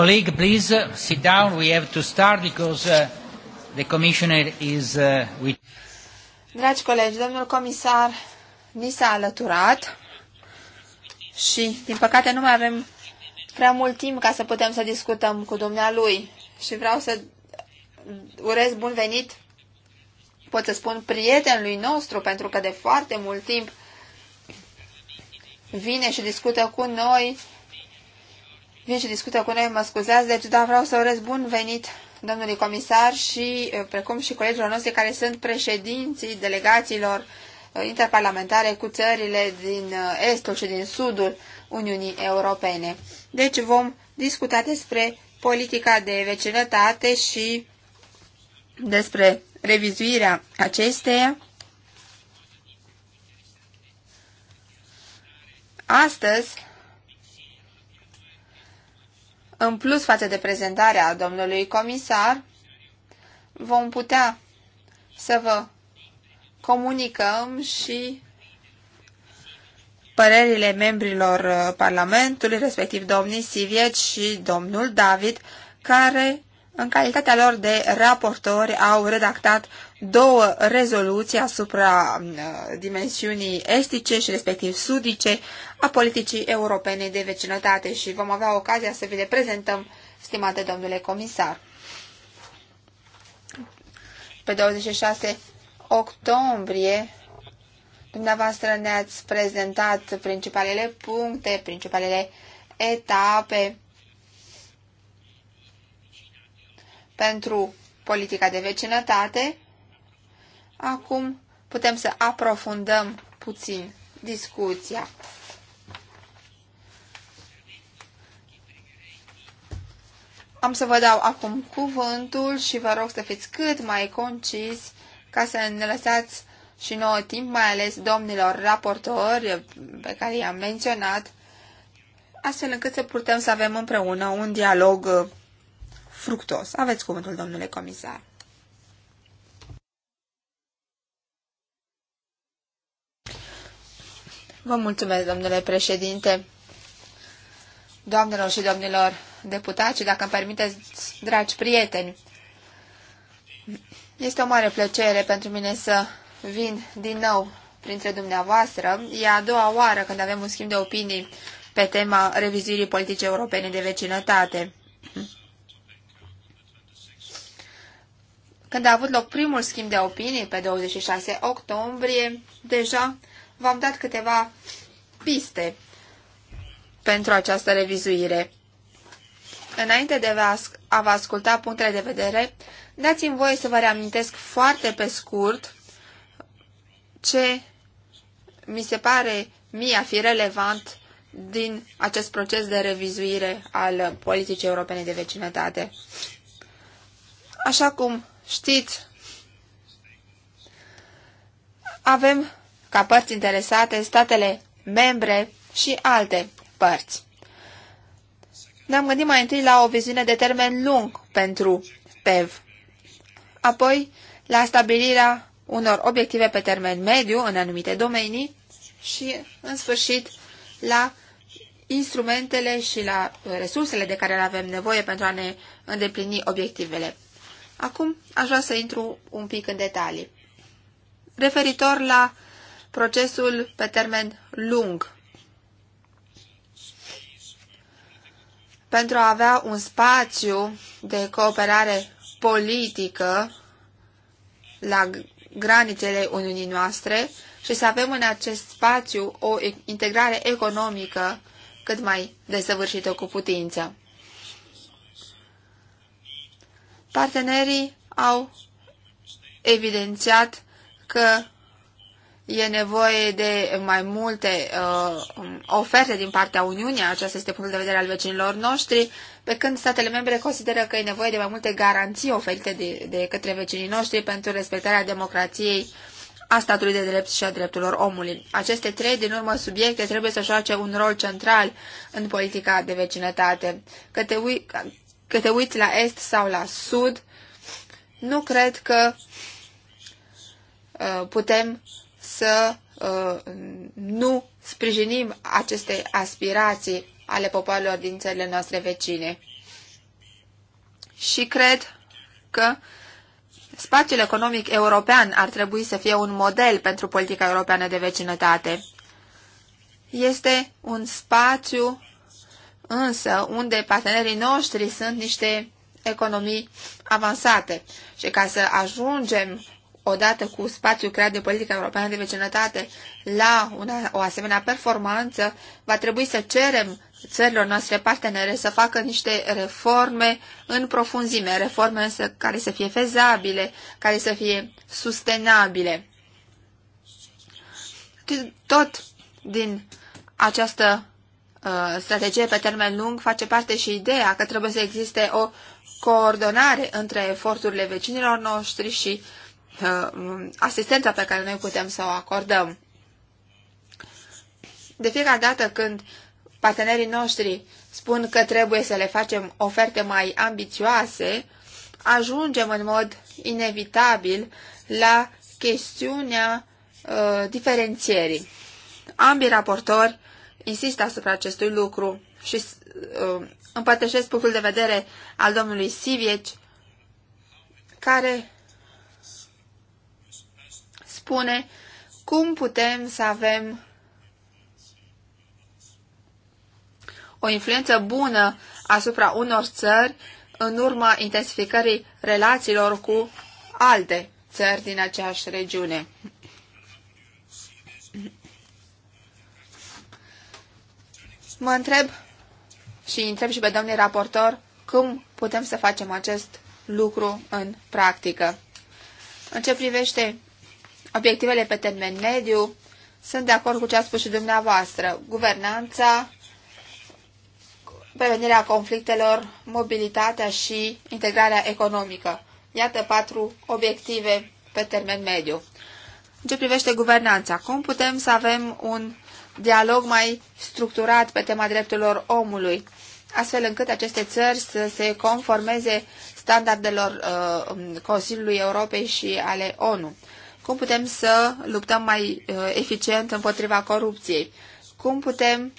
Colleague, please uh, sit down. We have to start because uh, the commissioner is uh, with... Dragi colegi, domnul comisar ni s-a alăturat și, din păcate, nu mai avem prea mult timp ca să putem să discutăm cu dumnealui și vreau să urez bun venit, pot să spun, prietenului nostru, pentru că de foarte mult timp vine și discută cu noi vin și discută cu noi, mă scuzați, deci da, vreau să urez bun venit domnului comisar și uh, precum și colegilor noștri care sunt președinții delegațiilor uh, interparlamentare cu țările din uh, estul și din sudul Uniunii Europene. Deci vom discuta despre politica de vecinătate și despre revizuirea acesteia. Astăzi în plus față de prezentarea domnului comisar, vom putea să vă comunicăm și părerile membrilor uh, Parlamentului, respectiv domnii Siviet și domnul David, care, în calitatea lor de raportori, au redactat două rezoluții asupra uh, dimensiunii estice și respectiv sudice a politicii europene de vecinătate și vom avea ocazia să vi le prezentăm, stimate domnule comisar. Pe 26 octombrie dumneavoastră ne-ați prezentat principalele puncte, principalele etape pentru politica de vecinătate Acum putem să aprofundăm puțin discuția. Am să vă dau acum cuvântul și vă rog să fiți cât mai concis ca să ne lăsați și nouă timp, mai ales domnilor raportori pe care i-am menționat, astfel încât să putem să avem împreună un dialog fructos. Aveți cuvântul, domnule comisar. Vă mulțumesc, domnule președinte. Doamnelor și domnilor deputați, dacă îmi permiteți, dragi prieteni, este o mare plăcere pentru mine să vin din nou printre dumneavoastră. E a doua oară când avem un schimb de opinii pe tema revizuirii politice europene de vecinătate. Când a avut loc primul schimb de opinii pe 26 octombrie, deja v-am dat câteva piste pentru această revizuire. Înainte de a vă asculta punctele de vedere, dați-mi voie să vă reamintesc foarte pe scurt ce mi se pare mie a fi relevant din acest proces de revizuire al politicii europene de vecinătate. Așa cum știți, avem ca părți interesate statele membre și alte părți. Ne-am gândit mai întâi la o viziune de termen lung pentru PEV, apoi la stabilirea unor obiective pe termen mediu în anumite domenii și, în sfârșit, la instrumentele și la uh, resursele de care le avem nevoie pentru a ne îndeplini obiectivele. Acum aș vrea să intru un pic în detalii. Referitor la procesul pe termen lung pentru a avea un spațiu de cooperare politică la granițele Uniunii noastre și să avem în acest spațiu o integrare economică cât mai desăvârșită cu putință. Partenerii au evidențiat că E nevoie de mai multe uh, oferte din partea Uniunii, acesta este punctul de vedere al vecinilor noștri, pe când statele membre consideră că e nevoie de mai multe garanții oferite de, de către vecinii noștri pentru respectarea democrației, a statului de drept și a drepturilor omului. Aceste trei, din urmă, subiecte trebuie să joace un rol central în politica de vecinătate. Că te, ui, că te uiți la est sau la sud, nu cred că uh, putem să uh, nu sprijinim aceste aspirații ale popoarelor din țările noastre vecine. Și cred că spațiul economic european ar trebui să fie un model pentru politica europeană de vecinătate. Este un spațiu însă unde partenerii noștri sunt niște economii avansate și ca să ajungem odată cu spațiul creat de politica europeană de vecinătate la una, o asemenea performanță, va trebui să cerem țărilor noastre partenere să facă niște reforme în profunzime, reforme care să fie fezabile, care să fie sustenabile. Tot din această uh, strategie pe termen lung face parte și ideea că trebuie să existe o coordonare între eforturile vecinilor noștri și uh, Uh, um, asistența pe care noi putem să o acordăm. De fiecare dată când partenerii noștri spun că trebuie să le facem oferte mai ambițioase, ajungem în mod inevitabil la chestiunea uh, diferențierii. Ambii raportori insistă asupra acestui lucru și uh, împărtășesc punctul de vedere al domnului Sivieci, care spune cum putem să avem o influență bună asupra unor țări în urma intensificării relațiilor cu alte țări din aceeași regiune. Mă întreb și întreb și pe domnul raportor cum putem să facem acest lucru în practică. În ce privește obiectivele pe termen mediu, sunt de acord cu ce a spus și dumneavoastră. Guvernanța, prevenirea conflictelor, mobilitatea și integrarea economică. Iată patru obiective pe termen mediu. În ce privește guvernanța, cum putem să avem un dialog mai structurat pe tema drepturilor omului, astfel încât aceste țări să se conformeze standardelor uh, Consiliului Europei și ale ONU. Cum putem să luptăm mai uh, eficient împotriva corupției? Cum putem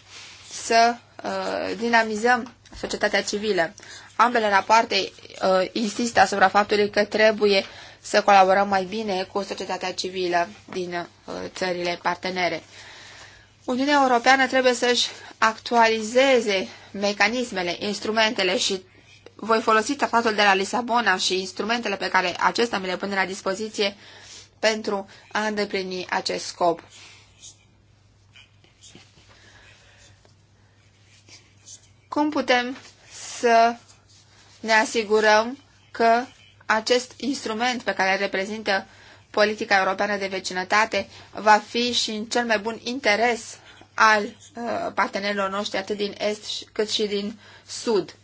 să uh, dinamizăm societatea civilă? Ambele rapoarte uh, insistă asupra faptului că trebuie să colaborăm mai bine cu societatea civilă din țările partenere. Uniunea Europeană trebuie să-și actualizeze mecanismele, instrumentele și voi folosi tratatul de la Lisabona și instrumentele pe care acesta mi le pune la dispoziție pentru a îndeplini acest scop. Cum putem să ne asigurăm că acest instrument pe care reprezintă politica europeană de vecinătate va fi și în cel mai bun interes al uh, partenerilor noștri, atât din Est cât și din Sud.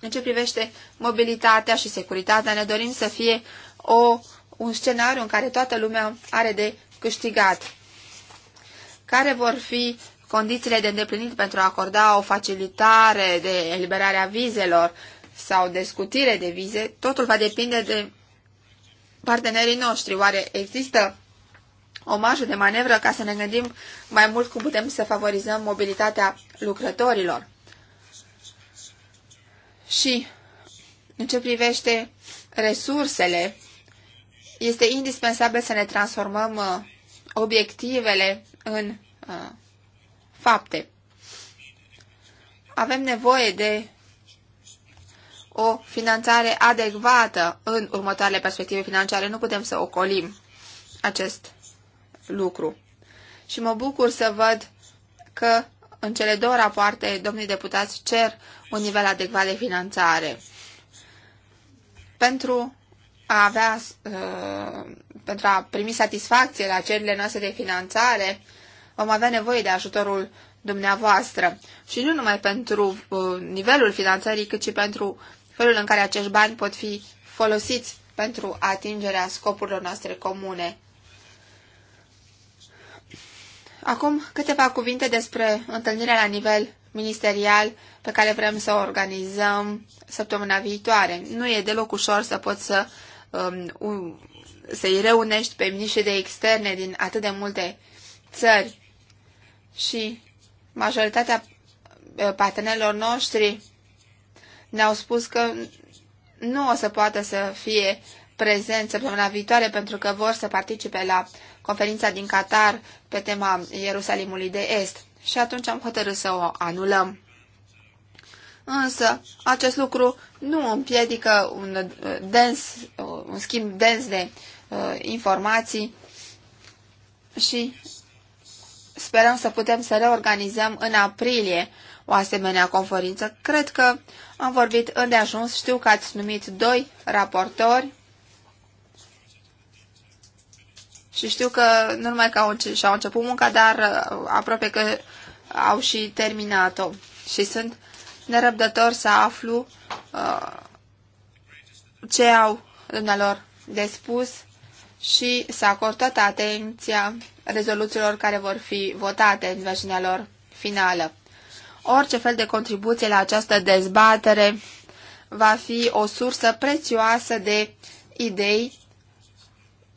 În ce privește mobilitatea și securitatea, ne dorim să fie o un scenariu în care toată lumea are de câștigat. Care vor fi condițiile de îndeplinit pentru a acorda o facilitare de eliberare a vizelor sau de scutire de vize, totul va depinde de partenerii noștri. Oare există o marjă de manevră ca să ne gândim mai mult cum putem să favorizăm mobilitatea lucrătorilor? Și în ce privește resursele este indispensabil să ne transformăm uh, obiectivele în uh, fapte. Avem nevoie de o finanțare adecvată în următoarele perspective financiare. Nu putem să ocolim acest lucru. Și mă bucur să văd că în cele două rapoarte domnii deputați cer un nivel adecvat de finanțare. Pentru a avea, uh, pentru a primi satisfacție la cererile noastre de finanțare, vom avea nevoie de ajutorul dumneavoastră. Și nu numai pentru uh, nivelul finanțării, cât și pentru felul în care acești bani pot fi folosiți pentru atingerea scopurilor noastre comune. Acum câteva cuvinte despre întâlnirea la nivel ministerial pe care vrem să o organizăm săptămâna viitoare. Nu e deloc ușor să poți să uh, um, să-i reunești pe miniștri de externe din atât de multe țări și majoritatea uh, partenerilor noștri ne-au spus că nu o să poată să fie prezenți săptămâna viitoare pentru că vor să participe la conferința din Qatar pe tema Ierusalimului de Est. Și atunci am hotărât să o anulăm. Însă, acest lucru nu împiedică un, uh, dens, uh, un schimb dens de uh, informații și sperăm să putem să reorganizăm în aprilie o asemenea conferință. Cred că am vorbit îndeajuns, știu că ați numit doi raportori și știu că nu numai că și-au început munca, dar uh, aproape că au și terminat-o și sunt nerăbdător să aflu uh, ce au dumnealor de spus și să acord toată atenția rezoluțiilor care vor fi votate în versiunea lor finală. Orice fel de contribuție la această dezbatere va fi o sursă prețioasă de idei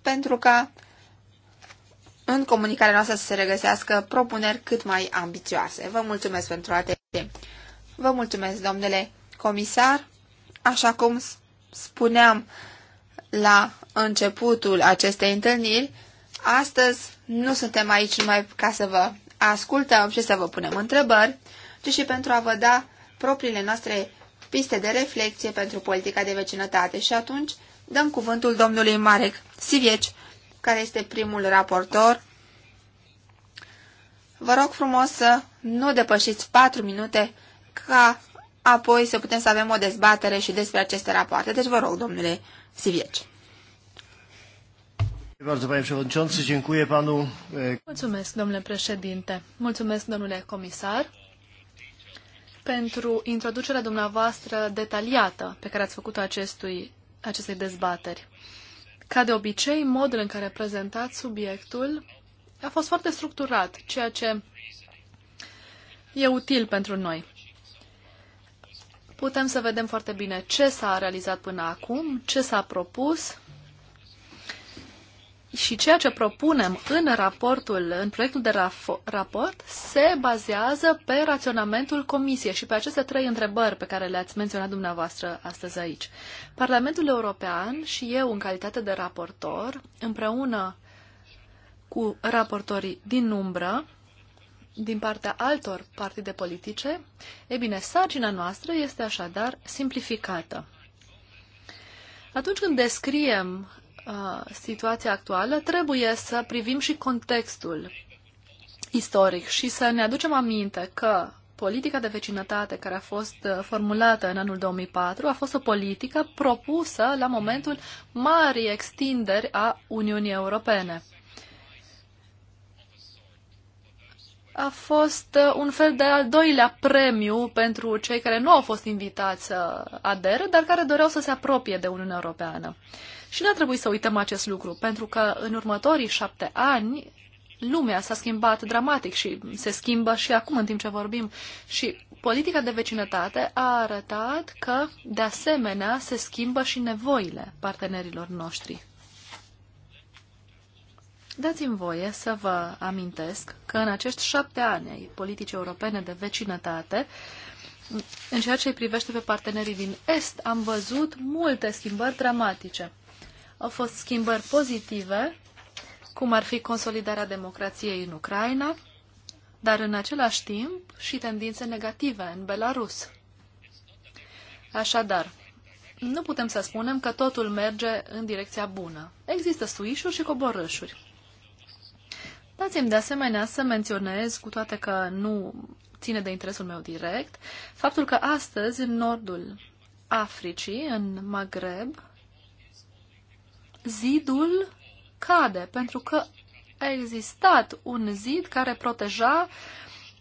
pentru ca în comunicarea noastră să se regăsească propuneri cât mai ambițioase. Vă mulțumesc pentru atenție! Vă mulțumesc, domnule comisar. Așa cum spuneam la începutul acestei întâlniri, astăzi nu suntem aici numai ca să vă ascultăm și să vă punem întrebări, ci și pentru a vă da propriile noastre piste de reflexie pentru politica de vecinătate. Și atunci dăm cuvântul domnului Marek Sivieci, care este primul raportor. Vă rog frumos să nu depășiți patru minute ca apoi să putem să avem o dezbatere și despre aceste rapoarte. Deci vă rog, domnule Sivieci. Mulțumesc, domnule președinte. Mulțumesc, domnule comisar, pentru introducerea dumneavoastră detaliată pe care ați făcut-o acestui, acestei dezbateri. Ca de obicei, modul în care prezentați subiectul a fost foarte structurat, ceea ce e util pentru noi putem să vedem foarte bine ce s-a realizat până acum, ce s-a propus și ceea ce propunem în raportul, în proiectul de raport, se bazează pe raționamentul comisiei și pe aceste trei întrebări pe care le-ați menționat dumneavoastră astăzi aici. Parlamentul European și eu, în calitate de raportor, împreună cu raportorii din umbră, din partea altor partide politice, e bine, sarcina noastră este așadar simplificată. Atunci când descriem uh, situația actuală, trebuie să privim și contextul istoric și să ne aducem aminte că politica de vecinătate care a fost uh, formulată în anul 2004 a fost o politică propusă la momentul marii extinderi a Uniunii Europene. a fost uh, un fel de al doilea premiu pentru cei care nu au fost invitați să aderă, dar care doreau să se apropie de Uniunea Europeană. Și nu a trebuit să uităm acest lucru, pentru că în următorii șapte ani lumea s-a schimbat dramatic și se schimbă și acum în timp ce vorbim. Și politica de vecinătate a arătat că, de asemenea, se schimbă și nevoile partenerilor noștri. Dați-mi voie să vă amintesc că în acești șapte ani ai politicii europene de vecinătate, în ceea ce îi privește pe partenerii din Est, am văzut multe schimbări dramatice. Au fost schimbări pozitive, cum ar fi consolidarea democrației în Ucraina, dar în același timp și tendințe negative în Belarus. Așadar, nu putem să spunem că totul merge în direcția bună. Există suișuri și coborâșuri. Dați-mi de asemenea să menționez, cu toate că nu ține de interesul meu direct, faptul că astăzi, în nordul Africii, în Maghreb, zidul cade, pentru că a existat un zid care proteja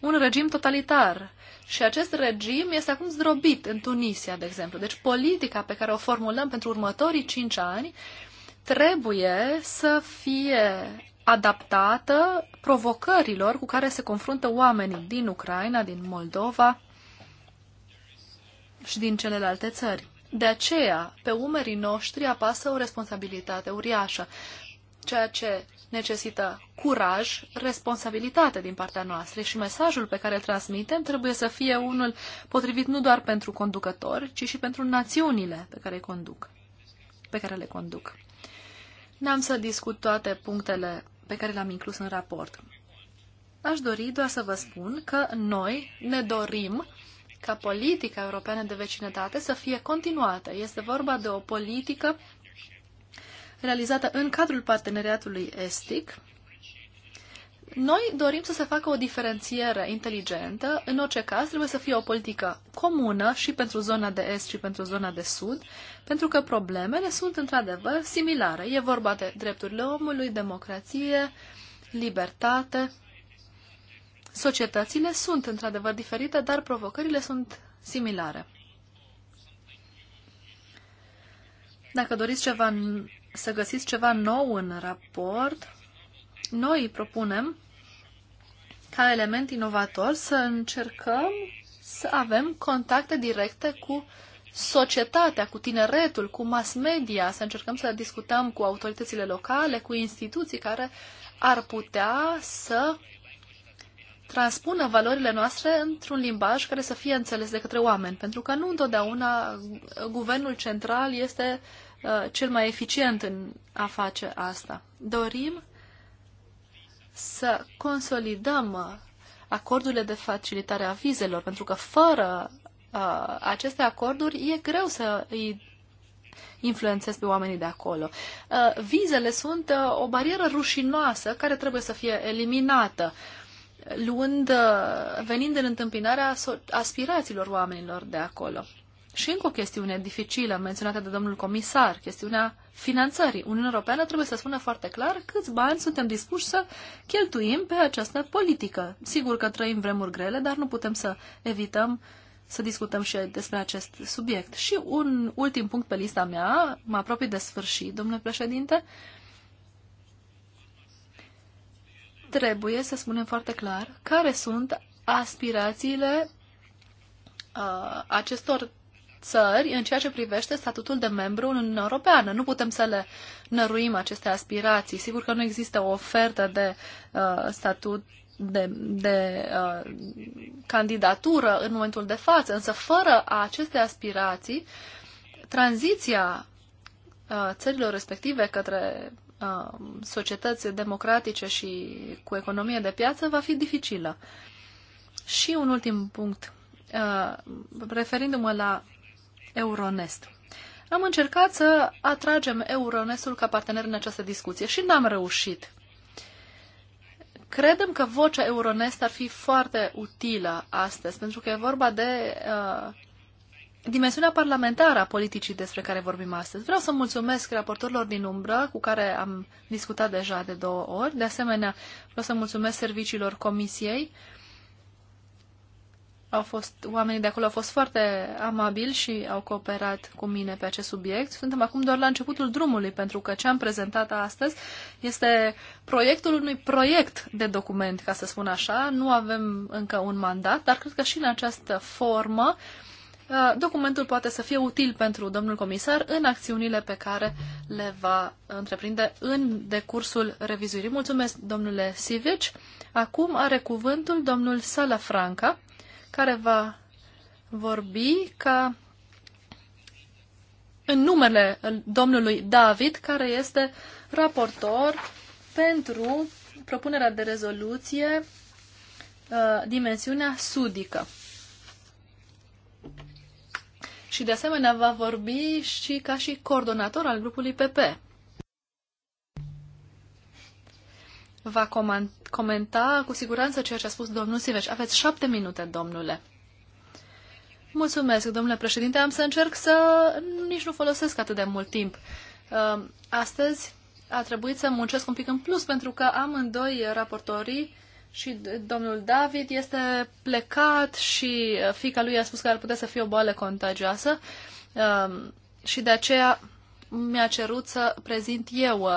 un regim totalitar. Și acest regim este acum zdrobit în Tunisia, de exemplu. Deci politica pe care o formulăm pentru următorii cinci ani trebuie să fie adaptată provocărilor cu care se confruntă oamenii din Ucraina, din Moldova și din celelalte țări. De aceea, pe umerii noștri apasă o responsabilitate uriașă, ceea ce necesită curaj, responsabilitate din partea noastră și mesajul pe care îl transmitem trebuie să fie unul potrivit nu doar pentru conducători, ci și pentru națiunile pe care, conduc, pe care le conduc. N-am să discut toate punctele pe care l-am inclus în raport. Aș dori doar să vă spun că noi ne dorim ca politica europeană de vecinătate să fie continuată. Este vorba de o politică realizată în cadrul parteneriatului estic noi dorim să se facă o diferențiere inteligentă. În orice caz, trebuie să fie o politică comună și pentru zona de est și pentru zona de sud, pentru că problemele sunt într-adevăr similare. E vorba de drepturile omului, democrație, libertate. Societățile sunt într-adevăr diferite, dar provocările sunt similare. Dacă doriți ceva, să găsiți ceva nou în raport, noi propunem ca element inovator să încercăm să avem contacte directe cu societatea, cu tineretul, cu mass media, să încercăm să discutăm cu autoritățile locale, cu instituții care ar putea să transpună valorile noastre într-un limbaj care să fie înțeles de către oameni, pentru că nu întotdeauna guvernul central este uh, cel mai eficient în a face asta. Dorim să consolidăm uh, acordurile de facilitare a vizelor, pentru că fără uh, aceste acorduri e greu să îi influențez pe oamenii de acolo. Uh, vizele sunt uh, o barieră rușinoasă care trebuie să fie eliminată, luând, uh, venind în întâmpinarea aspirațiilor oamenilor de acolo. Și încă o chestiune dificilă menționată de domnul comisar, chestiunea finanțării. Uniunea Europeană trebuie să spună foarte clar câți bani suntem dispuși să cheltuim pe această politică. Sigur că trăim vremuri grele, dar nu putem să evităm să discutăm și despre acest subiect. Și un ultim punct pe lista mea, mă apropii de sfârșit, domnule președinte, trebuie să spunem foarte clar care sunt aspirațiile uh, acestor țări în ceea ce privește statutul de membru în Uniunea Europeană. Nu putem să le năruim aceste aspirații. Sigur că nu există o ofertă de uh, statut de, de uh, candidatură în momentul de față, însă fără aceste aspirații, tranziția uh, țărilor respective către uh, societăți democratice și cu economie de piață va fi dificilă. Și un ultim punct, uh, referindu-mă la Euronest. Am încercat să atragem Euronestul ca partener în această discuție și n-am reușit. Credem că vocea Euronest ar fi foarte utilă astăzi, pentru că e vorba de uh, dimensiunea parlamentară a politicii despre care vorbim astăzi. Vreau să mulțumesc raportorilor din umbră, cu care am discutat deja de două ori. De asemenea, vreau să mulțumesc serviciilor Comisiei uh, au fost, oamenii de acolo au fost foarte amabili și au cooperat cu mine pe acest subiect. Suntem acum doar la începutul drumului, pentru că ce am prezentat astăzi este proiectul unui proiect de document, ca să spun așa. Nu avem încă un mandat, dar cred că și în această formă uh, documentul poate să fie util pentru domnul comisar în acțiunile pe care le va întreprinde în decursul revizuirii. Mulțumesc, domnule Sivici. Acum are cuvântul domnul Salafranca, care va vorbi ca în numele domnului David, care este raportor pentru propunerea de rezoluție uh, dimensiunea sudică. Și de asemenea va vorbi și ca și coordonator al grupului PP. va comenta cu siguranță ceea ce a spus domnul Siveș. Aveți șapte minute, domnule. Mulțumesc, domnule președinte. Am să încerc să nici nu folosesc atât de mult timp. Uh, astăzi a trebuit să muncesc un pic în plus pentru că am în doi raportorii și domnul David este plecat și uh, fica lui a spus că ar putea să fie o boală contagioasă uh, și de aceea mi-a cerut să prezint eu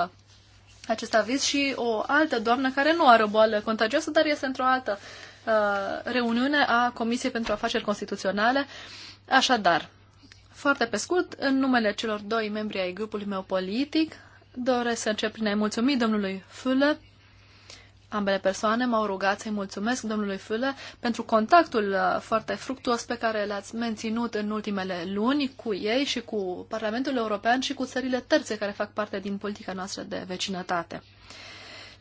acest aviz și o altă doamnă care nu are o boală contagioasă, dar este într-o altă uh, reuniune a Comisiei pentru Afaceri Constituționale. Așadar, foarte pe scurt, în numele celor doi membri ai grupului meu politic, doresc să încep prin a-i mulțumi domnului Fule Ambele persoane m-au rugat să-i mulțumesc domnului Füle pentru contactul uh, foarte fructuos pe care l-ați menținut în ultimele luni cu ei și cu Parlamentul European și cu țările terțe care fac parte din politica noastră de vecinătate.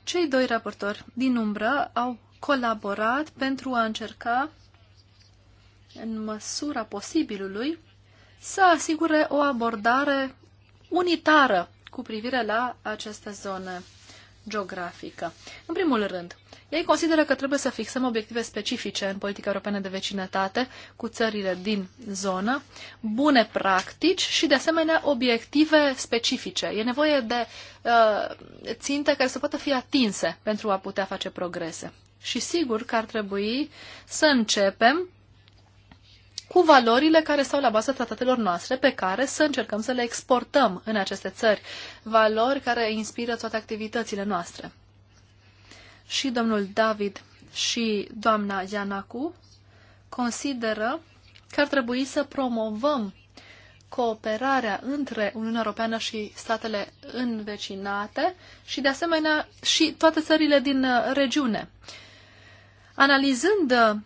Cei doi raportori din umbră au colaborat pentru a încerca, în măsura posibilului, să asigure o abordare unitară cu privire la aceste zone geografică. În primul rând, ei consideră că trebuie să fixăm obiective specifice în politica europeană de vecinătate cu țările din zonă, bune practici și, de asemenea, obiective specifice. E nevoie de uh, ținte care să poată fi atinse pentru a putea face progrese. Și sigur că ar trebui să începem cu valorile care stau la baza tratatelor noastre, pe care să încercăm să le exportăm în aceste țări, valori care inspiră toate activitățile noastre. Și domnul David și doamna Ianacu consideră că ar trebui să promovăm cooperarea între Uniunea Europeană și statele învecinate și, de asemenea, și toate țările din uh, regiune. Analizând uh,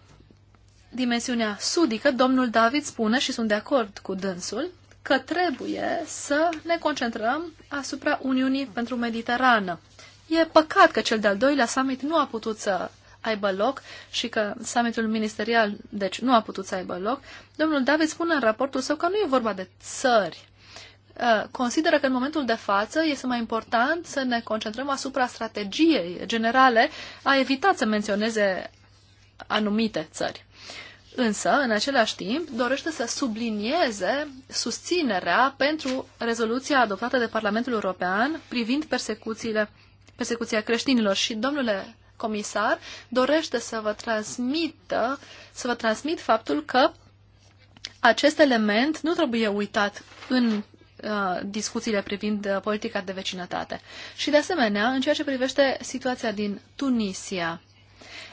dimensiunea sudică, domnul David spune, și sunt de acord cu dânsul, că trebuie să ne concentrăm asupra Uniunii pentru Mediterană. E păcat că cel de-al doilea summit nu a putut să aibă loc și că summitul ministerial, deci, nu a putut să aibă loc. Domnul David spune în raportul său că nu e vorba de țări. Uh, consideră că în momentul de față este mai important să ne concentrăm asupra strategiei generale. A evitat să menționeze anumite țări. Însă, în același timp, dorește să sublinieze susținerea pentru rezoluția adoptată de Parlamentul European privind persecuțiile, persecuția creștinilor. Și, domnule comisar, dorește să vă transmită, să vă transmit faptul că acest element nu trebuie uitat în uh, discuțiile privind uh, politica de vecinătate. Și de asemenea, în ceea ce privește situația din Tunisia.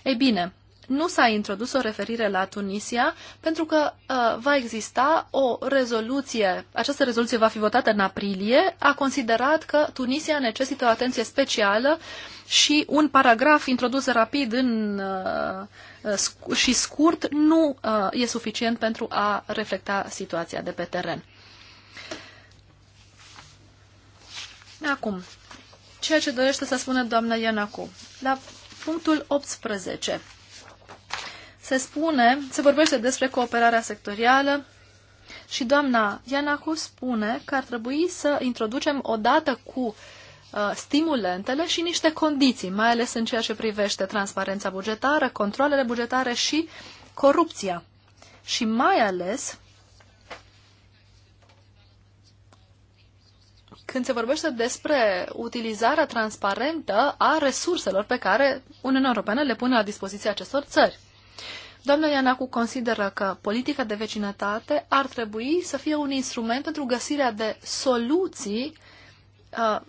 Ei bine, nu s-a introdus o referire la Tunisia, pentru că uh, va exista o rezoluție, această rezoluție va fi votată în aprilie, a considerat că Tunisia necesită o atenție specială și un paragraf introdus rapid în, uh, uh sc și scurt nu uh, e suficient pentru a reflecta situația de pe teren. Acum, ceea ce dorește să spună doamna Ianacu. La punctul 18 se spune, se vorbește despre cooperarea sectorială și doamna Ianacu spune că ar trebui să introducem odată cu uh, stimulentele și niște condiții, mai ales în ceea ce privește transparența bugetară, controlele bugetare și corupția. Și mai ales când se vorbește despre utilizarea transparentă a resurselor pe care Uniunea Europeană le pune la dispoziția acestor țări. Domnul Ianacu consideră că politica de vecinătate ar trebui să fie un instrument pentru găsirea de soluții uh,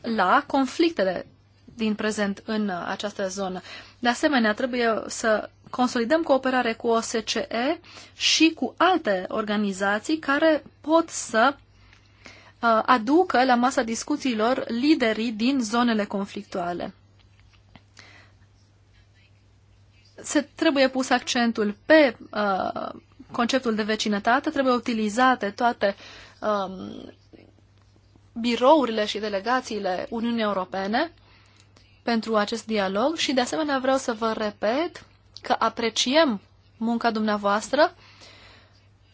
la conflictele din prezent în uh, această zonă. De asemenea, trebuie să consolidăm cooperare cu OSCE și cu alte organizații care pot să uh, aducă la masa discuțiilor liderii din zonele conflictuale. se trebuie pus accentul pe uh, conceptul de vecinătate, trebuie utilizate toate um, birourile și delegațiile Uniunii Europene pentru acest dialog și de asemenea vreau să vă repet că apreciem munca dumneavoastră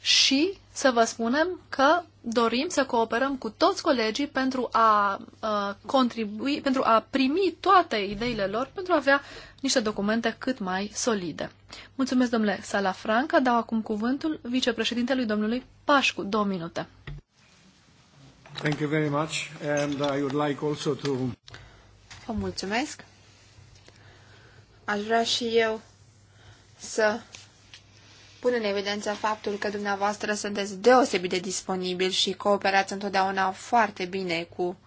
și să vă spunem că dorim să cooperăm cu toți colegii pentru a, a uh, contribui, pentru a primi toate ideile lor, pentru a avea niște documente cât mai solide. Mulțumesc, domnule Salafranca. Dau acum cuvântul vicepreședintelui domnului Pașcu. Două minute. Thank you very much and I would like also to... Vă mulțumesc. Aș vrea și eu să pun în evidență faptul că dumneavoastră sunteți deosebit de disponibil și cooperați întotdeauna foarte bine cu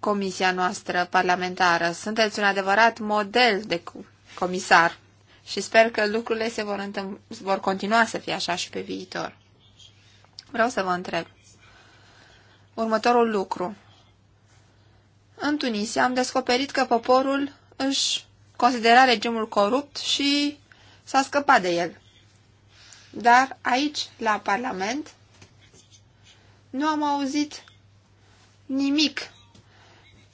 comisia noastră parlamentară. Sunteți un adevărat model de comisar și sper că lucrurile se vor, vor continua să fie așa și pe viitor. Vreau să vă întreb. Următorul lucru. În Tunisia am descoperit că poporul își considera regimul corupt și s-a scăpat de el. Dar aici, la Parlament, nu am auzit nimic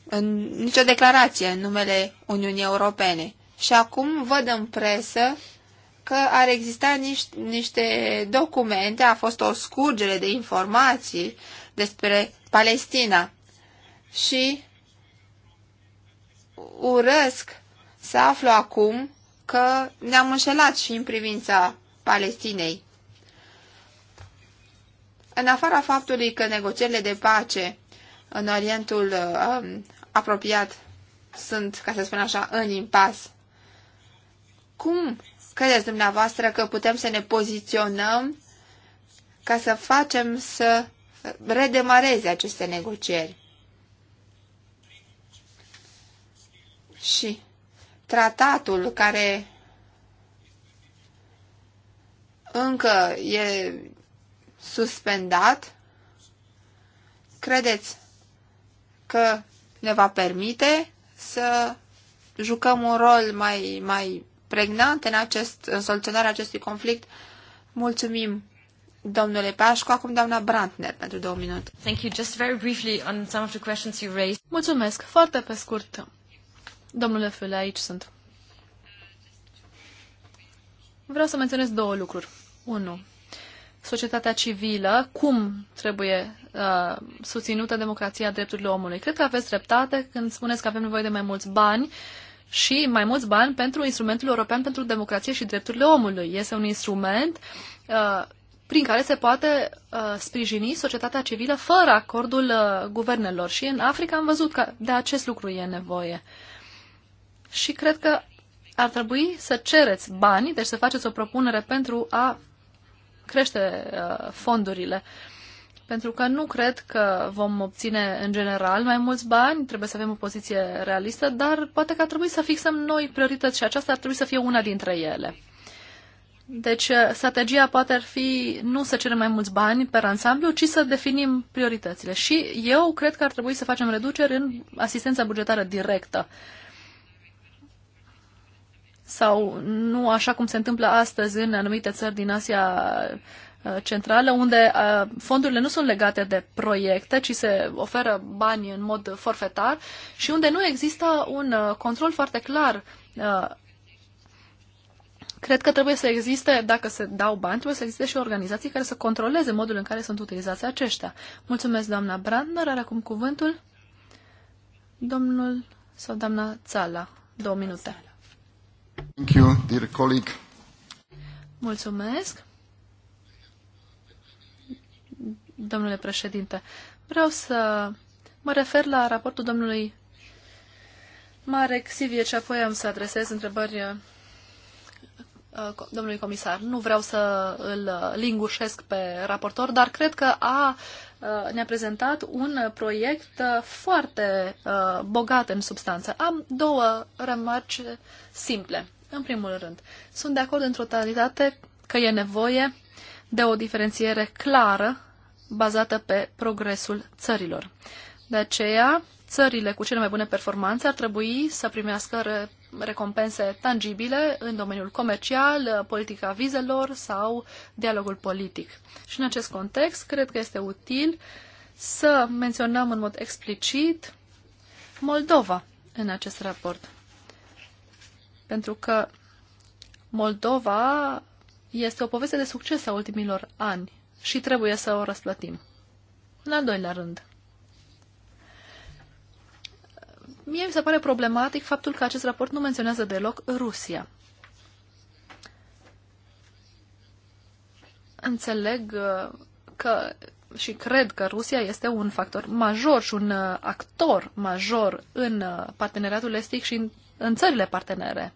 în, nicio declarație în numele Uniunii Europene. Și acum văd în presă că ar exista niște, niște documente, a fost o scurgere de informații despre Palestina. Și urăsc să aflu acum că ne-am înșelat și în privința Palestinei. În afara faptului că negocierile de pace în Orientul uh, apropiat sunt, ca să spun așa, în impas. Cum credeți dumneavoastră că putem să ne poziționăm ca să facem să redemareze aceste negocieri? Și tratatul care încă e suspendat, credeți că ne va permite să jucăm un rol mai, mai pregnant în, acest, în soluționarea acestui conflict. Mulțumim, domnule Pașcu. Acum, doamna Brandner pentru două minute. Thank you. Just very briefly on some of the questions you raised. Mulțumesc. Foarte pe scurt. Domnule Fule, aici sunt. Vreau să menționez două lucruri. Unu, societatea civilă, cum trebuie uh, susținută democrația drepturilor omului. Cred că aveți dreptate când spuneți că avem nevoie de mai mulți bani și mai mulți bani pentru instrumentul european pentru democrație și drepturile omului. Este un instrument uh, prin care se poate uh, sprijini societatea civilă fără acordul uh, guvernelor. Și în Africa am văzut că de acest lucru e nevoie. Și cred că ar trebui să cereți bani, deci să faceți o propunere pentru a crește uh, fondurile. Pentru că nu cred că vom obține în general mai mulți bani, trebuie să avem o poziție realistă, dar poate că ar trebui să fixăm noi priorități și aceasta ar trebui să fie una dintre ele. Deci, uh, strategia poate ar fi nu să cerem mai mulți bani pe ansamblu, ci să definim prioritățile. Și eu cred că ar trebui să facem reduceri în asistența bugetară directă. Uh, sau nu așa cum se întâmplă astăzi în anumite țări din Asia uh, centrală, unde uh, fondurile nu sunt legate de proiecte, ci se oferă bani în mod forfetar și unde nu există un uh, control foarte clar. Cred că trebuie să existe, dacă se dau bani, trebuie să existe și organizații care să controleze modul în care sunt utilizați aceștia. Mulțumesc, doamna Brandner. Are acum cuvântul domnul sau doamna Țala. Două minute. Thank you, dear colleague. Mulțumesc. Domnule președinte, vreau să mă refer la raportul domnului Marek Sivie și apoi am să adresez întrebări uh, domnului comisar. Nu vreau să îl uh, lingușesc pe raportor, dar cred că a Uh, ne-a prezentat un proiect uh, foarte uh, bogat în substanță. Am două remarci simple. În primul rând, sunt de acord în totalitate că e nevoie de o diferențiere clară bazată pe progresul țărilor. De aceea, țările cu cele mai bune performanțe ar trebui să primească recompense tangibile în domeniul comercial, politica vizelor sau dialogul politic. Și în acest context, cred că este util să menționăm în mod explicit Moldova în acest raport. Pentru că Moldova este o poveste de succes a ultimilor ani și trebuie să o răsplătim. În al doilea rând, Mie mi se pare problematic faptul că acest raport nu menționează deloc Rusia. Înțeleg uh, că și cred că Rusia este un factor major și un uh, actor major în uh, parteneriatul estic și în, în țările partenere.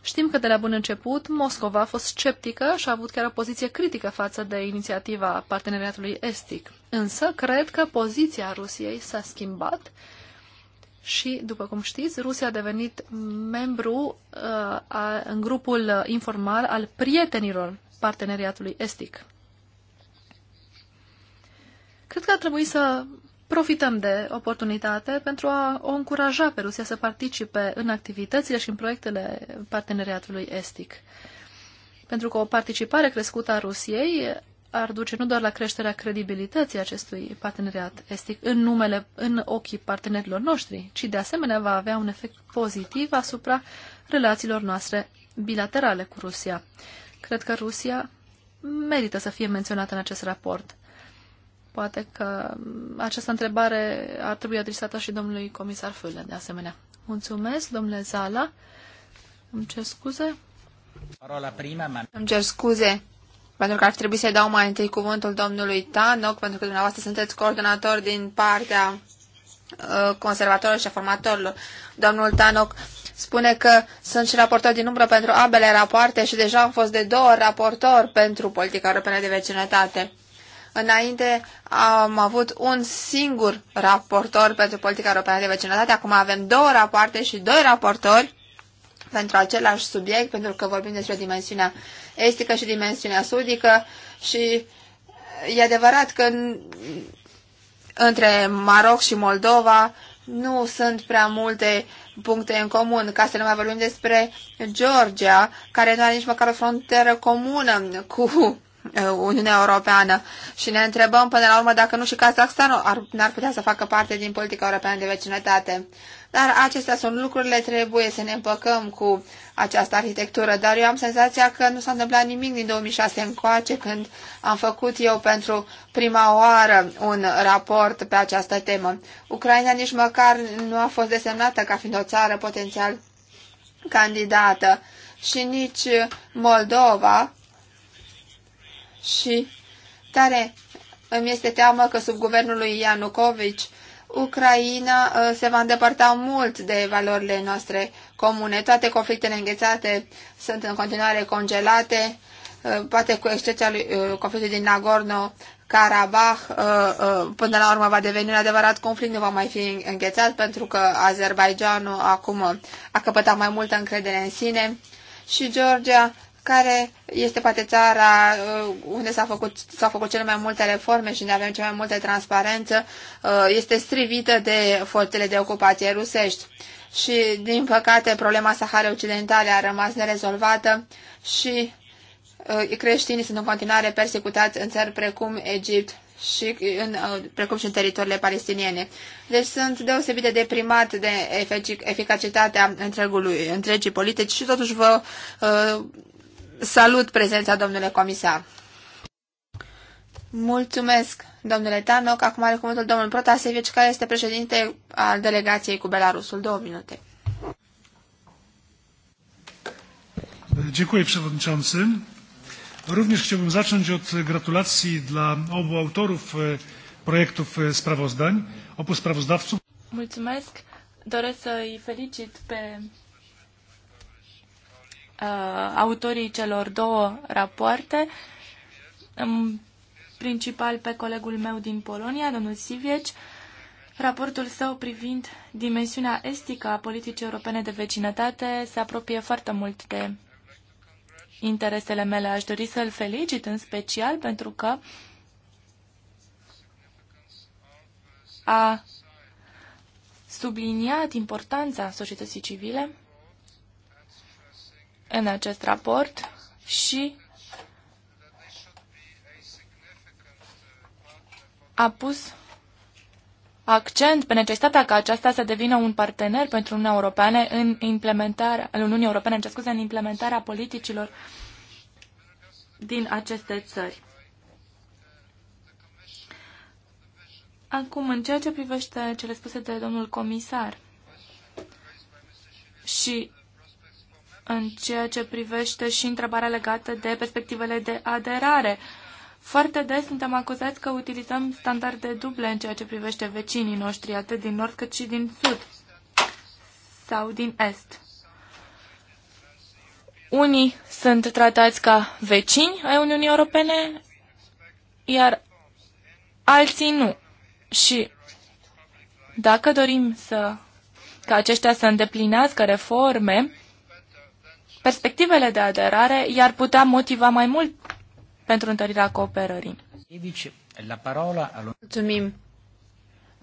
Știm că de la bun început Moscova a fost sceptică și a avut chiar o poziție critică față de inițiativa parteneriatului estic. Însă, cred că poziția Rusiei s-a schimbat și, după cum știți, Rusia a devenit membru uh, a, în grupul informal al prietenilor parteneriatului estic. Cred că ar trebui să profităm de oportunitate pentru a o încuraja pe Rusia să participe în activitățile și în proiectele parteneriatului estic. Pentru că o participare crescută a Rusiei ar duce nu doar la creșterea credibilității acestui parteneriat estic în numele, în ochii partenerilor noștri, ci de asemenea va avea un efect pozitiv asupra relațiilor noastre bilaterale cu Rusia. Cred că Rusia merită să fie menționată în acest raport. Poate că această întrebare ar trebui adresată și domnului comisar Fâle, de asemenea. Mulțumesc, domnule Zala. Îmi cer scuze. Parola prima, Îmi cer scuze pentru că ar trebui să-i dau mai întâi cuvântul domnului Tanoc, pentru că dumneavoastră sunteți coordonator din partea uh, conservatorilor și a formatorilor. Domnul Tanoc spune că sunt și raportor din umbră pentru ambele rapoarte și deja am fost de două ori raportor pentru politica europeană de vecinătate. Înainte am avut un singur raportor pentru politica europeană de vecinătate, acum avem două rapoarte și doi raportori pentru același subiect, pentru că vorbim despre dimensiunea estică și dimensiunea sudică și e adevărat că între Maroc și Moldova nu sunt prea multe puncte în comun, ca să nu mai vorbim despre Georgia, care nu are nici măcar o frontieră comună cu uh, Uniunea Europeană și ne întrebăm până la urmă dacă nu și Kazakhstan ar, n-ar putea să facă parte din politica europeană de vecinătate. Dar acestea sunt lucrurile, trebuie să ne împăcăm cu această arhitectură. Dar eu am senzația că nu s-a întâmplat nimic din 2006 încoace, când am făcut eu pentru prima oară un raport pe această temă. Ucraina nici măcar nu a fost desemnată ca fiind o țară potențial candidată și nici Moldova și tare îmi este teamă că sub guvernul lui Ianucovici Ucraina uh, se va îndepărta mult de valorile noastre comune. Toate conflictele înghețate sunt în continuare congelate, uh, poate cu excepția lui uh, din Nagorno-Karabakh, până la urmă va deveni un adevărat conflict, nu va mai fi înghețat pentru că Azerbaijanul acum a căpătat mai multă încredere în sine și Georgia care este poate țara uh, unde s-au făcut, s făcut cele mai multe reforme și unde avem cea mai multă transparență, uh, este strivită de forțele de ocupație rusești. Și, din păcate, problema Saharei Occidentale a rămas nerezolvată și uh, creștinii sunt în continuare persecutați în țări precum Egipt și în, precum și în teritoriile palestiniene. Deci sunt deosebit de deprimat de efic eficacitatea întregului, întregii politici și totuși vă uh, Salut prezența, domnule comisar. Mulțumesc, domnule Tanoc. Acum are cuvântul domnul Protasevici, care este președinte al delegației cu Belarusul. Două minute. Dziękuję przewodniczący. Również chciałbym zacząć od gratulacji dla obu autorów projektów sprawozdań, obu sprawozdawców. Mulțumesc. Doresc să-i felicit pe Uh, autorii celor două rapoarte, în principal pe colegul meu din Polonia, domnul Sivieci, Raportul său privind dimensiunea estică a politicii europene de vecinătate se apropie foarte mult de interesele mele. Aș dori să-l felicit în special pentru că a subliniat importanța societății civile în acest raport și a pus accent pe necesitatea ca aceasta să devină un partener pentru Uniunea Europeană în implementarea, în Uniunea Europeană, în, scuze, în implementarea politicilor din aceste țări. Acum, în ceea ce privește cele spuse de domnul comisar și în ceea ce privește și întrebarea legată de perspectivele de aderare. Foarte des suntem acuzați că utilizăm standarde duble în ceea ce privește vecinii noștri, atât din nord cât și din sud sau din est. Unii sunt tratați ca vecini ai Uniunii Europene, iar alții nu. Și dacă dorim să, ca aceștia să îndeplinească reforme, perspectivele de aderare i-ar putea motiva mai mult pentru întărirea cooperării. Mulțumim,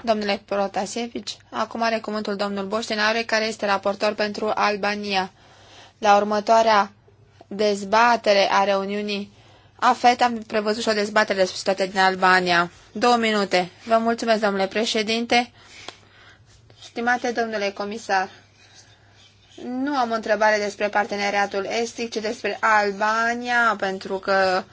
domnule Protasevici. Acum are cuvântul domnul Boștenare, care este raportor pentru Albania. La următoarea dezbatere a reuniunii AFET am prevăzut și o dezbatere despre situația din Albania. Două minute. Vă mulțumesc, domnule președinte. Stimate domnule comisar, nu am o întrebare despre parteneriatul estic, ci despre Albania, pentru că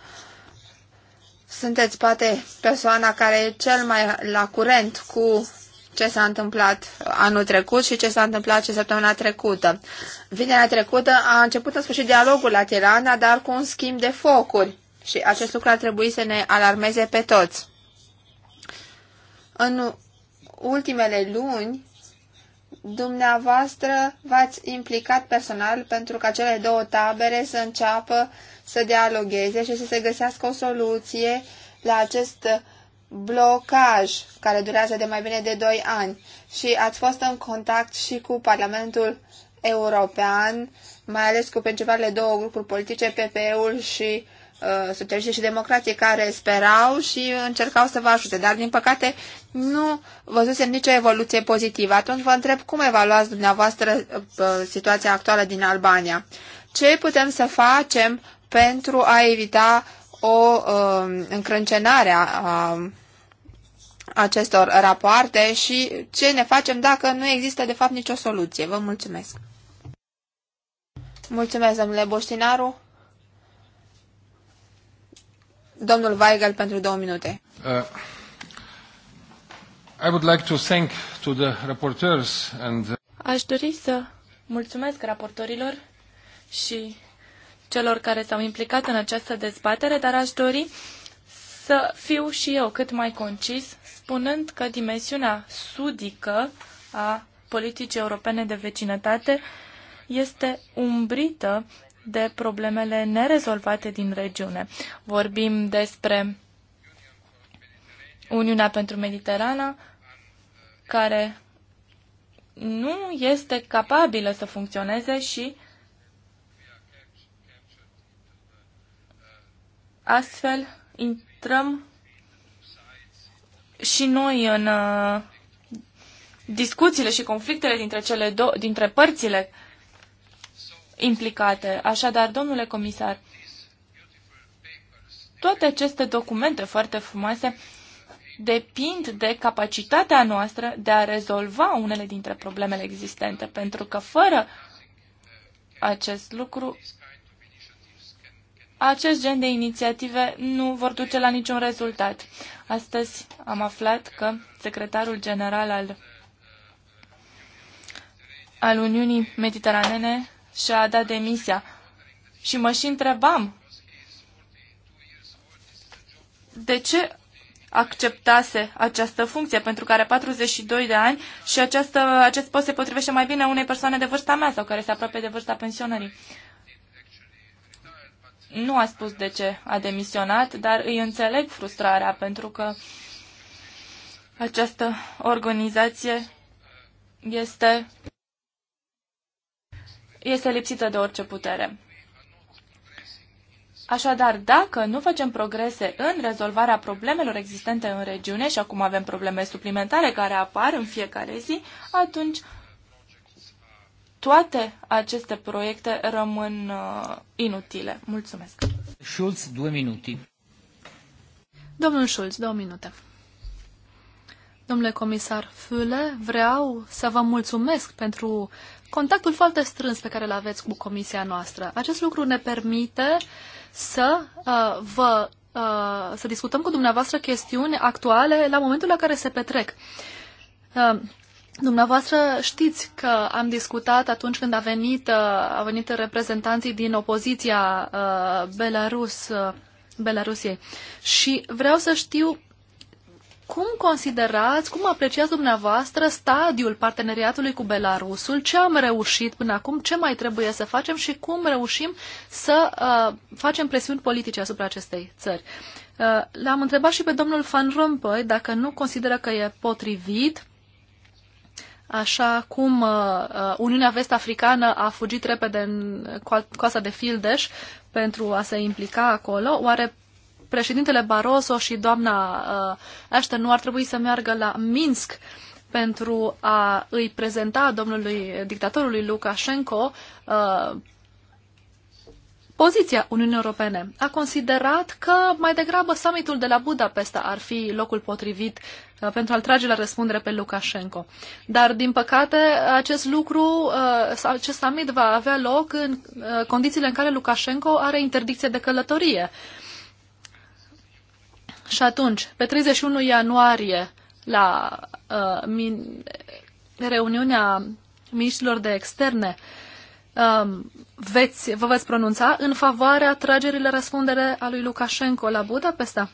sunteți poate persoana care e cel mai la curent cu ce s-a întâmplat anul trecut și ce s-a întâmplat și săptămâna trecută. Vinerea trecută a început în sfârșit dialogul la Tirana, dar cu un schimb de focuri și acest lucru ar trebui să ne alarmeze pe toți. În ultimele luni, Dumneavoastră v-ați implicat personal pentru ca cele două tabere să înceapă să dialogueze și să se găsească o soluție la acest blocaj care durează de mai bine de 2 ani și ați fost în contact și cu Parlamentul European, mai ales cu principalele două grupuri politice, ppe ul și Uh, socialiști și democrații care sperau și încercau să vă ajute, dar din păcate nu văzusem nicio evoluție pozitivă. Atunci vă întreb cum evaluați dumneavoastră uh, situația actuală din Albania. Ce putem să facem pentru a evita o uh, încrâncenare a, acestor rapoarte și ce ne facem dacă nu există de fapt nicio soluție. Vă mulțumesc! Mulțumesc, domnule Boștinaru! Domnul Weigel pentru două minute. Uh, I would like to thank to the reporters and... Aș dori să mulțumesc raportorilor și celor care s-au implicat în această dezbatere, dar aș dori să fiu și eu cât mai concis, spunând că dimensiunea sudică a politicii europene de vecinătate este umbrită de problemele nerezolvate din regiune. Vorbim despre Uniunea pentru Mediterana, care nu este capabilă să funcționeze și astfel intrăm și noi în uh, discuțiile și conflictele dintre, cele do- dintre părțile uh, implicate. Așadar, domnule comisar, toate aceste documente foarte frumoase depind de capacitatea noastră de a rezolva unele dintre problemele existente, pentru că fără acest lucru, acest gen de inițiative nu vor duce la niciun rezultat. Astăzi am aflat că secretarul general al, al Uniunii Mediteranene și-a dat demisia. Și mă și întrebam de ce acceptase această funcție pentru care 42 de ani și această, acest post se potrivește mai bine unei persoane de vârsta mea sau care se apropie de vârsta pensionării. Nu a spus de ce a demisionat, dar îi înțeleg frustrarea pentru că această organizație este este lipsită de orice putere. Așadar, dacă nu facem progrese în rezolvarea problemelor existente în regiune și acum avem probleme suplimentare care apar în fiecare zi, atunci toate aceste proiecte rămân uh, inutile. Mulțumesc. Schulz, două minute. Domnul Schulz, două minute. Domnule comisar Füle, vreau să vă mulțumesc pentru contactul foarte strâns pe care îl aveți cu comisia noastră. Acest lucru ne permite să uh, vă uh, să discutăm cu dumneavoastră chestiuni actuale la momentul la care se petrec. Uh, Dumneavoastră știți că am discutat atunci când a venit, uh, a venit reprezentanții din opoziția uh, Belarus, uh, Belarusiei și vreau să știu cum considerați, cum apreciați dumneavoastră stadiul parteneriatului cu Belarusul, ce am reușit până acum, ce mai trebuie să facem și cum reușim să uh, facem presiuni politice asupra acestei țări. Uh, L-am întrebat și pe domnul Van Rompuy dacă nu consideră că e potrivit așa cum uh, uh Uniunea Vest-Africană a fugit repede în coasa de Fildeș pentru a se implica acolo, oare președintele Barroso și doamna uh, Ashton nu ar trebui să meargă la Minsk pentru a îi prezenta domnului dictatorului Lukashenko uh, poziția Uniunii Europene. A considerat că mai degrabă summitul de la Budapesta ar fi locul potrivit uh, pentru a-l trage la răspundere pe Lukashenko. Dar, din păcate, acest lucru, uh, acest summit va avea loc în uh, condițiile în care Lukashenko are interdicție de călătorie. Uh, și atunci, pe 31 ianuarie, la uh, min, reuniunea miniștrilor de externe, um, uh, veți, vă veți pronunța în favoarea tragerii la răspundere a lui Lukashenko la Budapesta?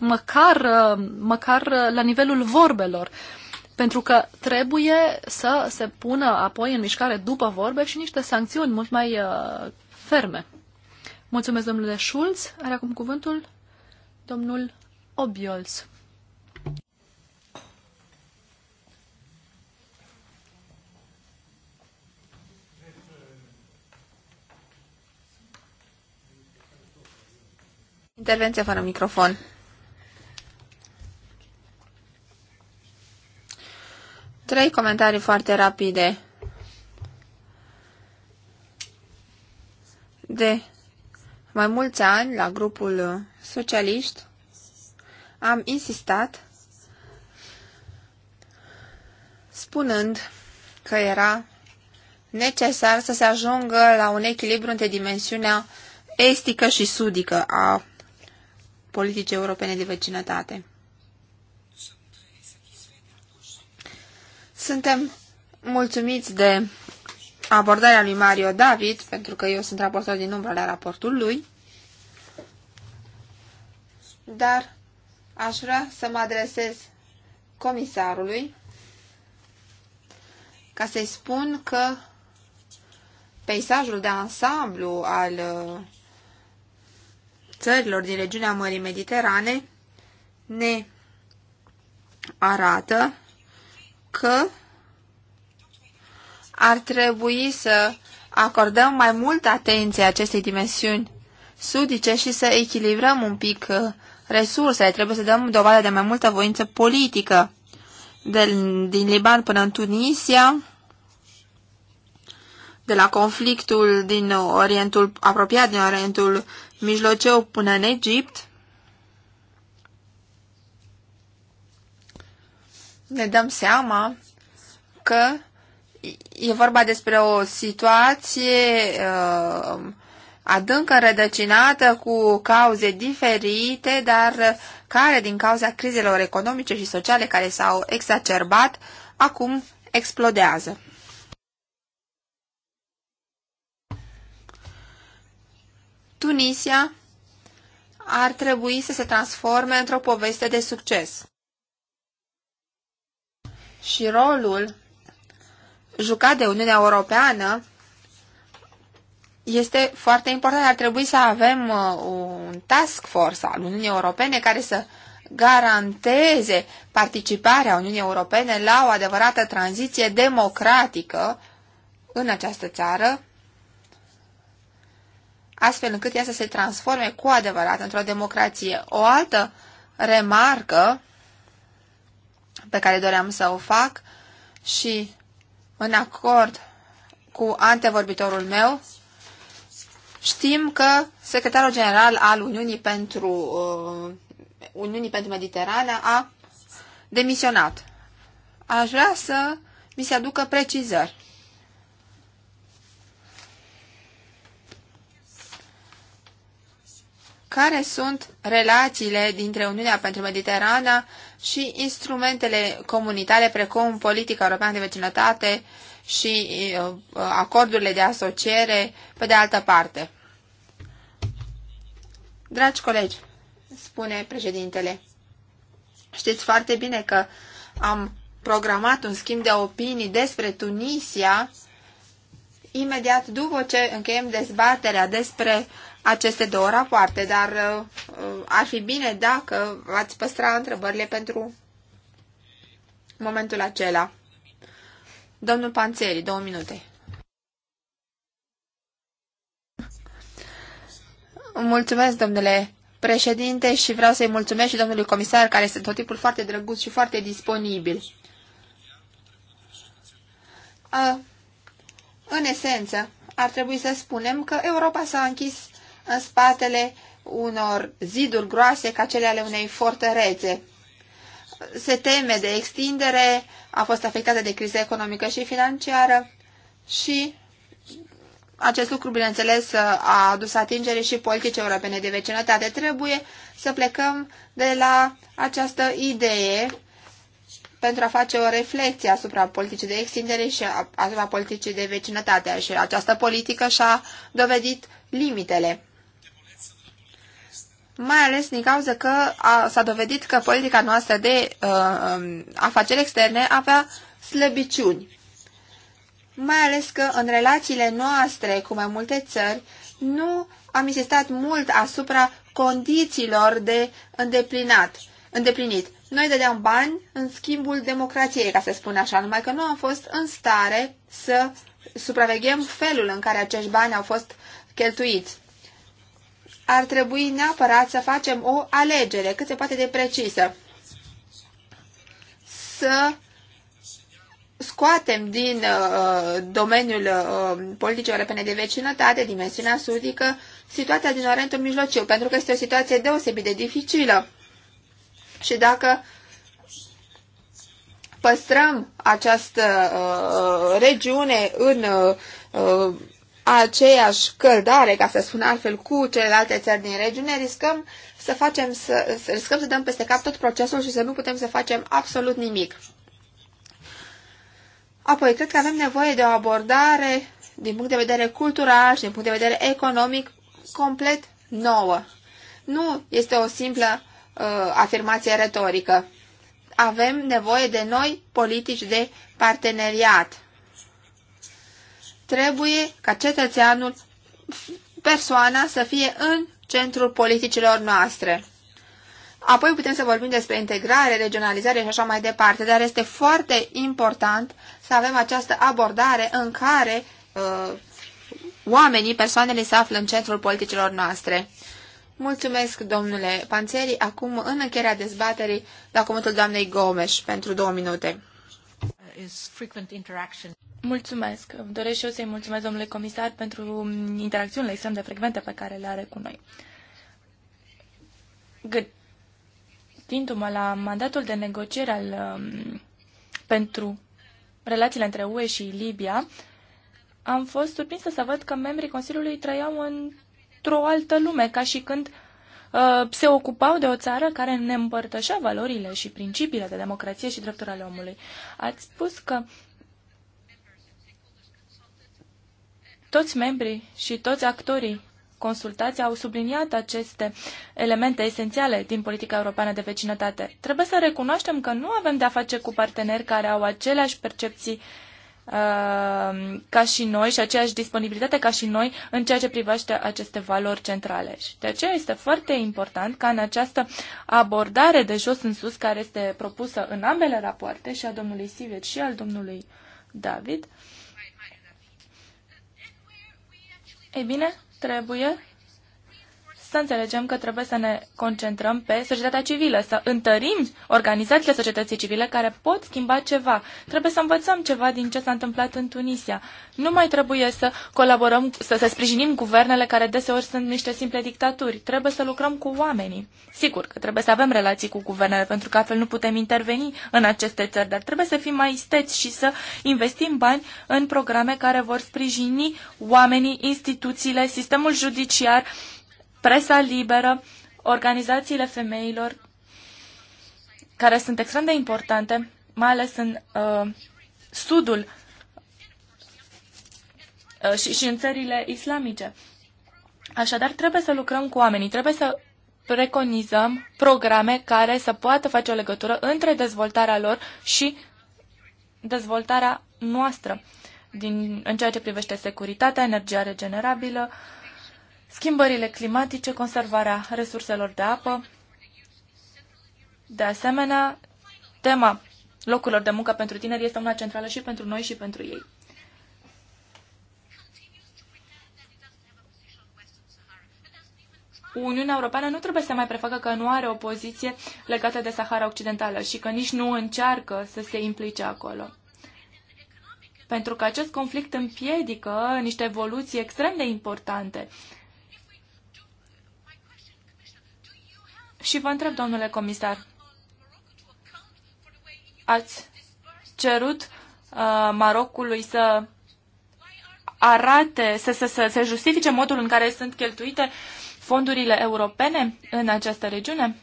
Măcar, uh, măcar uh, la nivelul vorbelor. Pentru că trebuie să se pună apoi în mișcare după vorbe și niște sancțiuni mult mai uh, ferme. Mulțumesc, domnule Schulz. Are acum cuvântul domnul Obiols. Intervenție fără microfon. Trei comentarii foarte rapide. De mai mulți ani, la grupul socialist, am insistat spunând că era necesar să se ajungă la un echilibru între dimensiunea estică și sudică a politicii europene de vecinătate. Suntem mulțumiți de abordarea lui Mario David, pentru că eu sunt raportor din umbră la raportul lui, dar aș vrea să mă adresez comisarului ca să-i spun că peisajul de ansamblu al uh, țărilor din regiunea Mării Mediterane ne arată că ar trebui să acordăm mai multă atenție acestei dimensiuni sudice și să echilibrăm un pic uh, resursele, trebuie să dăm dovadă de mai multă voință politică. De, din Liban până în Tunisia, de la conflictul din Orientul apropiat, din Orientul Mijlociu până în Egipt, ne dăm seama că e vorba despre o situație uh, adânc înrădăcinată cu cauze diferite, dar care, din cauza crizelor economice și sociale care s-au exacerbat, acum explodează. Tunisia ar trebui să se transforme într-o poveste de succes. Și rolul jucat de Uniunea Europeană este foarte important. Ar trebui să avem uh, un task force al Uniunii Europene care să garanteze participarea Uniunii Europene la o adevărată tranziție democratică în această țară, astfel încât ea să se transforme cu adevărat într-o democrație. O altă remarcă pe care doream să o fac și în acord cu antevorbitorul meu, Știm că secretarul general al Uniunii pentru, uh, Uniunii pentru Mediterana a demisionat. Aș vrea să mi se aducă precizări. Care sunt relațiile dintre Uniunea pentru Mediterana și instrumentele comunitare precum politica europeană de vecinătate, uh, și uh, uh, acordurile de asociere pe de altă parte. Dragi colegi, spune președintele, știți foarte bine că am programat un schimb de opinii despre Tunisia imediat după ce încheiem dezbaterea despre aceste două rapoarte, dar uh, uh ar fi bine dacă ați păstra întrebările pentru momentul acela. Domnul Panțeri, două minute. Mulțumesc, domnule președinte, și vreau să-i mulțumesc și domnului comisar, care este tot tipul foarte drăguț și foarte disponibil. A, în esență, ar trebui să spunem că Europa s-a închis în spatele unor ziduri groase ca cele ale unei fortărețe se teme de extindere, a fost afectată de criza economică și financiară și acest lucru, bineînțeles, a adus atingere și politice europene de vecinătate. Trebuie să plecăm de la această idee pentru a face o reflexie asupra politicii de extindere și asupra politicii de vecinătate. Și această politică și-a dovedit limitele mai ales din cauza că s-a dovedit că politica noastră de uh, um, afaceri externe avea slăbiciuni. Mai ales că în relațiile noastre cu mai multe țări nu am insistat mult asupra condițiilor de îndeplinat, îndeplinit. Noi dădeam bani în schimbul democrației, ca să spun așa, numai că nu am fost în stare să supraveghem felul în care acești bani au fost cheltuiți ar trebui neapărat să facem o alegere cât se poate de precisă. Să scoatem din uh, domeniul uh, politicii europene de vecinătate, dimensiunea sudică, situația din Orientul Mijlociu, pentru că este o situație deosebit de dificilă. Și dacă păstrăm această uh, regiune în uh, aceeași căldare, ca să spun altfel, cu celelalte țări din regiune, riscăm să facem să, riscăm să dăm peste cap tot procesul și să nu putem să facem absolut nimic. Apoi, cred că avem nevoie de o abordare din punct de vedere cultural și din punct de vedere economic complet nouă. Nu este o simplă uh, afirmație retorică. Avem nevoie de noi politici de parteneriat Trebuie ca cetățeanul, persoana să fie în centrul politicilor noastre. Apoi putem să vorbim despre integrare, regionalizare și așa mai departe, dar este foarte important să avem această abordare în care uh, oamenii, persoanele se află în centrul politicilor noastre. Mulțumesc, domnule Panțeri. Acum, în încheierea dezbaterii, la cuvântul doamnei Gomes pentru două minute frequent interaction. Mulțumesc. Doresc și eu să-i mulțumesc domnule comisar pentru interacțiunile extrem de frecvente pe care le are cu noi. Gândindu-mă la mandatul de negociere al, um, pentru relațiile între UE și Libia, am fost surprinsă să văd că membrii Consiliului trăiau într-o altă lume, ca și când uh, Uh, se ocupau de o țară care ne împărtășea valorile și principiile de democrație și drepturi ale omului. Ați spus că toți membrii și toți actorii consultați au subliniat aceste elemente esențiale din politica europeană de vecinătate. Trebuie să recunoaștem că nu avem de-a face cu parteneri care au aceleași percepții uh, Uh, ca și noi și aceeași disponibilitate ca și noi în ceea ce privește aceste valori centrale. Și de aceea este foarte important ca în această abordare de jos în sus care este propusă în ambele rapoarte și a domnului Sivet și al domnului David, ei bine, trebuie să înțelegem că trebuie să ne concentrăm pe societatea civilă, să întărim organizațiile societății civile care pot schimba ceva. Trebuie să învățăm ceva din ce s-a întâmplat în Tunisia. Nu mai trebuie să colaborăm, să, să sprijinim guvernele care deseori sunt niște simple dictaturi. Trebuie să lucrăm cu oamenii. Sigur că trebuie să avem relații cu guvernele, pentru că altfel nu putem interveni în aceste țări, dar trebuie să fim mai isteți și să investim bani în programe care vor sprijini oamenii, instituțiile, sistemul judiciar, presa liberă, organizațiile femeilor, care sunt extrem de importante, mai ales în uh, sudul uh, și, și în țările islamice. Așadar, trebuie să lucrăm cu oamenii, trebuie să preconizăm programe care să poată face o legătură între dezvoltarea lor și dezvoltarea noastră din, în ceea ce privește securitatea, energia regenerabilă, uh, schimbările climatice, conservarea resurselor de apă. De asemenea, tema locurilor de muncă pentru tineri este una centrală și pentru noi și pentru ei. Uniunea Europeană nu trebuie să mai prefacă că nu are o poziție legată de Sahara Occidentală și că nici nu încearcă să se implice acolo. Pentru că acest conflict împiedică niște evoluții extrem de importante Și vă întreb, domnule comisar, ați cerut uh, Marocului să arate, să, să, să, să justifice modul în care sunt cheltuite fondurile europene în această regiune?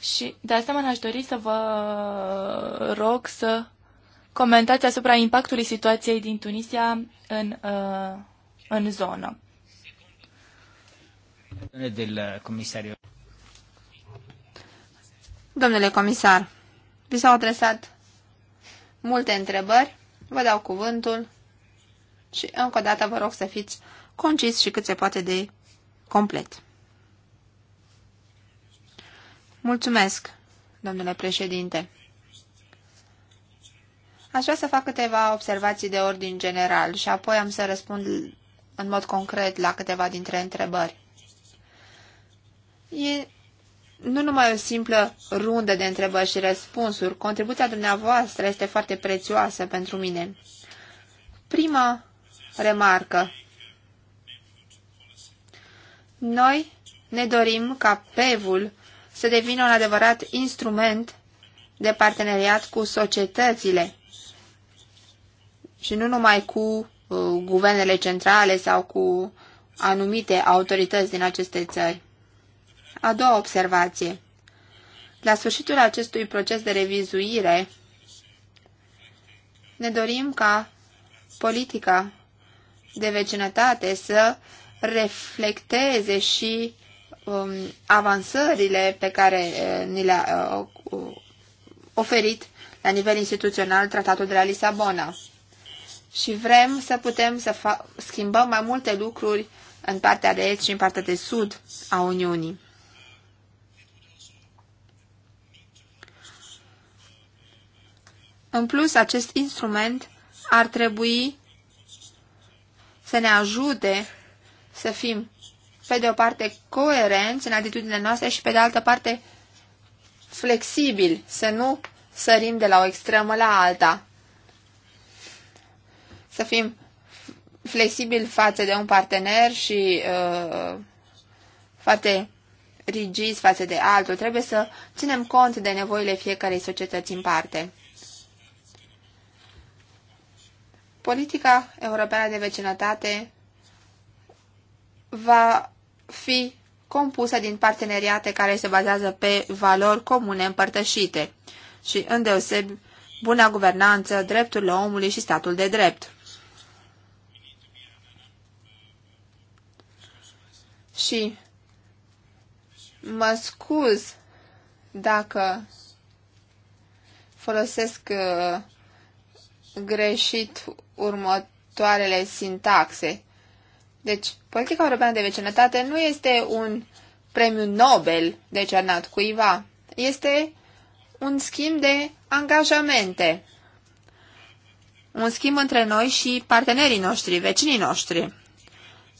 Și de asemenea aș dori să vă rog să comentați asupra impactului situației din Tunisia în, uh, în zonă. Del comisariu. Domnule comisar, vi s-au adresat multe întrebări, vă dau cuvântul și încă o dată vă rog să fiți concis și cât se poate de complet. Mulțumesc, domnule președinte. Aș vrea să fac câteva observații de ordin general și apoi am să răspund în mod concret la câteva dintre întrebări. E nu numai o simplă rundă de întrebări și răspunsuri, contribuția dumneavoastră este foarte prețioasă pentru mine. Prima remarcă. Noi ne dorim ca PEV-ul să devină un adevărat instrument de parteneriat cu societățile și nu numai cu uh, guvernele centrale sau cu anumite autorități din aceste țări. A doua observație. La sfârșitul acestui proces de revizuire, ne dorim ca politica de vecinătate să reflecteze și um, avansările pe care uh, ni le-a uh, uh oferit la nivel instituțional Tratatul de la Lisabona. Și vrem să putem să schimbăm mai multe lucruri în partea de est și în partea de sud a Uniunii. În plus, acest instrument ar trebui să ne ajute să fim, pe de o parte, coerenți în atitudinea noastră și, pe de altă parte, flexibili, să nu sărim de la o extremă la alta. Să fim flexibili față de un partener și uh, foarte rigizi față de altul. Trebuie să ținem cont de nevoile fiecarei societăți în parte. Politica europeană de vecinătate va fi compusă din parteneriate care se bazează pe valori comune împărtășite și, îndeosebi, buna guvernanță, drepturile omului și statul de drept. Și mă scuz dacă folosesc uh, greșit următoarele sintaxe. Deci, politica europeană de vecinătate nu este un premiu Nobel cernat cuiva, este un schimb de angajamente, un schimb între noi și partenerii noștri, vecinii noștri,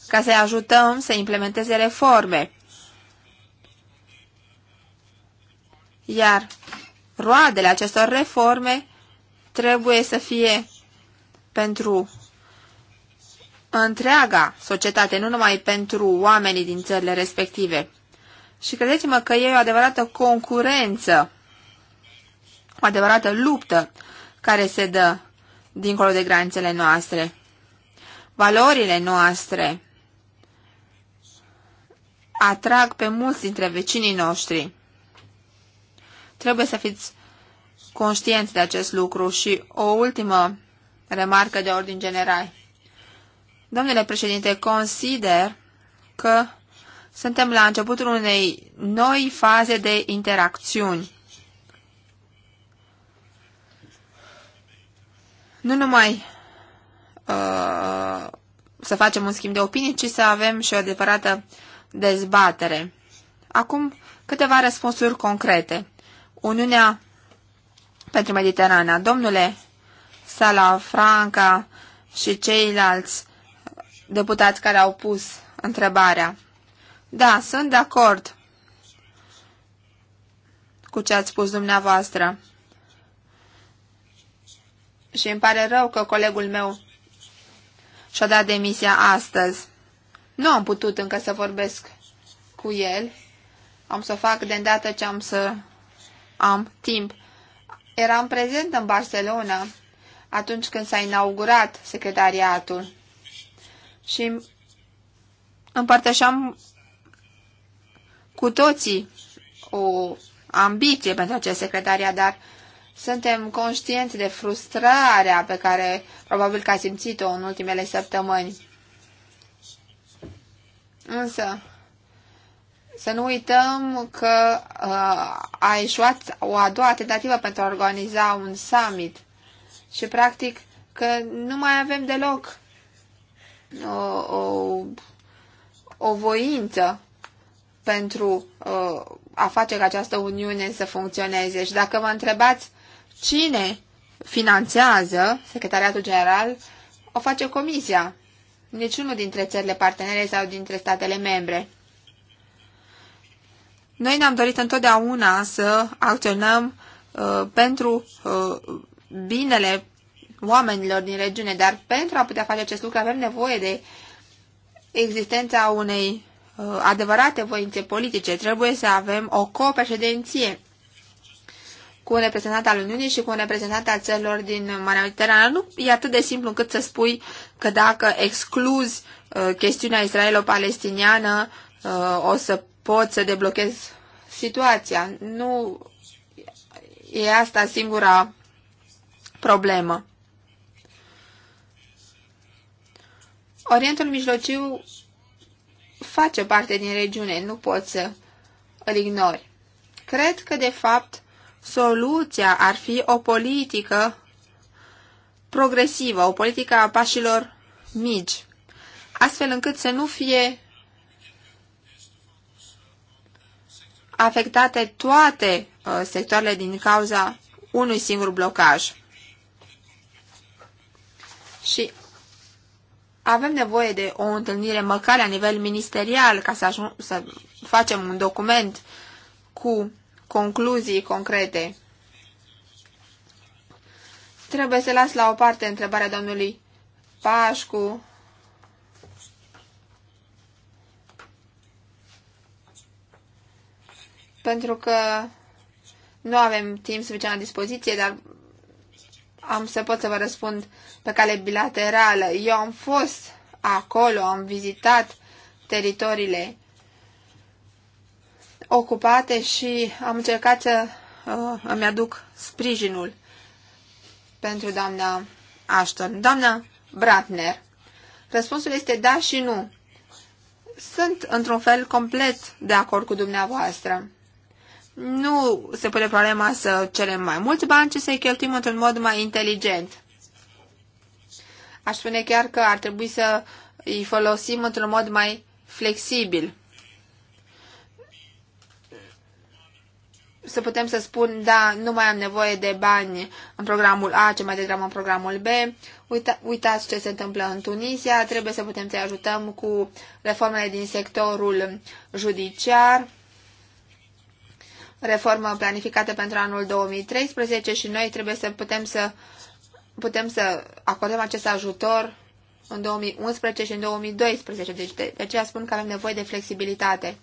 ca să ajutăm să implementeze reforme. Iar roadele acestor reforme trebuie să fie pentru întreaga societate, nu numai pentru oamenii din țările respective. Și credeți-mă că e o adevărată concurență, o adevărată luptă care se dă dincolo de granițele noastre. Valorile noastre atrag pe mulți dintre vecinii noștri. Trebuie să fiți conștienți de acest lucru și o ultimă remarcă de ordin general. Domnule președinte, consider că suntem la începutul unei noi faze de interacțiuni. Nu numai uh, să facem un schimb de opinii, ci să avem și o adevărată dezbatere. Acum câteva răspunsuri concrete. Uniunea pentru Mediterana. Domnule Sala Franca și ceilalți deputați care au pus întrebarea. Da, sunt de acord cu ce ați spus dumneavoastră. Și îmi pare rău că colegul meu și-a dat demisia astăzi. Nu am putut încă să vorbesc cu el. Am să fac de îndată ce am să am timp. Eram prezent în Barcelona atunci când s-a inaugurat secretariatul. Și împărtășeam cu toții o ambiție pentru acest secretariat, dar suntem conștienți de frustrarea pe care probabil că a simțit-o în ultimele săptămâni. Însă, să nu uităm că uh, a ieșuat o a doua tentativă pentru a organiza un summit și practic că nu mai avem deloc o, o, o voință pentru uh, a face ca această uniune să funcționeze. Și dacă vă întrebați cine finanțează Secretariatul General, o face Comisia, niciunul dintre țările partenere sau dintre statele membre. Noi ne-am dorit întotdeauna să acționăm uh, pentru uh, binele oamenilor din regiune, dar pentru a putea face acest lucru avem nevoie de existența unei uh, adevărate voințe politice. Trebuie să avem o copreședinție cu un reprezentant al Uniunii și cu un reprezentant al țărilor din Marea Mediterană. Nu e atât de simplu încât să spui că dacă excluzi uh, chestiunea israelo-palestiniană, uh, o să poți să deblochezi situația. Nu e asta singura problemă. Orientul Mijlociu face parte din regiune, nu poți să îl ignori. Cred că, de fapt, soluția ar fi o politică progresivă, o politică a pașilor mici, astfel încât să nu fie afectate toate uh, sectoarele din cauza unui singur blocaj. Și avem nevoie de o întâlnire măcar la nivel ministerial ca să, ajung, să facem un document cu concluzii concrete. Trebuie să las la o parte întrebarea domnului Pașcu. Pentru că nu avem timp suficient la dispoziție, dar am să pot să vă răspund pe cale bilaterală. Eu am fost acolo, am vizitat teritoriile ocupate și am încercat să uh, îmi aduc sprijinul pentru doamna Ashton. Doamna Bratner, răspunsul este da și nu. Sunt într-un fel complet de acord cu dumneavoastră nu se pune problema să cerem mai mulți bani, ci să-i cheltuim într-un mod mai inteligent. Aș spune chiar că ar trebui să îi folosim într-un mod mai flexibil. Să putem să spun, da, nu mai am nevoie de bani în programul A, ce mai degrabă în programul B. Uita, uitați ce se întâmplă în Tunisia, trebuie să putem să-i ajutăm cu reformele din sectorul judiciar reformă planificată pentru anul 2013 și noi trebuie să putem să putem să acordăm acest ajutor în 2011 și în 2012. Deci de, de aceea spun că avem nevoie de flexibilitate.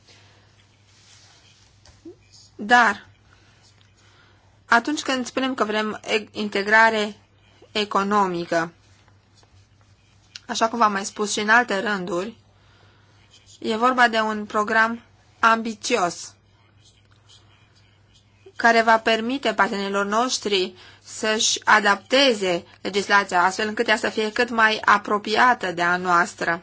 Dar atunci când spunem că vrem integrare economică, așa cum v-am mai spus și în alte rânduri, e vorba de un program ambițios care va permite partenerilor noștri să-și adapteze legislația astfel încât ea să fie cât mai apropiată de a noastră.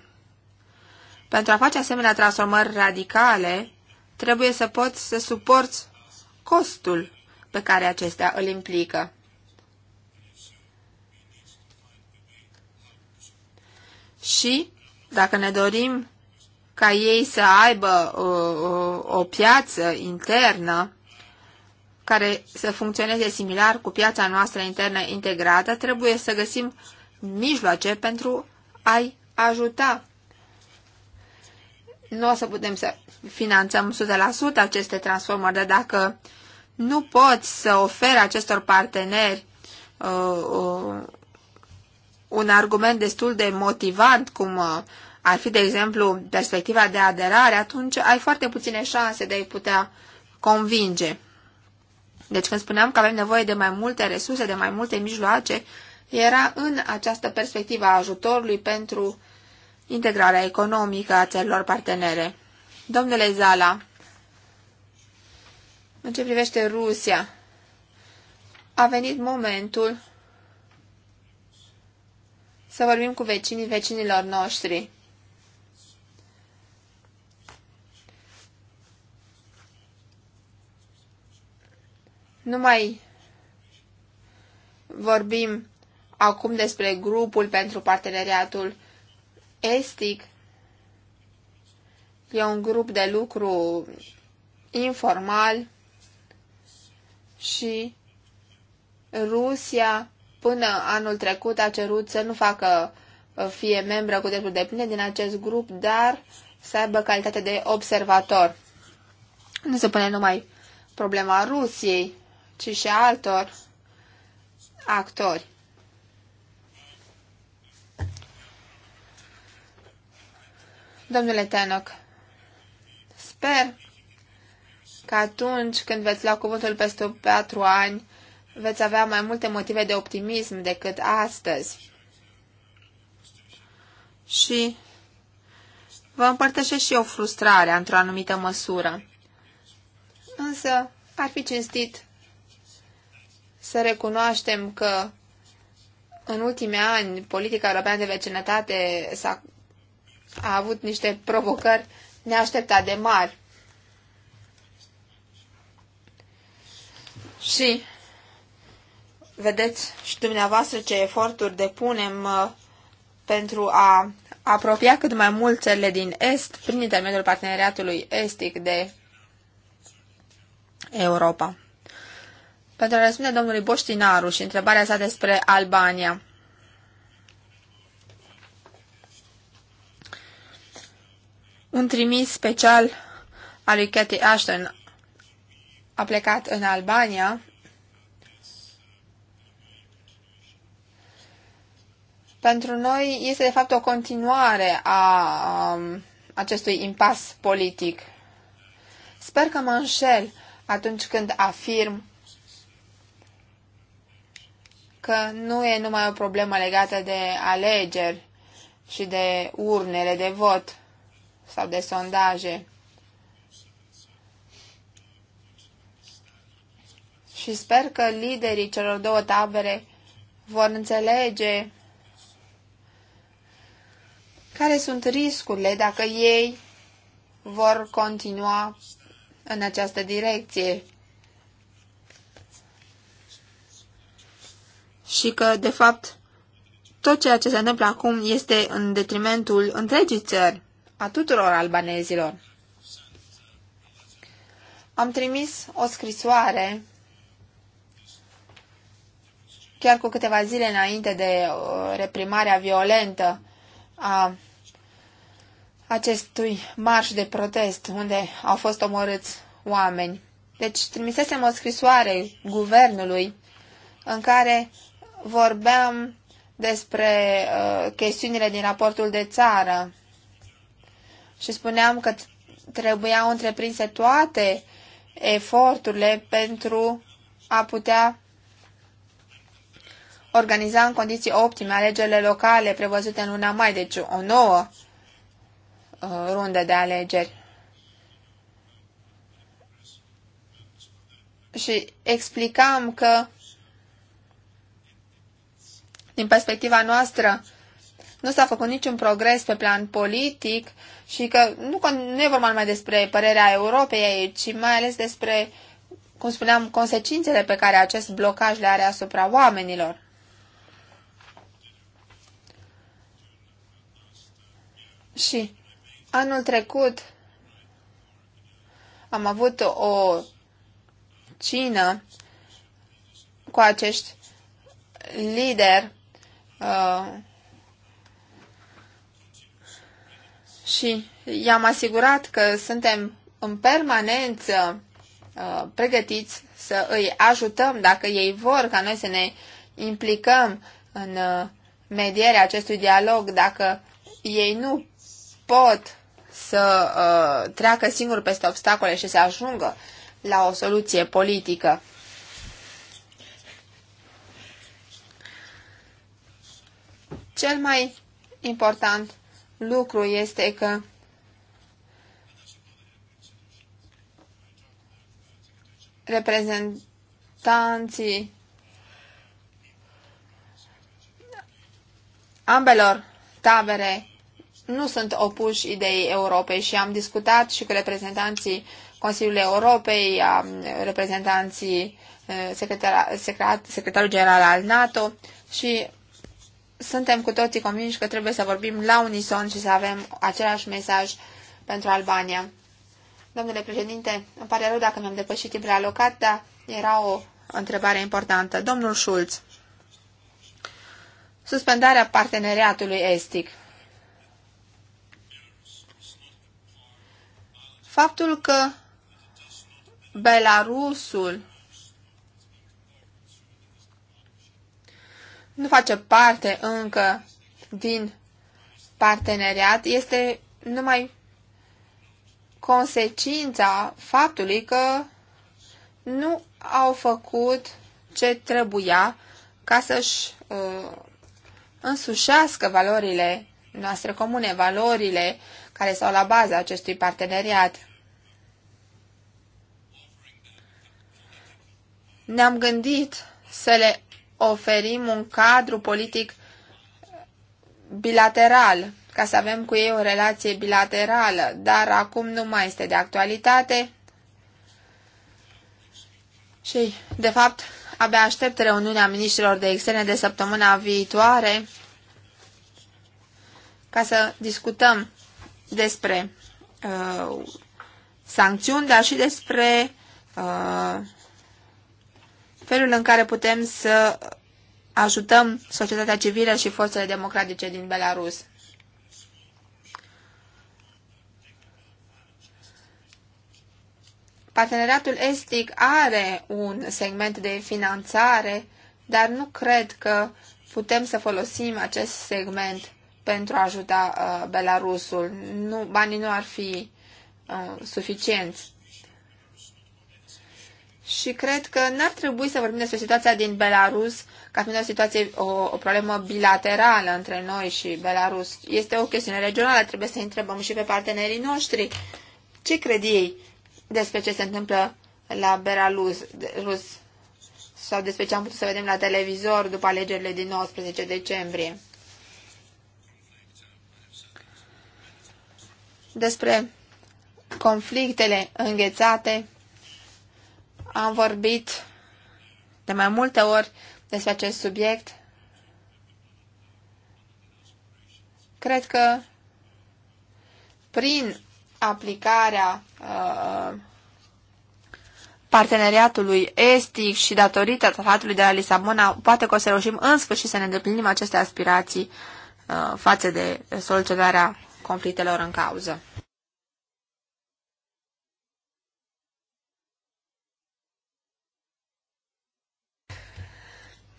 Pentru a face asemenea transformări radicale, trebuie să poți să suporți costul pe care acestea îl implică. Și, dacă ne dorim ca ei să aibă o, uh, o, uh, o piață internă, care să funcționeze similar cu piața noastră internă integrată, trebuie să găsim mijloace pentru a-i ajuta. Nu o să putem să finanțăm 100% aceste transformări, dar dacă nu poți să oferi acestor parteneri uh, uh, un argument destul de motivant, cum uh, ar fi, de exemplu, perspectiva de aderare, atunci ai foarte puține șanse de a-i putea convinge. Deci când spuneam că avem nevoie de mai multe resurse, de mai multe mijloace, era în această perspectivă a ajutorului pentru integrarea economică a țărilor partenere. Domnule Zala, în ce privește Rusia, a venit momentul să vorbim cu vecinii vecinilor noștri. Nu mai vorbim acum despre grupul pentru parteneriatul estic. E un grup de lucru informal și Rusia până anul trecut a cerut să nu facă uh, fie membră cu dreptul de pline din acest grup, dar să aibă calitate de observator. Nu se pune numai problema Rusiei, ci și a altor actori. Domnule Tenoc, sper că atunci când veți lua cuvântul peste patru ani, veți avea mai multe motive de optimism decât astăzi. Și vă împărtășesc și eu frustrarea într-o anumită măsură. Însă ar fi cinstit să recunoaștem că în ultimii ani politica europeană de vecinătate s-a, a avut niște provocări neașteptate de mari. Și vedeți și dumneavoastră ce eforturi depunem uh, pentru a apropia cât mai mult țările din Est prin intermediul parteneriatului estic de Europa pentru a răspunde domnului Boștinaru și întrebarea sa despre Albania. Un trimis special al lui Cathy Ashton a plecat în Albania pentru noi este de fapt o continuare a um, acestui impas politic. Sper că mă înșel atunci când afirm că nu e numai o problemă legată de alegeri și de urnele de vot sau de sondaje. Și sper că liderii celor două tabere vor înțelege care sunt riscurile dacă ei vor continua în această direcție și că, de fapt, tot ceea ce se întâmplă acum este în detrimentul întregii țări, a tuturor albanezilor. Am trimis o scrisoare chiar cu câteva zile înainte de uh, reprimarea violentă a acestui marș de protest unde au fost omorâți oameni. Deci trimisesem o scrisoare guvernului în care vorbeam despre uh, chestiunile din raportul de țară și spuneam că trebuiau întreprinse toate eforturile pentru a putea organiza în condiții optime alegerile locale prevăzute în luna mai, deci o nouă uh, rundă de alegeri. Și explicam că din perspectiva noastră, nu s-a făcut niciun progres pe plan politic și că nu, nu e vorba numai despre părerea Europei aici, ci mai ales despre, cum spuneam, consecințele pe care acest blocaj le are asupra oamenilor. Și anul trecut am avut o cină cu acești lideri Uh, și i-am asigurat că suntem în permanență uh, pregătiți să îi ajutăm dacă ei vor ca noi să ne implicăm în uh, medierea acestui dialog, dacă ei nu pot să uh, treacă singur peste obstacole și să ajungă la o soluție politică. Cel mai important lucru este că reprezentanții ambelor tabere nu sunt opuși ideii Europei și am discutat și cu reprezentanții Consiliului Europei, reprezentanții eh, secretar, secretar, secretarul general al NATO și suntem cu toții convinși că trebuie să vorbim la unison și să avem același mesaj pentru Albania. Domnule președinte, îmi pare rău dacă mi-am depășit timpul alocat, dar era o întrebare importantă. Domnul Schulz, suspendarea parteneriatului estic. Faptul că Belarusul nu face parte încă din parteneriat, este numai consecința faptului că nu au făcut ce trebuia ca să-și uh, însușească valorile noastre comune, valorile care stau la baza acestui parteneriat. Ne-am gândit să le oferim un cadru politic bilateral, ca să avem cu ei o relație bilaterală, dar acum nu mai este de actualitate și, de fapt, abia aștept reuniunea ministrilor de externe de săptămâna viitoare ca să discutăm despre uh, sancțiuni, dar și despre uh, felul în care putem să ajutăm societatea civilă și forțele democratice din Belarus. Parteneriatul estic are un segment de finanțare, dar nu cred că putem să folosim acest segment pentru a ajuta uh, Belarusul. Nu, banii nu ar fi uh, suficienți și cred că n-ar trebui să vorbim despre situația din Belarus ca fiind o situație, o, o problemă bilaterală între noi și Belarus. Este o chestiune regională, trebuie să întrebăm și pe partenerii noștri. Ce cred ei despre ce se întâmplă la Belarus Rus, sau despre ce am putut să vedem la televizor după alegerile din 19 decembrie? Despre conflictele înghețate am vorbit de mai multe ori despre acest subiect. Cred că prin aplicarea uh, parteneriatului estic și datorită tratatului de la Lisabona, poate că o să reușim în sfârșit să ne îndeplinim aceste aspirații uh, față de soluționarea conflictelor în cauză.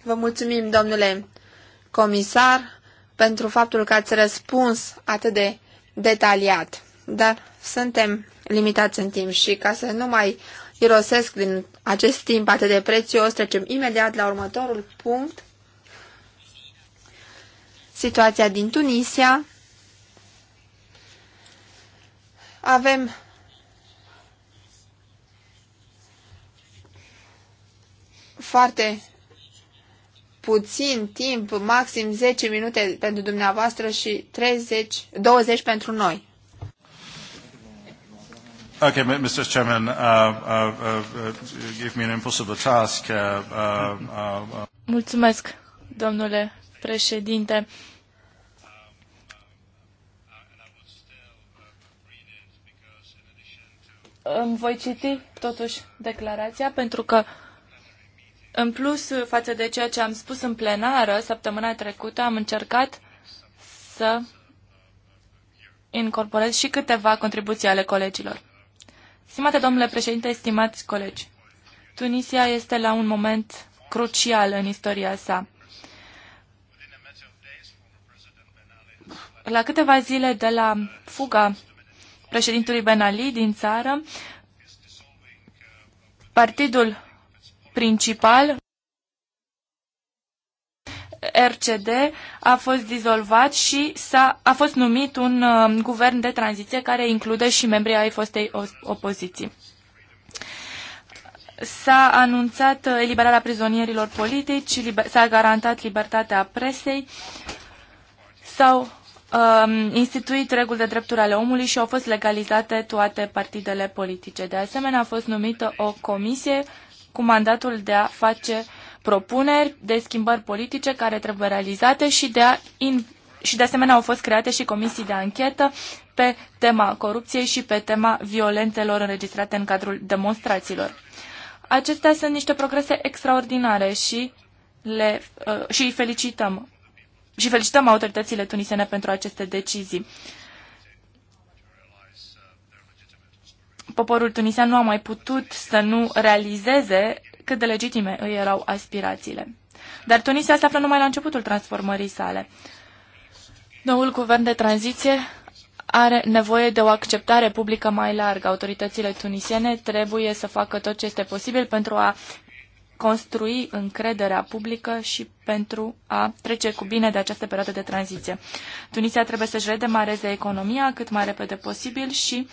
Vă mulțumim, domnule comisar, pentru faptul că ați răspuns atât de detaliat. Dar suntem limitați în timp și ca să nu mai irosesc din acest timp atât de prețios, trecem imediat la următorul punct. Situația din Tunisia. Avem foarte puțin timp, maxim 10 minute pentru dumneavoastră și 30, 20 pentru noi. Okay, Mr. Chairman, uh, uh, uh, give me an impossible task. Uh, uh, uh, uh. Mulțumesc, domnule președinte. Îmi voi citi totuși declarația pentru că în plus, față de ceea ce am spus în plenară săptămâna trecută, am încercat să incorporez și câteva contribuții ale colegilor. Stimate domnule președinte, stimați colegi, Tunisia este la un moment crucial în istoria sa. La câteva zile de la fuga președintului Ben Ali din țară, partidul principal, RCD, a fost dizolvat și s-a, a fost numit un uh, guvern de tranziție care include și membrii ai fostei opoziții. S-a anunțat uh, eliberarea prizonierilor politici, s-a garantat libertatea presei, s-au uh, instituit reguli de drepturi ale omului și au fost legalizate toate partidele politice. De asemenea, a fost numită o comisie cu mandatul de a face propuneri de schimbări politice care trebuie realizate și de a in, și de asemenea au fost create și comisii de anchetă pe tema corupției și pe tema violențelor înregistrate în cadrul demonstrațiilor. Acestea sunt niște progrese extraordinare și le uh, și felicităm. Și felicităm autoritățile tunisene pentru aceste decizii. Uh, poporul tunisian nu a mai putut să nu realizeze cât de legitime îi erau aspirațiile. Dar Tunisia se află numai la începutul transformării sale. Noul guvern de tranziție are nevoie de o acceptare publică mai largă. Autoritățile tunisiene trebuie să facă tot ce este posibil pentru a construi încrederea publică și pentru a trece cu bine de această perioadă de tranziție. Tunisia trebuie să-și redemareze economia cât mai repede posibil și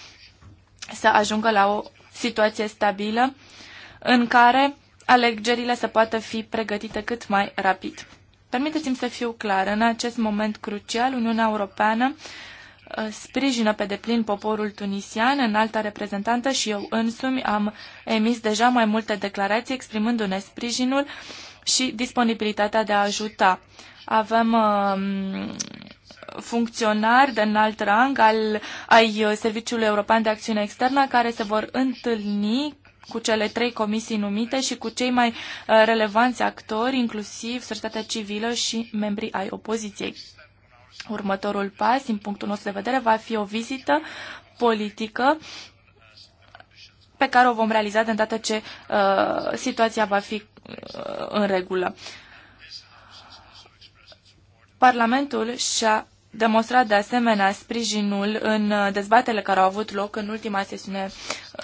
să ajungă la o situație stabilă în care alegerile să poată fi pregătite cât mai rapid. Permiteți-mi să fiu clar, în acest moment crucial, Uniunea Europeană uh, sprijină pe deplin poporul tunisian, în alta reprezentantă și eu însumi am emis deja mai multe declarații exprimându-ne sprijinul și disponibilitatea de a ajuta. Avem uh, funcționar de înalt rang al, ai uh, Serviciului European de Acțiune Externă care se vor întâlni cu cele trei comisii numite și cu cei mai uh, relevanți actori, inclusiv societatea civilă și membrii ai opoziției. Următorul pas, din punctul nostru de vedere, va fi o vizită politică pe care o vom realiza de îndată ce uh, situația va fi uh, în regulă. Parlamentul și-a demonstrat de asemenea sprijinul în uh, dezbatele care au avut loc în ultima sesiune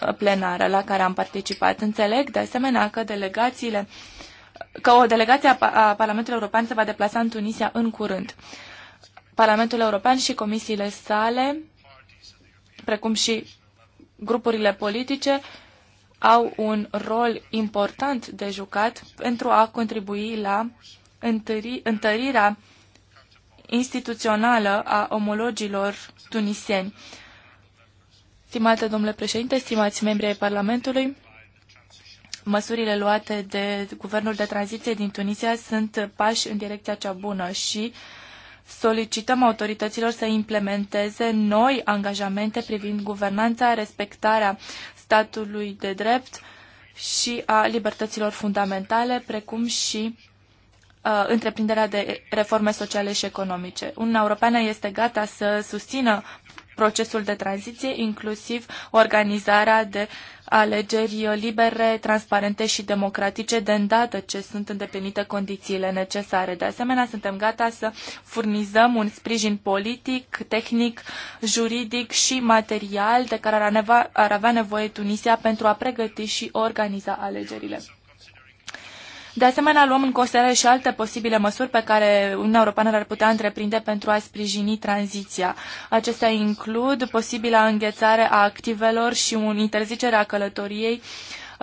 uh, plenară la care am participat. Înțeleg de asemenea că delegațiile că o delegație a Parlamentului European se va deplasa în Tunisia în curând. Parlamentul European și comisiile sale, precum și grupurile politice, au un rol important de jucat pentru a contribui la întări, întărirea instituțională a omologilor tunisieni. Stimate domnule președinte, stimați membri ai Parlamentului, măsurile luate de guvernul de tranziție din Tunisia sunt pași în direcția cea bună și solicităm autorităților să implementeze noi angajamente privind guvernanța, respectarea statului de drept și a libertăților fundamentale, precum și uh, întreprinderea de reforme sociale și economice. Uniunea Europeană este gata să susțină procesul de tranziție, inclusiv organizarea de alegeri libere, transparente și democratice, de îndată ce sunt îndeplinite condițiile necesare. De asemenea, suntem gata să furnizăm un sprijin politic, tehnic, juridic și material de care ar avea nevoie Tunisia pentru a pregăti și organiza alegerile. De asemenea, luăm în considerare și alte posibile măsuri pe care Uniunea Europeană le-ar putea întreprinde pentru a sprijini tranziția. Acestea includ posibila înghețare a activelor și un interzicere a călătoriei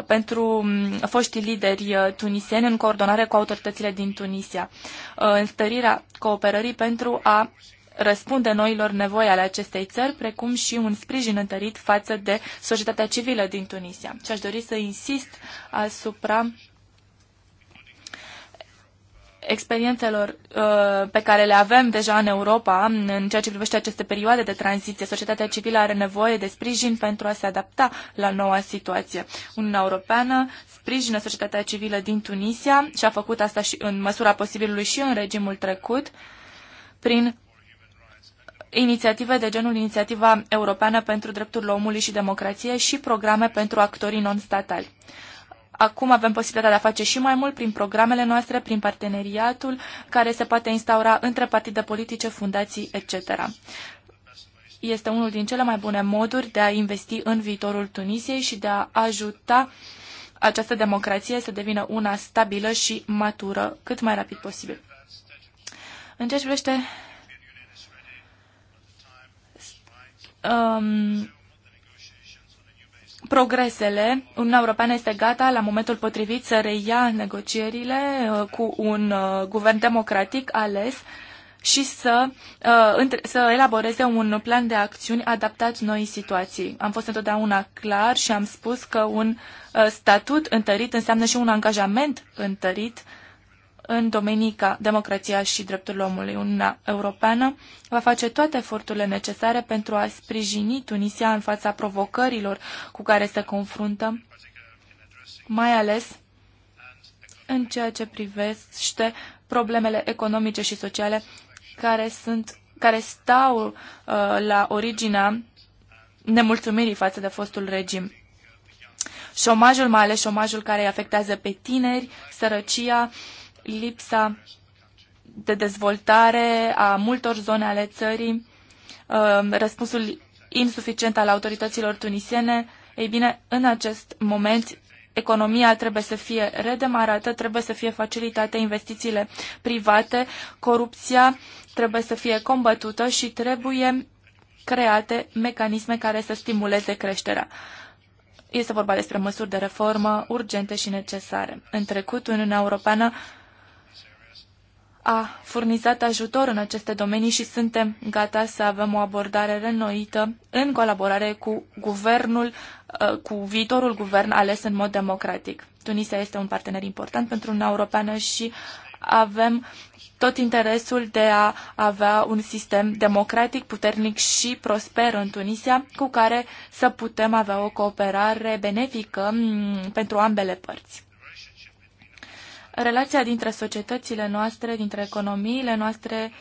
pentru foștii lideri uh, tunisieni în coordonare cu autoritățile din Tunisia, uh, înstărirea cooperării pentru a răspunde noilor nevoi ale acestei țări, precum și un sprijin întărit față de societatea civilă din Tunisia. Și aș dori să insist asupra experiențelor uh, pe care le avem deja în Europa în ceea ce privește aceste perioade de tranziție. Societatea civilă are nevoie de sprijin pentru a se adapta la noua situație. Uniunea Europeană sprijină societatea civilă din Tunisia și a făcut asta și în măsura posibilului și în regimul trecut prin inițiative de genul Inițiativa Europeană pentru Drepturile Omului și Democrație și programe pentru actorii non-statali. Acum avem posibilitatea de a face și mai mult prin programele noastre, prin parteneriatul care se poate instaura între partide politice, fundații, etc. Este unul din cele mai bune moduri de a investi în viitorul Tunisiei și de a ajuta această democrație să devină una stabilă și matură cât mai rapid posibil. În ceea ce privește um, progresele. Uniunea Europeană este gata la momentul potrivit să reia negocierile uh, cu un uh, guvern democratic ales și să, uh, să elaboreze un plan de acțiuni adaptat noii situații. Am fost întotdeauna clar și am spus că un statut întărit înseamnă și un angajament întărit în domenii ca democrația și drepturile omului. Uniunea Europeană va face toate eforturile necesare pentru a sprijini Tunisia în fața provocărilor cu care se confruntă, mai ales în ceea ce privește problemele economice și sociale care, sunt, care stau uh, la originea nemulțumirii față de fostul regim. Șomajul, mai ales șomajul care îi afectează pe tineri, sărăcia, uh, lipsa de dezvoltare a multor zone ale țării, um, răspunsul insuficient al autorităților tunisiene, ei bine, în acest moment economia trebuie să fie redemarată, trebuie să fie facilitate investițiile private, corupția trebuie să fie combătută și trebuie create mecanisme care să stimuleze creșterea. Este vorba despre măsuri de reformă urgente și necesare. În trecut, Uniunea Europeană a furnizat ajutor în aceste domenii și suntem gata să avem o abordare renoită în colaborare cu guvernul, uh, cu viitorul guvern ales în mod democratic. Tunisia este un partener important pentru Uniunea Europeană și avem tot interesul de a avea un sistem democratic, puternic și prosper în Tunisia, cu care să putem avea o cooperare benefică mm, pentru ambele părți relația dintre societățile noastre, dintre economiile noastre,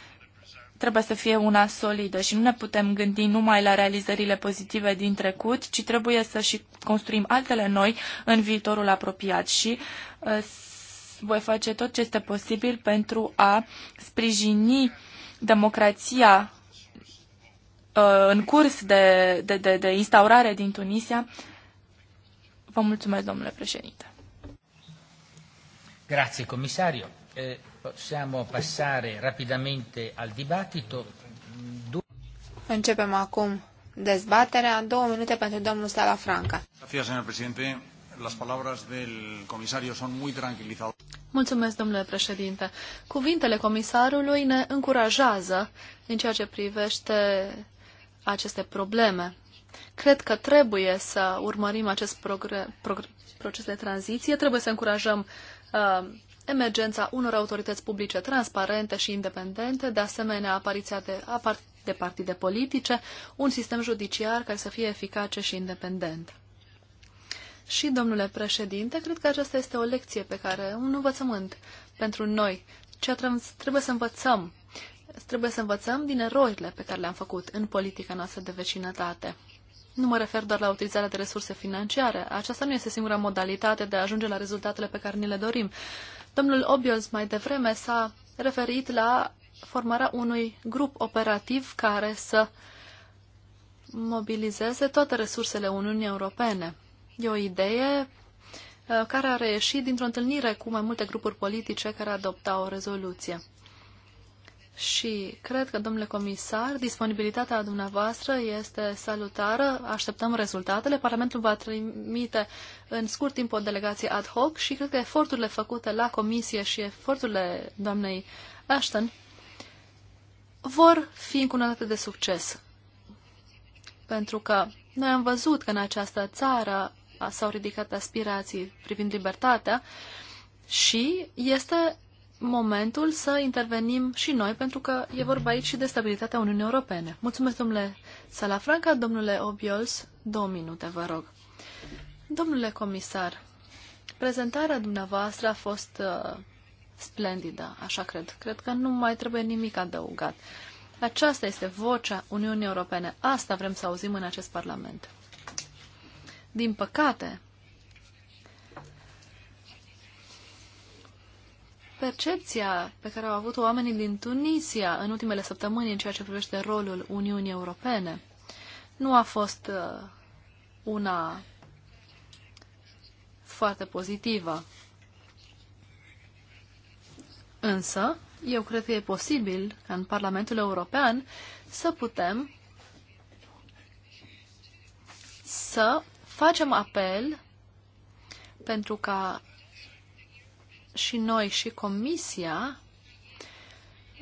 trebuie să fie una solidă și nu ne putem gândi numai la realizările pozitive din trecut, ci trebuie să și construim altele noi în viitorul apropiat și uh, voi face tot ce este posibil pentru a sprijini democrația uh, în curs de, de, de, de instaurare din Tunisia. Vă mulțumesc, domnule președinte. Grazie Commissario. Eh, possiamo passare rapidamente al dibattito. Du- Începem acum dezbaterea. Două minute pentru domnul Sala Franca. Las palabras del comisario son muy tranquilizadoras. Mulțumesc, domnule președinte. Cuvintele comisarului ne încurajează în ceea ce privește aceste probleme. Cred că trebuie să urmărim acest proces de tranziție, trebuie să încurajăm uh, emergența unor autorități publice transparente și independente, de asemenea apariția de, apar, de partide politice, un sistem judiciar care să fie eficace și independent. Și, domnule președinte, cred că aceasta este o lecție pe care, un învățământ pentru noi, ce trebuie să învățăm. Trebuie să învățăm din erorile pe care le-am făcut în politica noastră de vecinătate. Nu mă refer doar la utilizarea de resurse financiare. Aceasta nu este singura modalitate de a ajunge la rezultatele pe care ni le dorim. Domnul Obiols mai devreme s-a referit la formarea unui grup operativ care să mobilizeze toate resursele Uniunii Europene. E o idee uh, care a reieșit dintr-o întâlnire cu mai multe grupuri politice care adoptau o rezoluție. Și cred că, domnule comisar, disponibilitatea dumneavoastră este salutară. Așteptăm rezultatele. Parlamentul va trimite în scurt timp o delegație ad hoc și cred că eforturile făcute la comisie și eforturile doamnei Ashton vor fi încunătate de succes. Pentru că noi am văzut că în această țară s-au ridicat aspirații privind libertatea și este momentul să intervenim și noi, pentru că e vorba aici și de stabilitatea Uniunii Europene. Mulțumesc, domnule Salafranca, domnule Obiols, două minute, vă rog. Domnule comisar, prezentarea dumneavoastră a fost uh, splendidă, așa cred. Cred că nu mai trebuie nimic adăugat. Aceasta este vocea Uniunii Europene. Asta vrem să auzim în acest Parlament. Din păcate, percepția pe care au avut oamenii din Tunisia în ultimele săptămâni în ceea ce privește rolul Uniunii Europene nu a fost uh, una foarte pozitivă. Însă, eu cred că e posibil ca în Parlamentul European să putem să facem apel pentru ca și noi și Comisia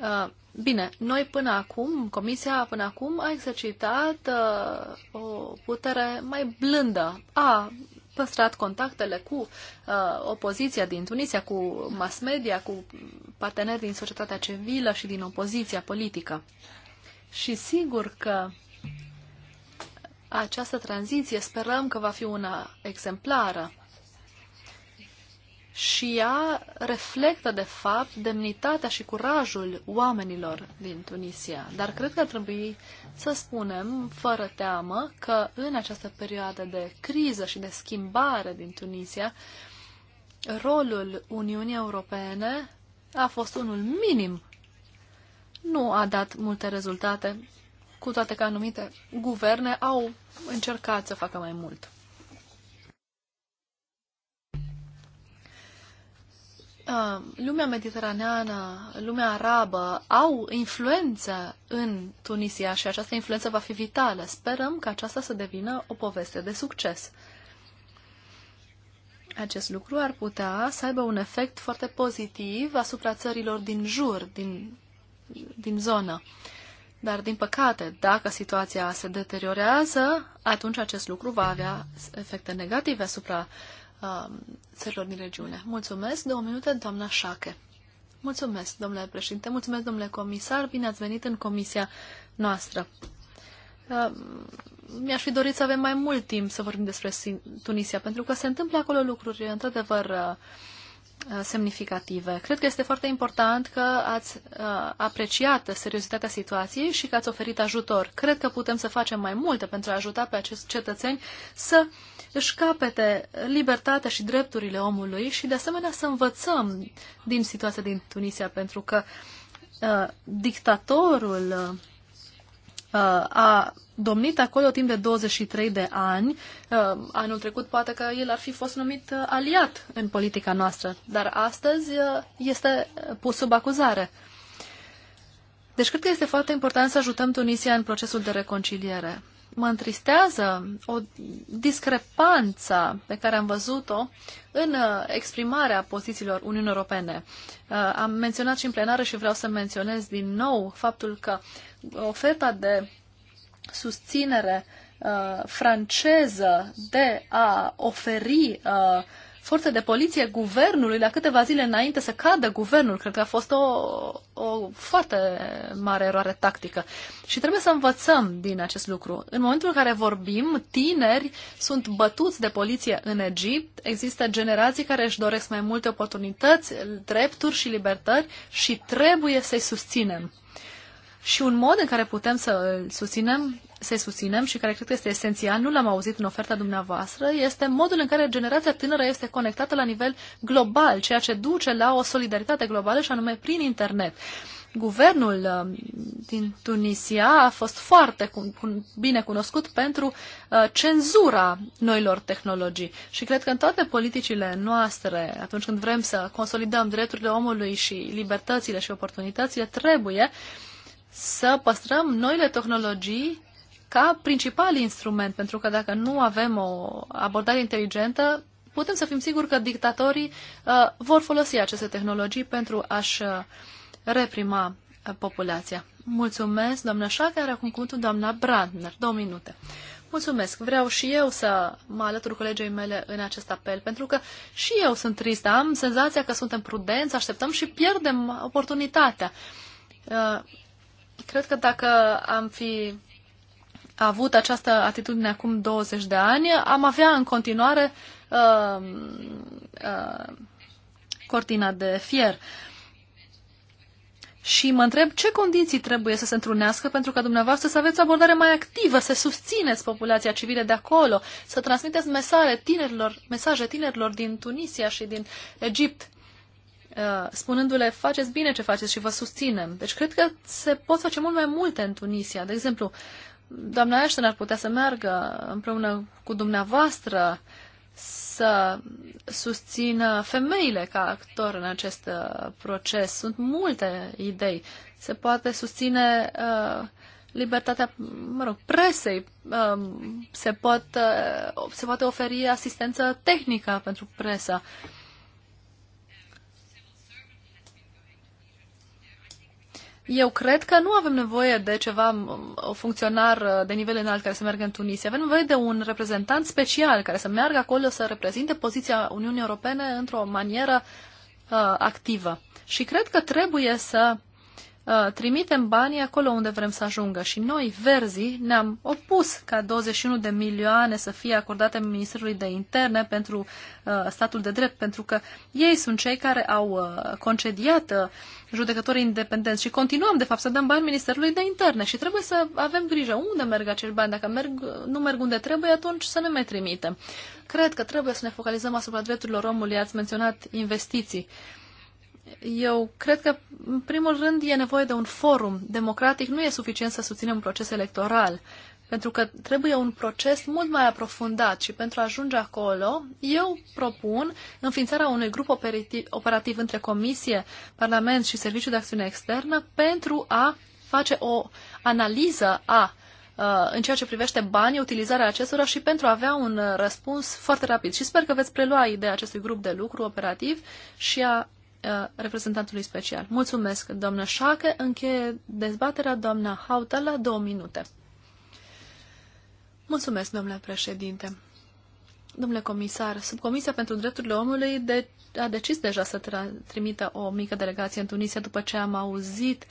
uh, Bine, noi până acum, Comisia până acum a exercitat uh, o putere mai blândă. A păstrat contactele cu uh, opoziția din Tunisia, cu mass media, cu parteneri din societatea civilă și din opoziția politică. Și sigur că această tranziție sperăm că va fi una exemplară și ea reflectă, de fapt, demnitatea și curajul oamenilor din Tunisia. Dar cred că ar trebui să spunem, fără teamă, că în această perioadă de criză și de schimbare din Tunisia, rolul Uniunii Europene a fost unul minim. Nu a dat multe rezultate, cu toate că anumite guverne au încercat să facă mai mult. lumea mediteraneană, lumea arabă au influență în Tunisia și această influență va fi vitală. Sperăm că aceasta să devină o poveste de succes. Acest lucru ar putea să aibă un efect foarte pozitiv asupra țărilor din jur, din, din zonă. Dar, din păcate, dacă situația se deteriorează, atunci acest lucru va avea efecte negative asupra uh, Um, țărilor din regiune. Mulțumesc. Două minute, doamna Șache. Mulțumesc, domnule președinte. Mulțumesc, domnule comisar. Bine ați venit în comisia noastră. Um, mi-aș fi dorit să avem mai mult timp să vorbim despre Tunisia, pentru că se întâmplă acolo lucruri, într-adevăr, uh, Uh, semnificative. Cred că este foarte important că ați uh, apreciat seriozitatea situației și că ați oferit ajutor. Cred că putem să facem mai multe pentru a ajuta pe acești cetățeni să își capete libertatea și drepturile omului și de asemenea să învățăm din situația din Tunisia, pentru că uh, dictatorul Uh, a domnit acolo timp de 23 de ani. Uh, anul trecut poate că el ar fi fost numit uh, aliat în politica noastră, dar astăzi este pus sub acuzare. Deci cred că este foarte important să ajutăm Tunisia în procesul de reconciliere. Mă întristează o discrepanță pe care am văzut-o în exprimarea pozițiilor Uniunii Europene. Am menționat și în plenară și vreau să menționez din nou faptul că oferta de susținere uh, franceză de a oferi uh, forțe de poliție guvernului la câteva zile înainte să cadă guvernul. Cred că a fost o, o foarte mare eroare tactică. Și trebuie să învățăm din acest lucru. În momentul în care vorbim, tineri sunt bătuți de poliție în Egipt. Există generații care își doresc mai multe oportunități, drepturi și libertăți și trebuie să-i susținem. Și un mod în care putem să susținem, să susținem și care cred că este esențial, nu l-am auzit în oferta dumneavoastră, este modul în care generația tânără este conectată la nivel global, ceea ce duce la o solidaritate globală și anume prin internet. Guvernul um, din Tunisia a fost foarte bine cunoscut pentru uh, cenzura noilor tehnologii și cred că în toate politicile noastre, atunci când vrem să consolidăm drepturile omului și libertățile și oportunitățile, trebuie uh, să păstrăm noile tehnologii ca principal instrument, pentru că dacă nu avem o abordare inteligentă, putem să fim siguri că dictatorii uh, vor folosi aceste tehnologii pentru a-și uh, reprima uh, populația. Mulțumesc, doamna Șaca, are acum cuvântul doamna Brandner. Două minute. Mulțumesc. Vreau și eu să mă alătur colegei mele în acest apel, pentru că și eu sunt tristă. Am senzația că suntem prudenți, așteptăm și pierdem oportunitatea. Uh, Cred că dacă am fi avut această atitudine acum 20 de ani, am avea în continuare uh, uh, cortina de fier. Și mă întreb ce condiții trebuie să se întrunească pentru ca dumneavoastră să aveți o abordare mai activă, să susțineți populația civilă de acolo, să transmiteți mesaje tinerilor, mesaje tinerilor din Tunisia și din Egipt Uh, spunându-le faceți bine ce faceți și vă susținem. Deci cred că se pot face mult mai multe în Tunisia. De exemplu, doamna Ashton ar putea să meargă împreună cu dumneavoastră să susțină femeile ca actor în acest uh, proces. Sunt multe idei. Se poate susține uh, libertatea, mă rog, presei. Uh, se, pot, uh, se poate oferi asistență tehnică pentru presa. Uh, Eu cred că nu avem nevoie de ceva, o funcționar uh, de nivel înalt care să meargă în Tunisia. Avem nevoie de un reprezentant special care să meargă acolo să reprezinte poziția Uniunii Europene într-o manieră uh, activă. Și cred că trebuie să Uh, trimitem banii acolo unde vrem să ajungă. Și noi, verzii, ne-am opus ca 21 de milioane să fie acordate Ministerului de Interne pentru uh, statul de drept, pentru că ei sunt cei care au uh, concediat uh, judecătorii independenți și continuăm, de fapt, să dăm bani Ministerului de Interne și trebuie să avem grijă unde merg acești bani. Dacă merg, nu merg unde trebuie, atunci să ne mai trimitem. Cred că trebuie să ne focalizăm asupra drepturilor omului. Ați menționat investiții. Uh, eu cred că, în primul rând, e nevoie de un forum democratic. Nu e suficient să susținem un proces electoral, pentru că trebuie un proces mult mai aprofundat și pentru a ajunge acolo, eu propun înființarea unui grup operativ, operativ între Comisie, Parlament și Serviciul de Acțiune Externă pentru a face o analiză a uh, în ceea ce privește banii, utilizarea acestora și pentru a avea un uh, răspuns foarte rapid. Și sper că veți prelua ideea acestui grup de lucru operativ și a Uh, reprezentantului special. Mulțumesc, doamnă Șache. Încheie dezbaterea doamna la două minute. Mulțumesc, domnule președinte. Domnule comisar, Subcomisia pentru Drepturile Omului de- a decis deja să tra- trimită o mică delegație în Tunisia după ce am auzit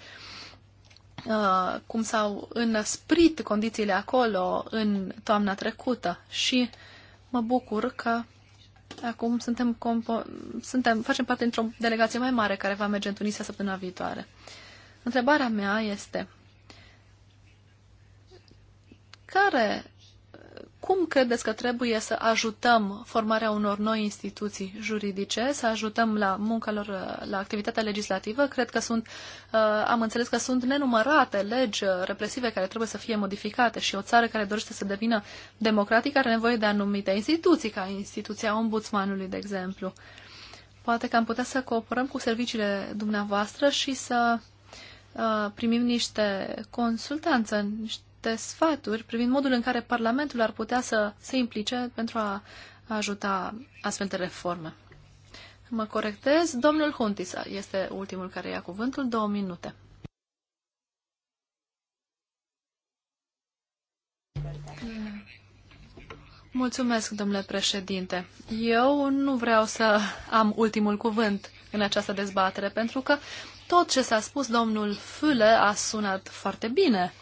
uh, cum s-au înăsprit condițiile acolo în toamna trecută și mă bucur că Acum suntem, suntem facem parte dintr-o delegație mai mare care va merge în Tunisia săptămâna viitoare. Întrebarea mea este care cum credeți că trebuie să ajutăm formarea unor noi instituții juridice, să ajutăm la munca lor, la activitatea legislativă? Cred că sunt, uh, am înțeles că sunt nenumărate legi uh, represive care trebuie să fie modificate și o țară care dorește să devină democratică are nevoie de anumite instituții, ca instituția ombudsmanului, de exemplu. Poate că am putea să cooperăm cu serviciile dumneavoastră și să uh, primim niște consultanță, niște niște sfaturi privind modul în care Parlamentul ar putea să se implice pentru a ajuta astfel de reforme. Mă corectez, domnul Huntis este ultimul care ia cuvântul, două minute. Mulțumesc, domnule președinte. Eu nu vreau să am ultimul cuvânt în această dezbatere, pentru că tot ce s-a spus domnul Füle a sunat foarte bine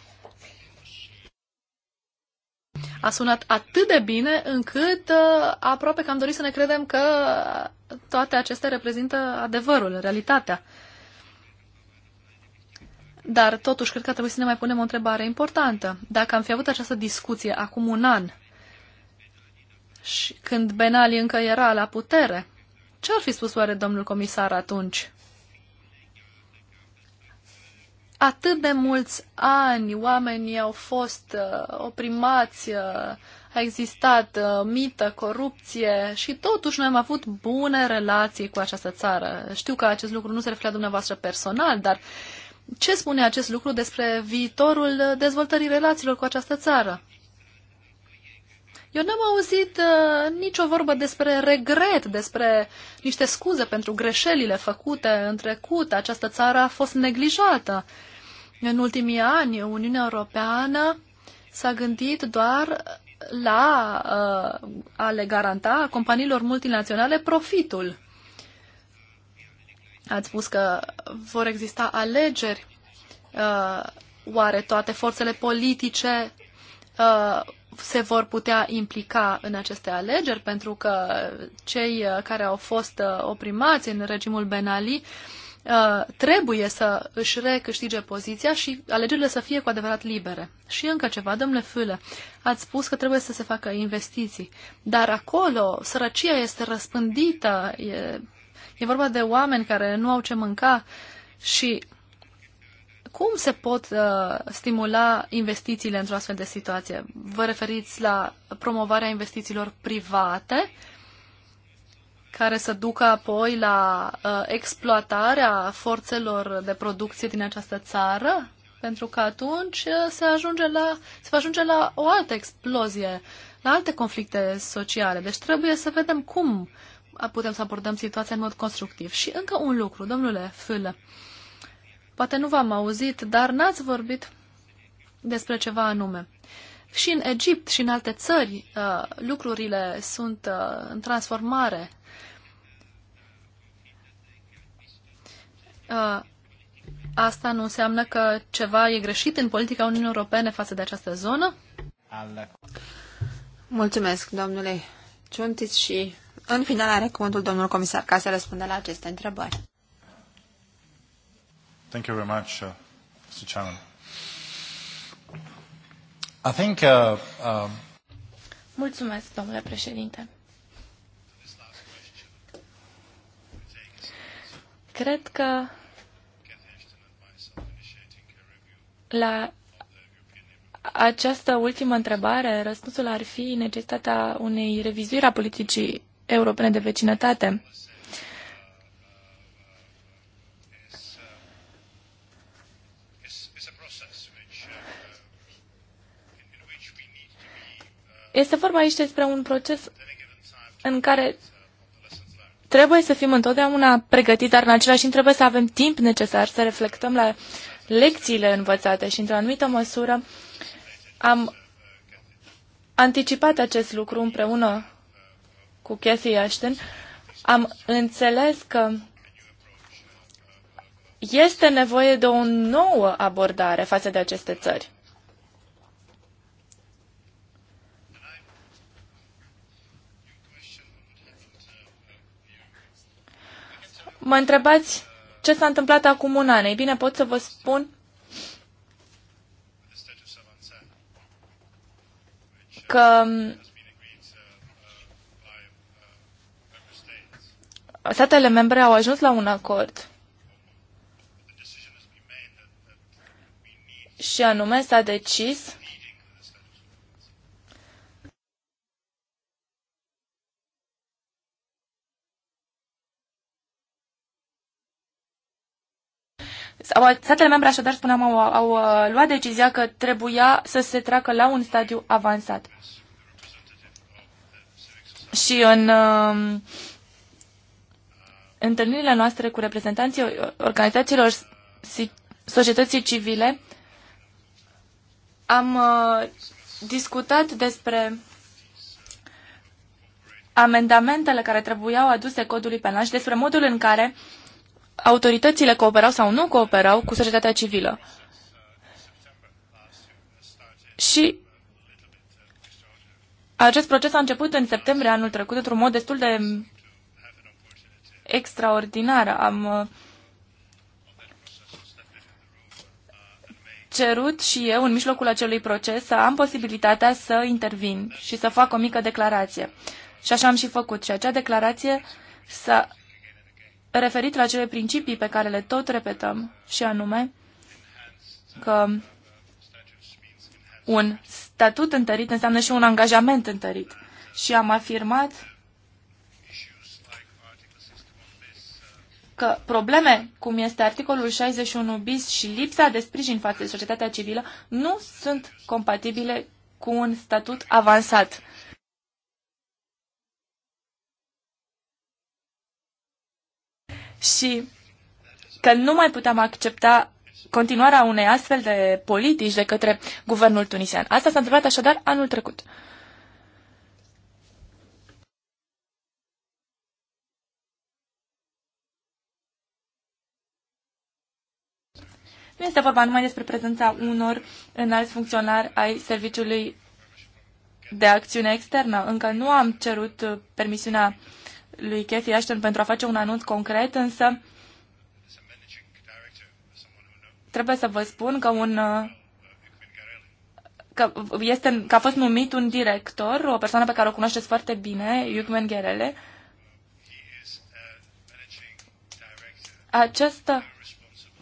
a sunat atât de bine încât uh, aproape că am dorit să ne credem că toate acestea reprezintă adevărul, realitatea. Dar totuși cred că trebuie să ne mai punem o întrebare importantă. Dacă am fi avut această discuție acum un an, și când Ben Ali încă era la putere, ce ar fi spus oare domnul comisar atunci? atât de mulți ani oamenii au fost uh, oprimați, uh, a existat uh, mită, corupție și totuși noi am avut bune relații cu această țară. Știu că acest lucru nu se reflectă dumneavoastră personal, dar ce spune acest lucru despre viitorul uh, dezvoltării relațiilor cu această țară? Eu n-am auzit uh, nicio vorbă despre regret, despre niște scuze pentru greșelile făcute în trecut. Această țară a fost neglijată. În ultimii ani, Uniunea Europeană s-a gândit doar la uh, a le garanta companiilor multinaționale profitul. Ați spus că vor exista alegeri. Uh, oare toate forțele politice uh, se vor putea implica în aceste alegeri, pentru că cei uh, care au fost uh, oprimați în regimul Ben Ali uh, trebuie să își recâștige poziția și alegerile să fie cu adevărat libere. Și încă ceva, domnule Fâle, ați spus că trebuie să se facă investiții, dar acolo sărăcia este răspândită, e, e vorba de oameni care nu au ce mânca și cum se pot uh, stimula investițiile într-o astfel de situație? Vă referiți la promovarea investițiilor private care să ducă apoi la uh, exploatarea forțelor de producție din această țară? Pentru că atunci uh, se, ajunge la, se va ajunge la o altă explozie, la alte conflicte sociale. Deci trebuie să vedem cum putem să abordăm situația în mod constructiv. Și încă un lucru, domnule Fâlă. Uh, Poate nu v-am auzit, dar n-ați vorbit despre ceva anume. Și în Egipt și în alte țări uh, lucrurile sunt uh, în transformare. Uh, asta nu înseamnă că ceva e greșit în politica Uniunii Europene față de această zonă? Mulțumesc, domnule Ciuntiț, și în final are cuvântul domnul comisar ca să răspundă la aceste întrebări. Thank you very much, uh, Mr. Chairman. I think, uh, um, Mulțumesc, domnule președinte. Cred că la această ultimă întrebare, răspunsul ar fi necesitatea unei revizuiri a politicii europene de vecinătate. Este vorba aici despre un proces în care trebuie să fim întotdeauna pregătiți, dar în același timp trebuie să avem timp necesar să reflectăm la lecțiile învățate și, într-o anumită măsură, am anticipat acest lucru împreună cu Cathy Ashton. Am înțeles că este nevoie de o nouă abordare față de aceste țări. Mă întrebați ce s-a întâmplat acum un an. Ei bine, pot să vă spun că um, statele membre au ajuns la un acord și anume s-a decis Sau, statele membre, așadar, spuneam, au, au uh, luat decizia că trebuia să se treacă la un stadiu avansat. Și în uh, întâlnirile noastre cu reprezentanții organizațiilor societății civile, am uh, discutat despre amendamentele care trebuiau aduse codului penal și despre modul în care autoritățile cooperau sau nu cooperau cu societatea civilă. Și acest proces a început în septembrie anul trecut într-un mod destul de extraordinar. Am uh, cerut și eu, în mijlocul acelui proces, să am posibilitatea să intervin și să fac o mică declarație. Și așa am și făcut. Și acea declarație s-a referit la cele principii pe care le tot repetăm, și anume că un statut întărit înseamnă și un angajament întărit. Și am afirmat că probleme cum este articolul 61 bis și lipsa de sprijin față de societatea civilă nu sunt compatibile cu un statut avansat și că nu mai puteam accepta continuarea unei astfel de politici de către guvernul tunisian. Asta s-a întâmplat așadar anul trecut. Nu este vorba numai despre prezența unor înalți funcționari ai Serviciului de Acțiune Externă. Încă nu am cerut permisiunea lui Kathy Ashton pentru a face un anunț concret, însă trebuie să vă spun că un uh, că, este, că a fost numit un director, o persoană pe care o cunoașteți foarte bine, Yugmen Gherele. Această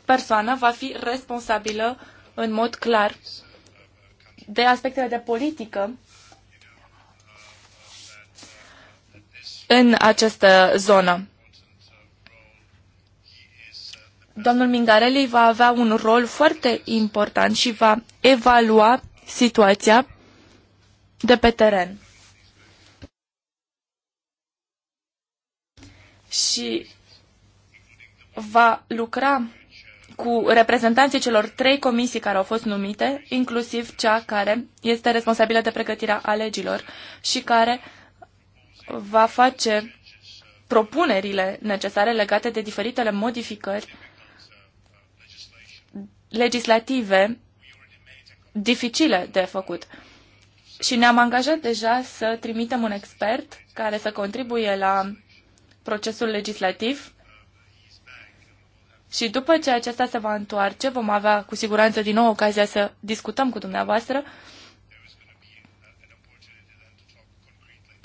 persoană va fi responsabilă în mod clar de aspectele de politică în această zonă. Domnul Mingarelli va avea un rol foarte important și va evalua situația de pe teren. Și va lucra cu reprezentanții celor trei comisii care au fost numite, inclusiv cea care este responsabilă de pregătirea alegilor și care va face propunerile necesare legate de diferitele modificări legislative dificile de făcut. Și ne-am angajat deja să trimitem un expert care să contribuie la procesul legislativ și după ce acesta se va întoarce, vom avea cu siguranță din nou ocazia să discutăm cu dumneavoastră uh,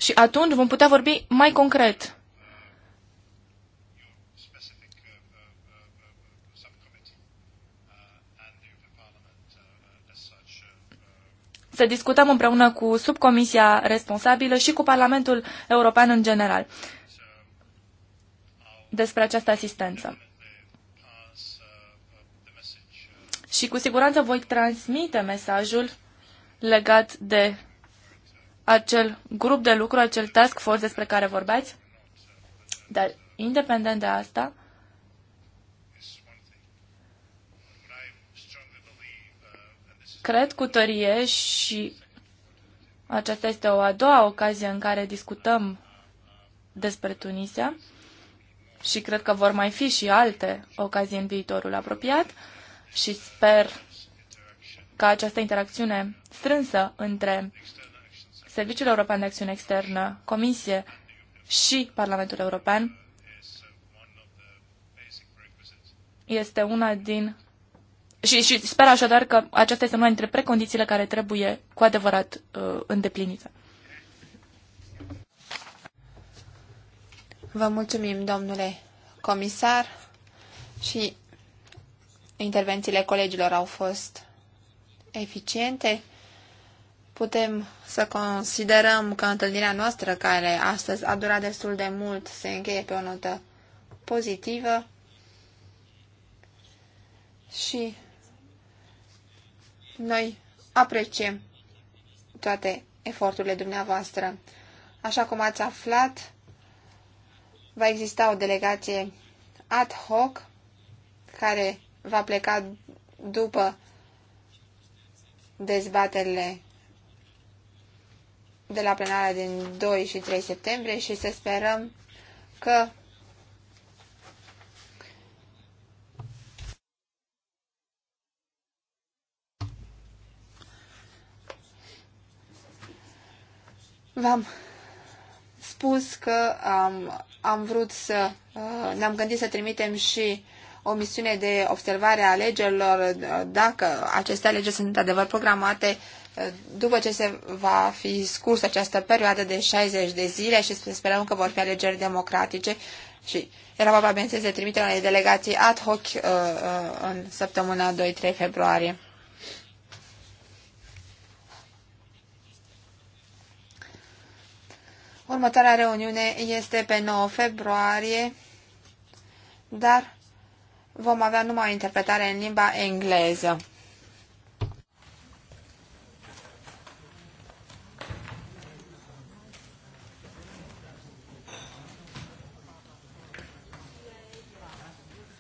Și atunci vom putea vorbi mai concret. Să discutăm împreună cu subcomisia responsabilă și cu Parlamentul European în general despre această asistență. Și cu siguranță voi transmite mesajul legat de acel grup de lucru, acel task force despre care vorbeați, dar independent de asta, cred cu tărie și aceasta este o a doua ocazie în care discutăm despre Tunisia și cred că vor mai fi și alte ocazii în viitorul apropiat și sper ca această interacțiune strânsă între Serviciul European de Acțiune Externă, Comisie și Parlamentul European este una din... Și, și sper așadar că aceasta este una dintre precondițiile care trebuie cu adevărat uh, îndeplinită. Vă mulțumim, domnule comisar, și intervențiile colegilor au fost eficiente. Putem să considerăm că întâlnirea noastră, care astăzi a durat destul de mult, se încheie pe o notă pozitivă și noi apreciem toate eforturile dumneavoastră. Așa cum ați aflat, va exista o delegație ad hoc care va pleca după dezbaterile de la plenarea din 2 și 3 septembrie și să sperăm că v-am spus că am, am vrut să uh, ne-am gândit să trimitem și o misiune de observare a alegerilor uh, dacă aceste alegeri sunt într-adevăr programate după ce se va fi scurs această perioadă de 60 de zile și sperăm că vor fi alegeri democratice și era vorba, bineînțeles, de trimiterea unei delegații ad hoc uh, uh, în săptămâna 2-3 februarie. Următoarea reuniune este pe 9 februarie, dar vom avea numai o interpretare în limba engleză.